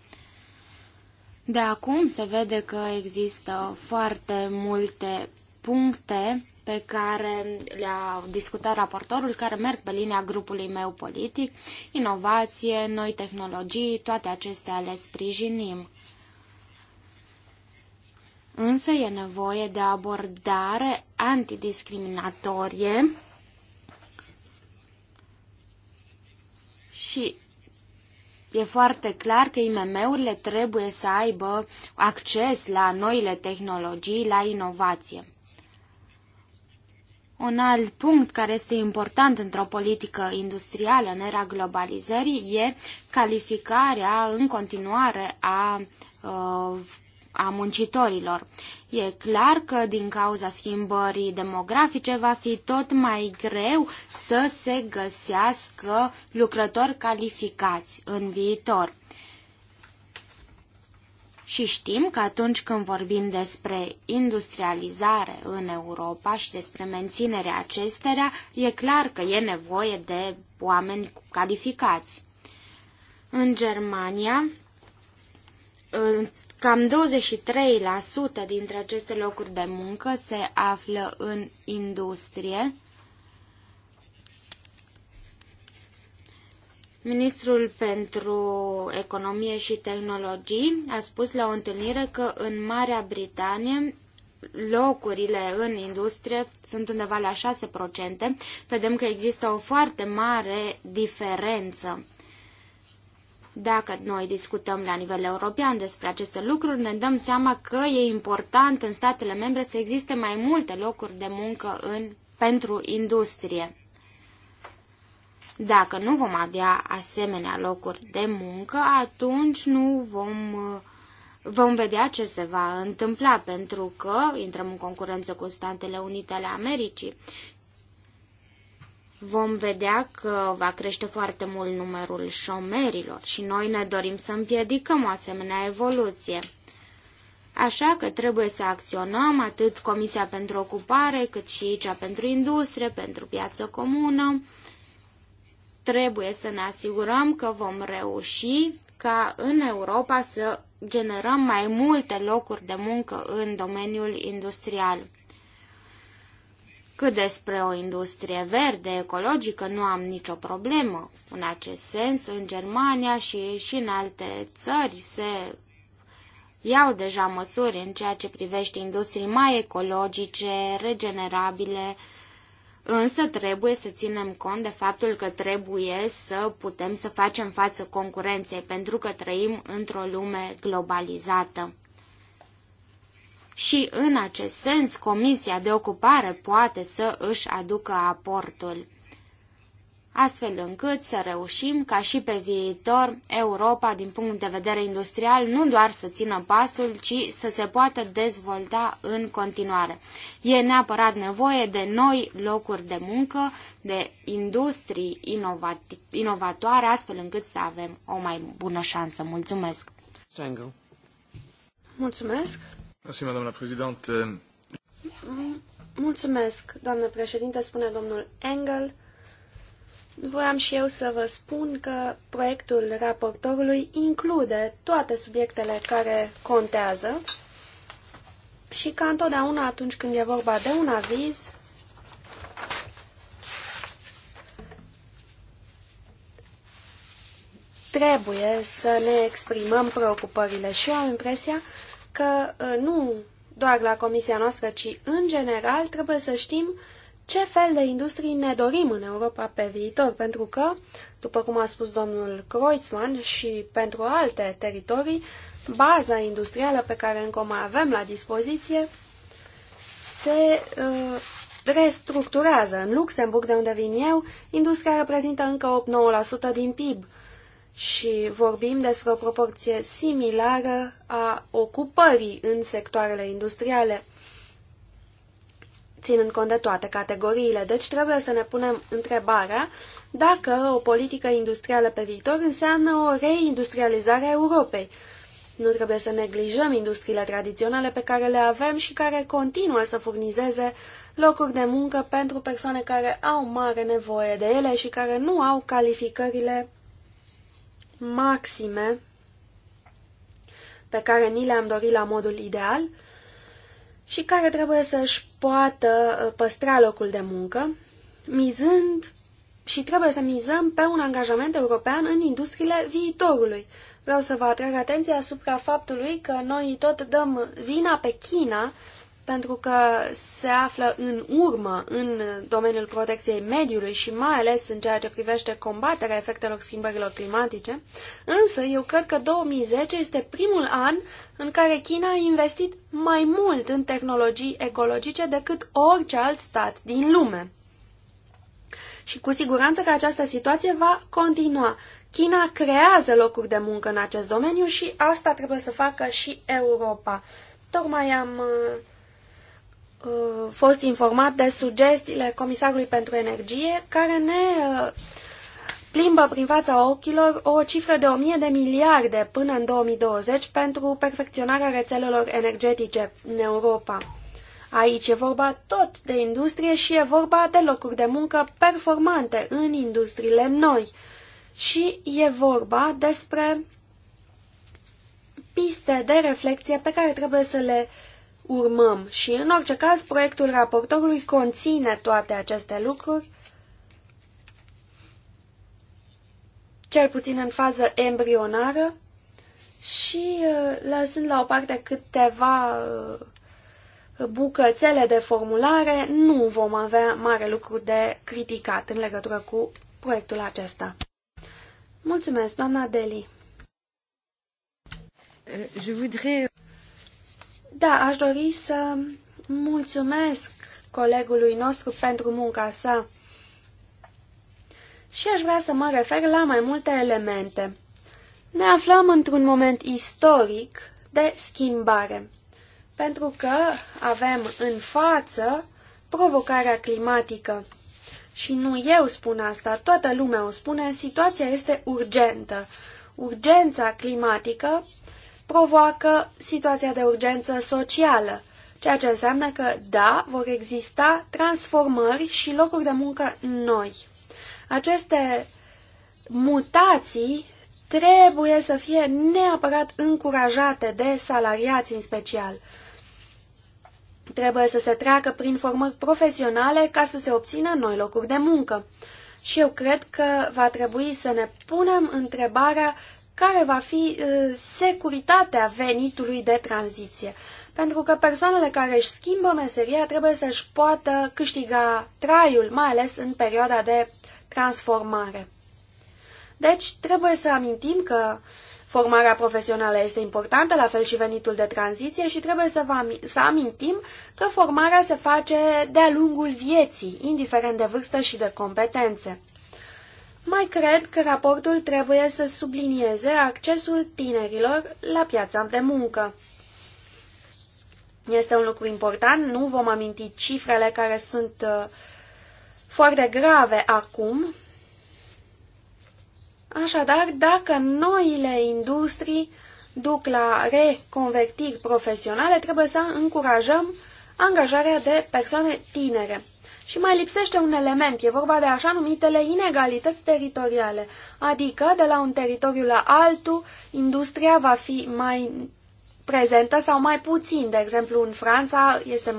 De acum se vede că există foarte multe puncte pe care le-a discutat raportorul, care merg pe linia grupului meu politic, inovație, noi tehnologii, toate acestea le sprijinim. Însă e nevoie de abordare antidiscriminatorie și e foarte clar că IMM-urile trebuie să aibă acces la noile tehnologii, la inovație. Un alt punct care este important într-o politică industrială în era globalizării e calificarea în continuare a, uh, a muncitorilor. E clar că din cauza schimbării demografice va fi tot mai greu să se găsească lucrători calificați în viitor. Și știm că atunci când vorbim despre industrializare în Europa și despre menținerea acestora, e clar că e nevoie de oameni calificați. În Germania, cam 23% dintre aceste locuri de muncă se află în industrie Ministrul pentru Economie și Tehnologii a spus la o întâlnire că în Marea Britanie locurile în industrie sunt undeva la 6%. Vedem că există o foarte mare diferență. Dacă noi discutăm la nivel european despre aceste lucruri, ne dăm seama că e important în statele membre să existe mai multe locuri de muncă în, pentru industrie. Dacă nu vom avea asemenea locuri de muncă, atunci nu vom, vom vedea ce se va întâmpla, pentru că intrăm în concurență cu Statele Unite ale Americii. Vom vedea că va crește foarte mult numărul șomerilor și noi ne dorim să împiedicăm o asemenea evoluție. Așa că trebuie să acționăm atât Comisia pentru Ocupare, cât și aici pentru Industrie, pentru Piață Comună, Trebuie să ne asigurăm că vom reuși ca în Europa să generăm mai multe locuri de muncă în domeniul industrial. Cât despre o industrie verde, ecologică, nu am nicio problemă. În acest sens, în Germania și, și în alte țări se iau deja măsuri în ceea ce privește industrii mai ecologice, regenerabile Însă trebuie să ținem cont de faptul că trebuie să putem să facem față concurenței, pentru că trăim într-o lume globalizată. Și în acest sens, Comisia de Ocupare poate să își aducă aportul astfel încât să reușim ca și pe viitor Europa, din punct de vedere industrial, nu doar să țină pasul, ci să se poată dezvolta în continuare. E neapărat nevoie de noi locuri de muncă, de industrii inovatoare, astfel încât să avem o mai bună șansă. Mulțumesc! Strangle. Mulțumesc! Mulțumesc, doamna președinte! Mulțumesc, doamnă președinte, spune domnul Engel Voiam și eu să vă spun că proiectul raportorului include toate subiectele care contează și ca întotdeauna atunci când e vorba de un aviz, trebuie să ne exprimăm preocupările și eu am impresia că uh, nu doar la comisia noastră, ci în general trebuie să știm uh, ce fel de industrii ne dorim în Europa pe viitor, pentru că, după cum a spus domnul Kreutzmann și pentru alte teritorii, baza industrială pe care încă o mai avem la dispoziție se uh, restructurează. În Luxemburg, de unde vin eu, industria reprezintă încă 8-9% din PIB și vorbim despre o proporție similară a ocupării în sectoarele industriale ținând cont de toate categoriile. Deci trebuie să ne punem întrebarea dacă o politică industrială pe viitor înseamnă o reindustrializare a Europei. Nu trebuie să neglijăm industriile tradiționale pe care le avem și care continuă să furnizeze locuri de muncă pentru persoane care au mare nevoie de ele și care nu au calificările maxime pe care ni le-am dorit la modul ideal și care trebuie să își poată uh, păstra locul de muncă, mizând și trebuie să mizăm pe un angajament european în industriile viitorului. Vreau să vă atrag atenția asupra faptului că noi tot dăm vina pe China pentru că se află în urmă în domeniul protecției mediului și mai ales în ceea ce privește combaterea efectelor schimbărilor climatice, însă eu cred că 2010 este primul an în care China a investit mai mult în tehnologii ecologice decât orice alt stat din lume. Și cu siguranță că această situație va continua. China creează locuri de muncă în acest domeniu și asta trebuie să facă și Europa. Tocmai am uh, Uh, fost informat de sugestiile Comisarului pentru Energie, care ne uh, plimbă prin fața ochilor o cifră de 1000 de miliarde până în 2020 pentru perfecționarea rețelelor energetice în Europa. Aici e vorba tot de industrie și e vorba de locuri de muncă performante în industriile noi. Și e vorba despre piste de reflexie pe care trebuie să le uh, urmăm. Și, în orice caz, proiectul raportorului conține toate aceste lucruri, cel puțin în fază embrionară, și uh, lăsând la o parte câteva uh, bucățele de formulare, nu vom avea mare lucru de criticat în legătură cu proiectul acesta. Mulțumesc, doamna Deli. Euh, je voudrais... Da, aș dori să mulțumesc colegului nostru pentru munca sa și aș vrea să mă refer la mai multe elemente. Ne aflăm într-un moment istoric de schimbare, pentru că avem în față provocarea climatică. Și nu eu spun asta, toată lumea o spune, situația este urgentă. Urgența climatică provoacă situația de urgență socială, ceea ce înseamnă că, da, vor exista transformări și locuri de muncă noi. Aceste mutații trebuie să fie neapărat încurajate de salariați în special. Trebuie să se treacă prin formări profesionale ca să se obțină noi locuri de muncă. Și eu cred că va trebui să ne punem întrebarea care va fi uh, securitatea venitului de tranziție. Pentru că persoanele care își schimbă meseria trebuie să-și poată câștiga traiul, mai ales în perioada de transformare. Deci, trebuie să amintim că formarea profesională este importantă, la fel și venitul de tranziție și trebuie să, vă, să amintim că formarea se face de-a lungul vieții, indiferent de vârstă și de competențe. Mai cred că raportul trebuie să sublinieze accesul tinerilor la piața de muncă. Este un lucru important, nu vom aminti cifrele care sunt uh, foarte grave acum. Așadar, dacă noile industrii duc la reconvertiri profesionale, trebuie să încurajăm angajarea de persoane tinere. Și mai lipsește un element, e vorba de așa numitele inegalități teritoriale, adică de la un teritoriu la altul, industria va fi mai prezentă sau mai puțin. De exemplu, în Franța este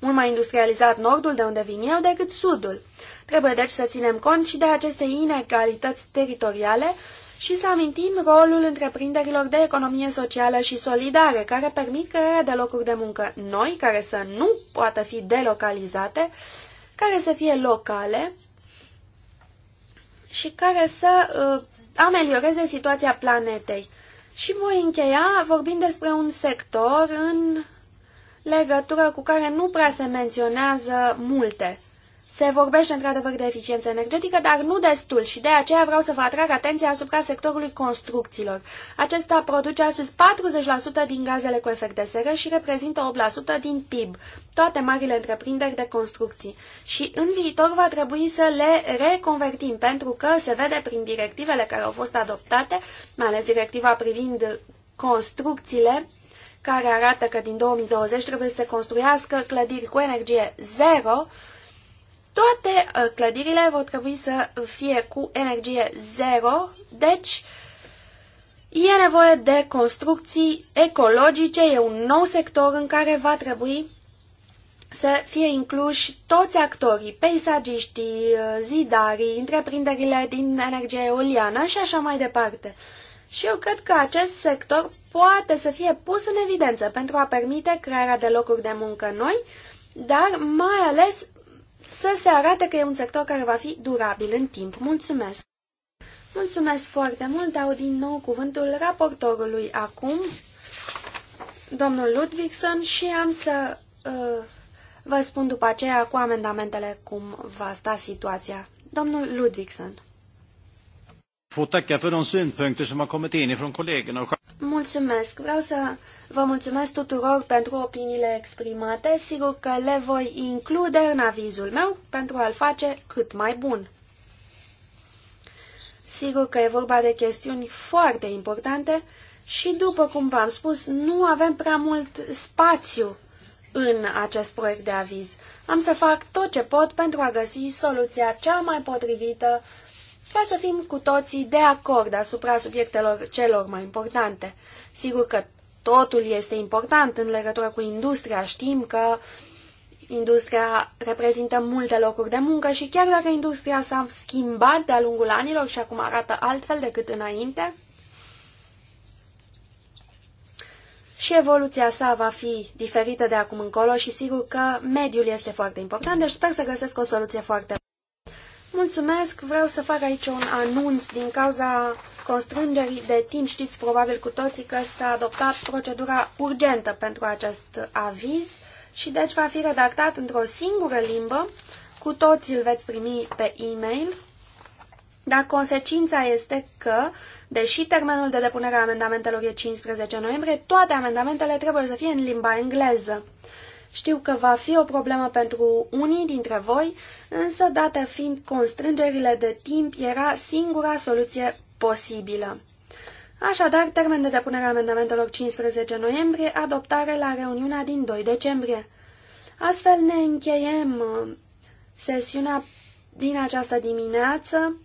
mult mai industrializat nordul de unde vin eu decât sudul. Trebuie deci să ținem cont și de aceste inegalități teritoriale și să amintim rolul întreprinderilor de economie socială și solidare, care permit crearea de locuri de muncă noi, care să nu poată fi delocalizate care să fie locale și care să uh, amelioreze situația planetei. Și voi încheia vorbind despre un sector în legătură cu care nu prea se menționează multe. Se vorbește într-adevăr de eficiență energetică, dar nu destul și de aceea vreau să vă atrag atenția asupra sectorului construcțiilor. Acesta produce astăzi 40% din gazele cu efect de seră și reprezintă 8% din PIB, toate marile întreprinderi de construcții. Și în viitor va trebui să le reconvertim, pentru că se vede prin directivele care au fost adoptate, mai ales directiva privind construcțiile, care arată că din 2020 trebuie să se construiască clădiri cu energie zero, toate uh, clădirile vor trebui să fie cu energie zero, deci e nevoie de construcții ecologice, e un nou sector în care va trebui să fie incluși toți actorii, peisagiștii, uh, zidarii, întreprinderile din energie eoliană și așa mai departe. Și eu cred că acest sector poate să fie pus în evidență pentru a permite crearea de locuri de muncă noi, dar mai ales să se arate că e un sector care va fi durabil în timp. Mulțumesc! Mulțumesc foarte mult! Au din nou cuvântul raportorului acum, domnul Ludvigson, și am să uh, vă spun după aceea cu amendamentele cum va sta situația. Domnul Ludvigson få tacka för de synpunkter som har kommit in ifrån kollegorna. Mulțumesc! Vreau să vă mulțumesc tuturor pentru opiniile exprimate. Sigur că le voi include în avizul meu pentru a-l face cât mai bun. Sigur că e vorba de chestiuni foarte importante și, după cum v-am spus, nu avem prea mult spațiu în acest proiect de aviz. Am să fac tot ce pot pentru a găsi soluția cea mai potrivită ca să fim cu toții de acord asupra subiectelor celor mai importante. Sigur că totul este important în legătură cu industria. Știm că industria reprezintă multe locuri de muncă și chiar dacă industria s-a schimbat de-a lungul anilor și acum arată altfel decât înainte, și evoluția sa va fi diferită de acum încolo și sigur că mediul este foarte important, deci sper să găsesc o soluție foarte Mulțumesc, vreau să fac aici un anunț din cauza constrângerii de timp. Știți probabil cu toții că s-a adoptat procedura urgentă pentru acest aviz și deci va fi redactat într-o singură limbă. Cu toți îl veți primi pe e-mail. Dar consecința este că, deși termenul de depunere a amendamentelor e 15 noiembrie, toate amendamentele trebuie să fie în limba engleză. Știu că va fi o problemă pentru unii dintre voi, însă, date fiind constrângerile de timp, era singura soluție posibilă. Așadar, termen de depunere a amendamentelor 15 noiembrie, adoptare la reuniunea din 2 decembrie. Astfel ne încheiem uh, sesiunea din această dimineață.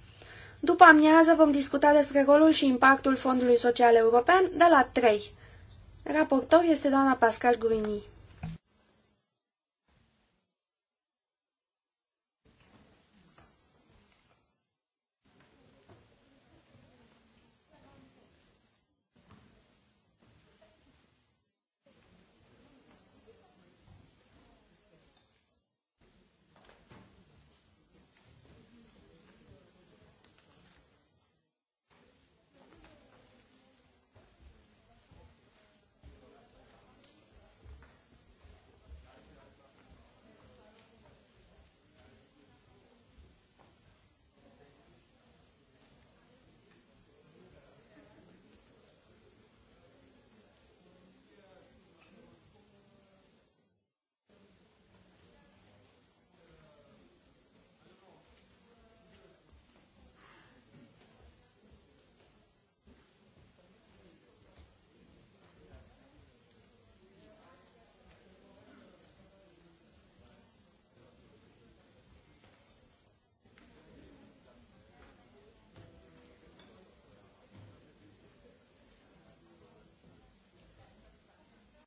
După amiază vom discuta despre rolul și impactul Fondului Social European de la 3. Raportor este doamna Pascal Gruini.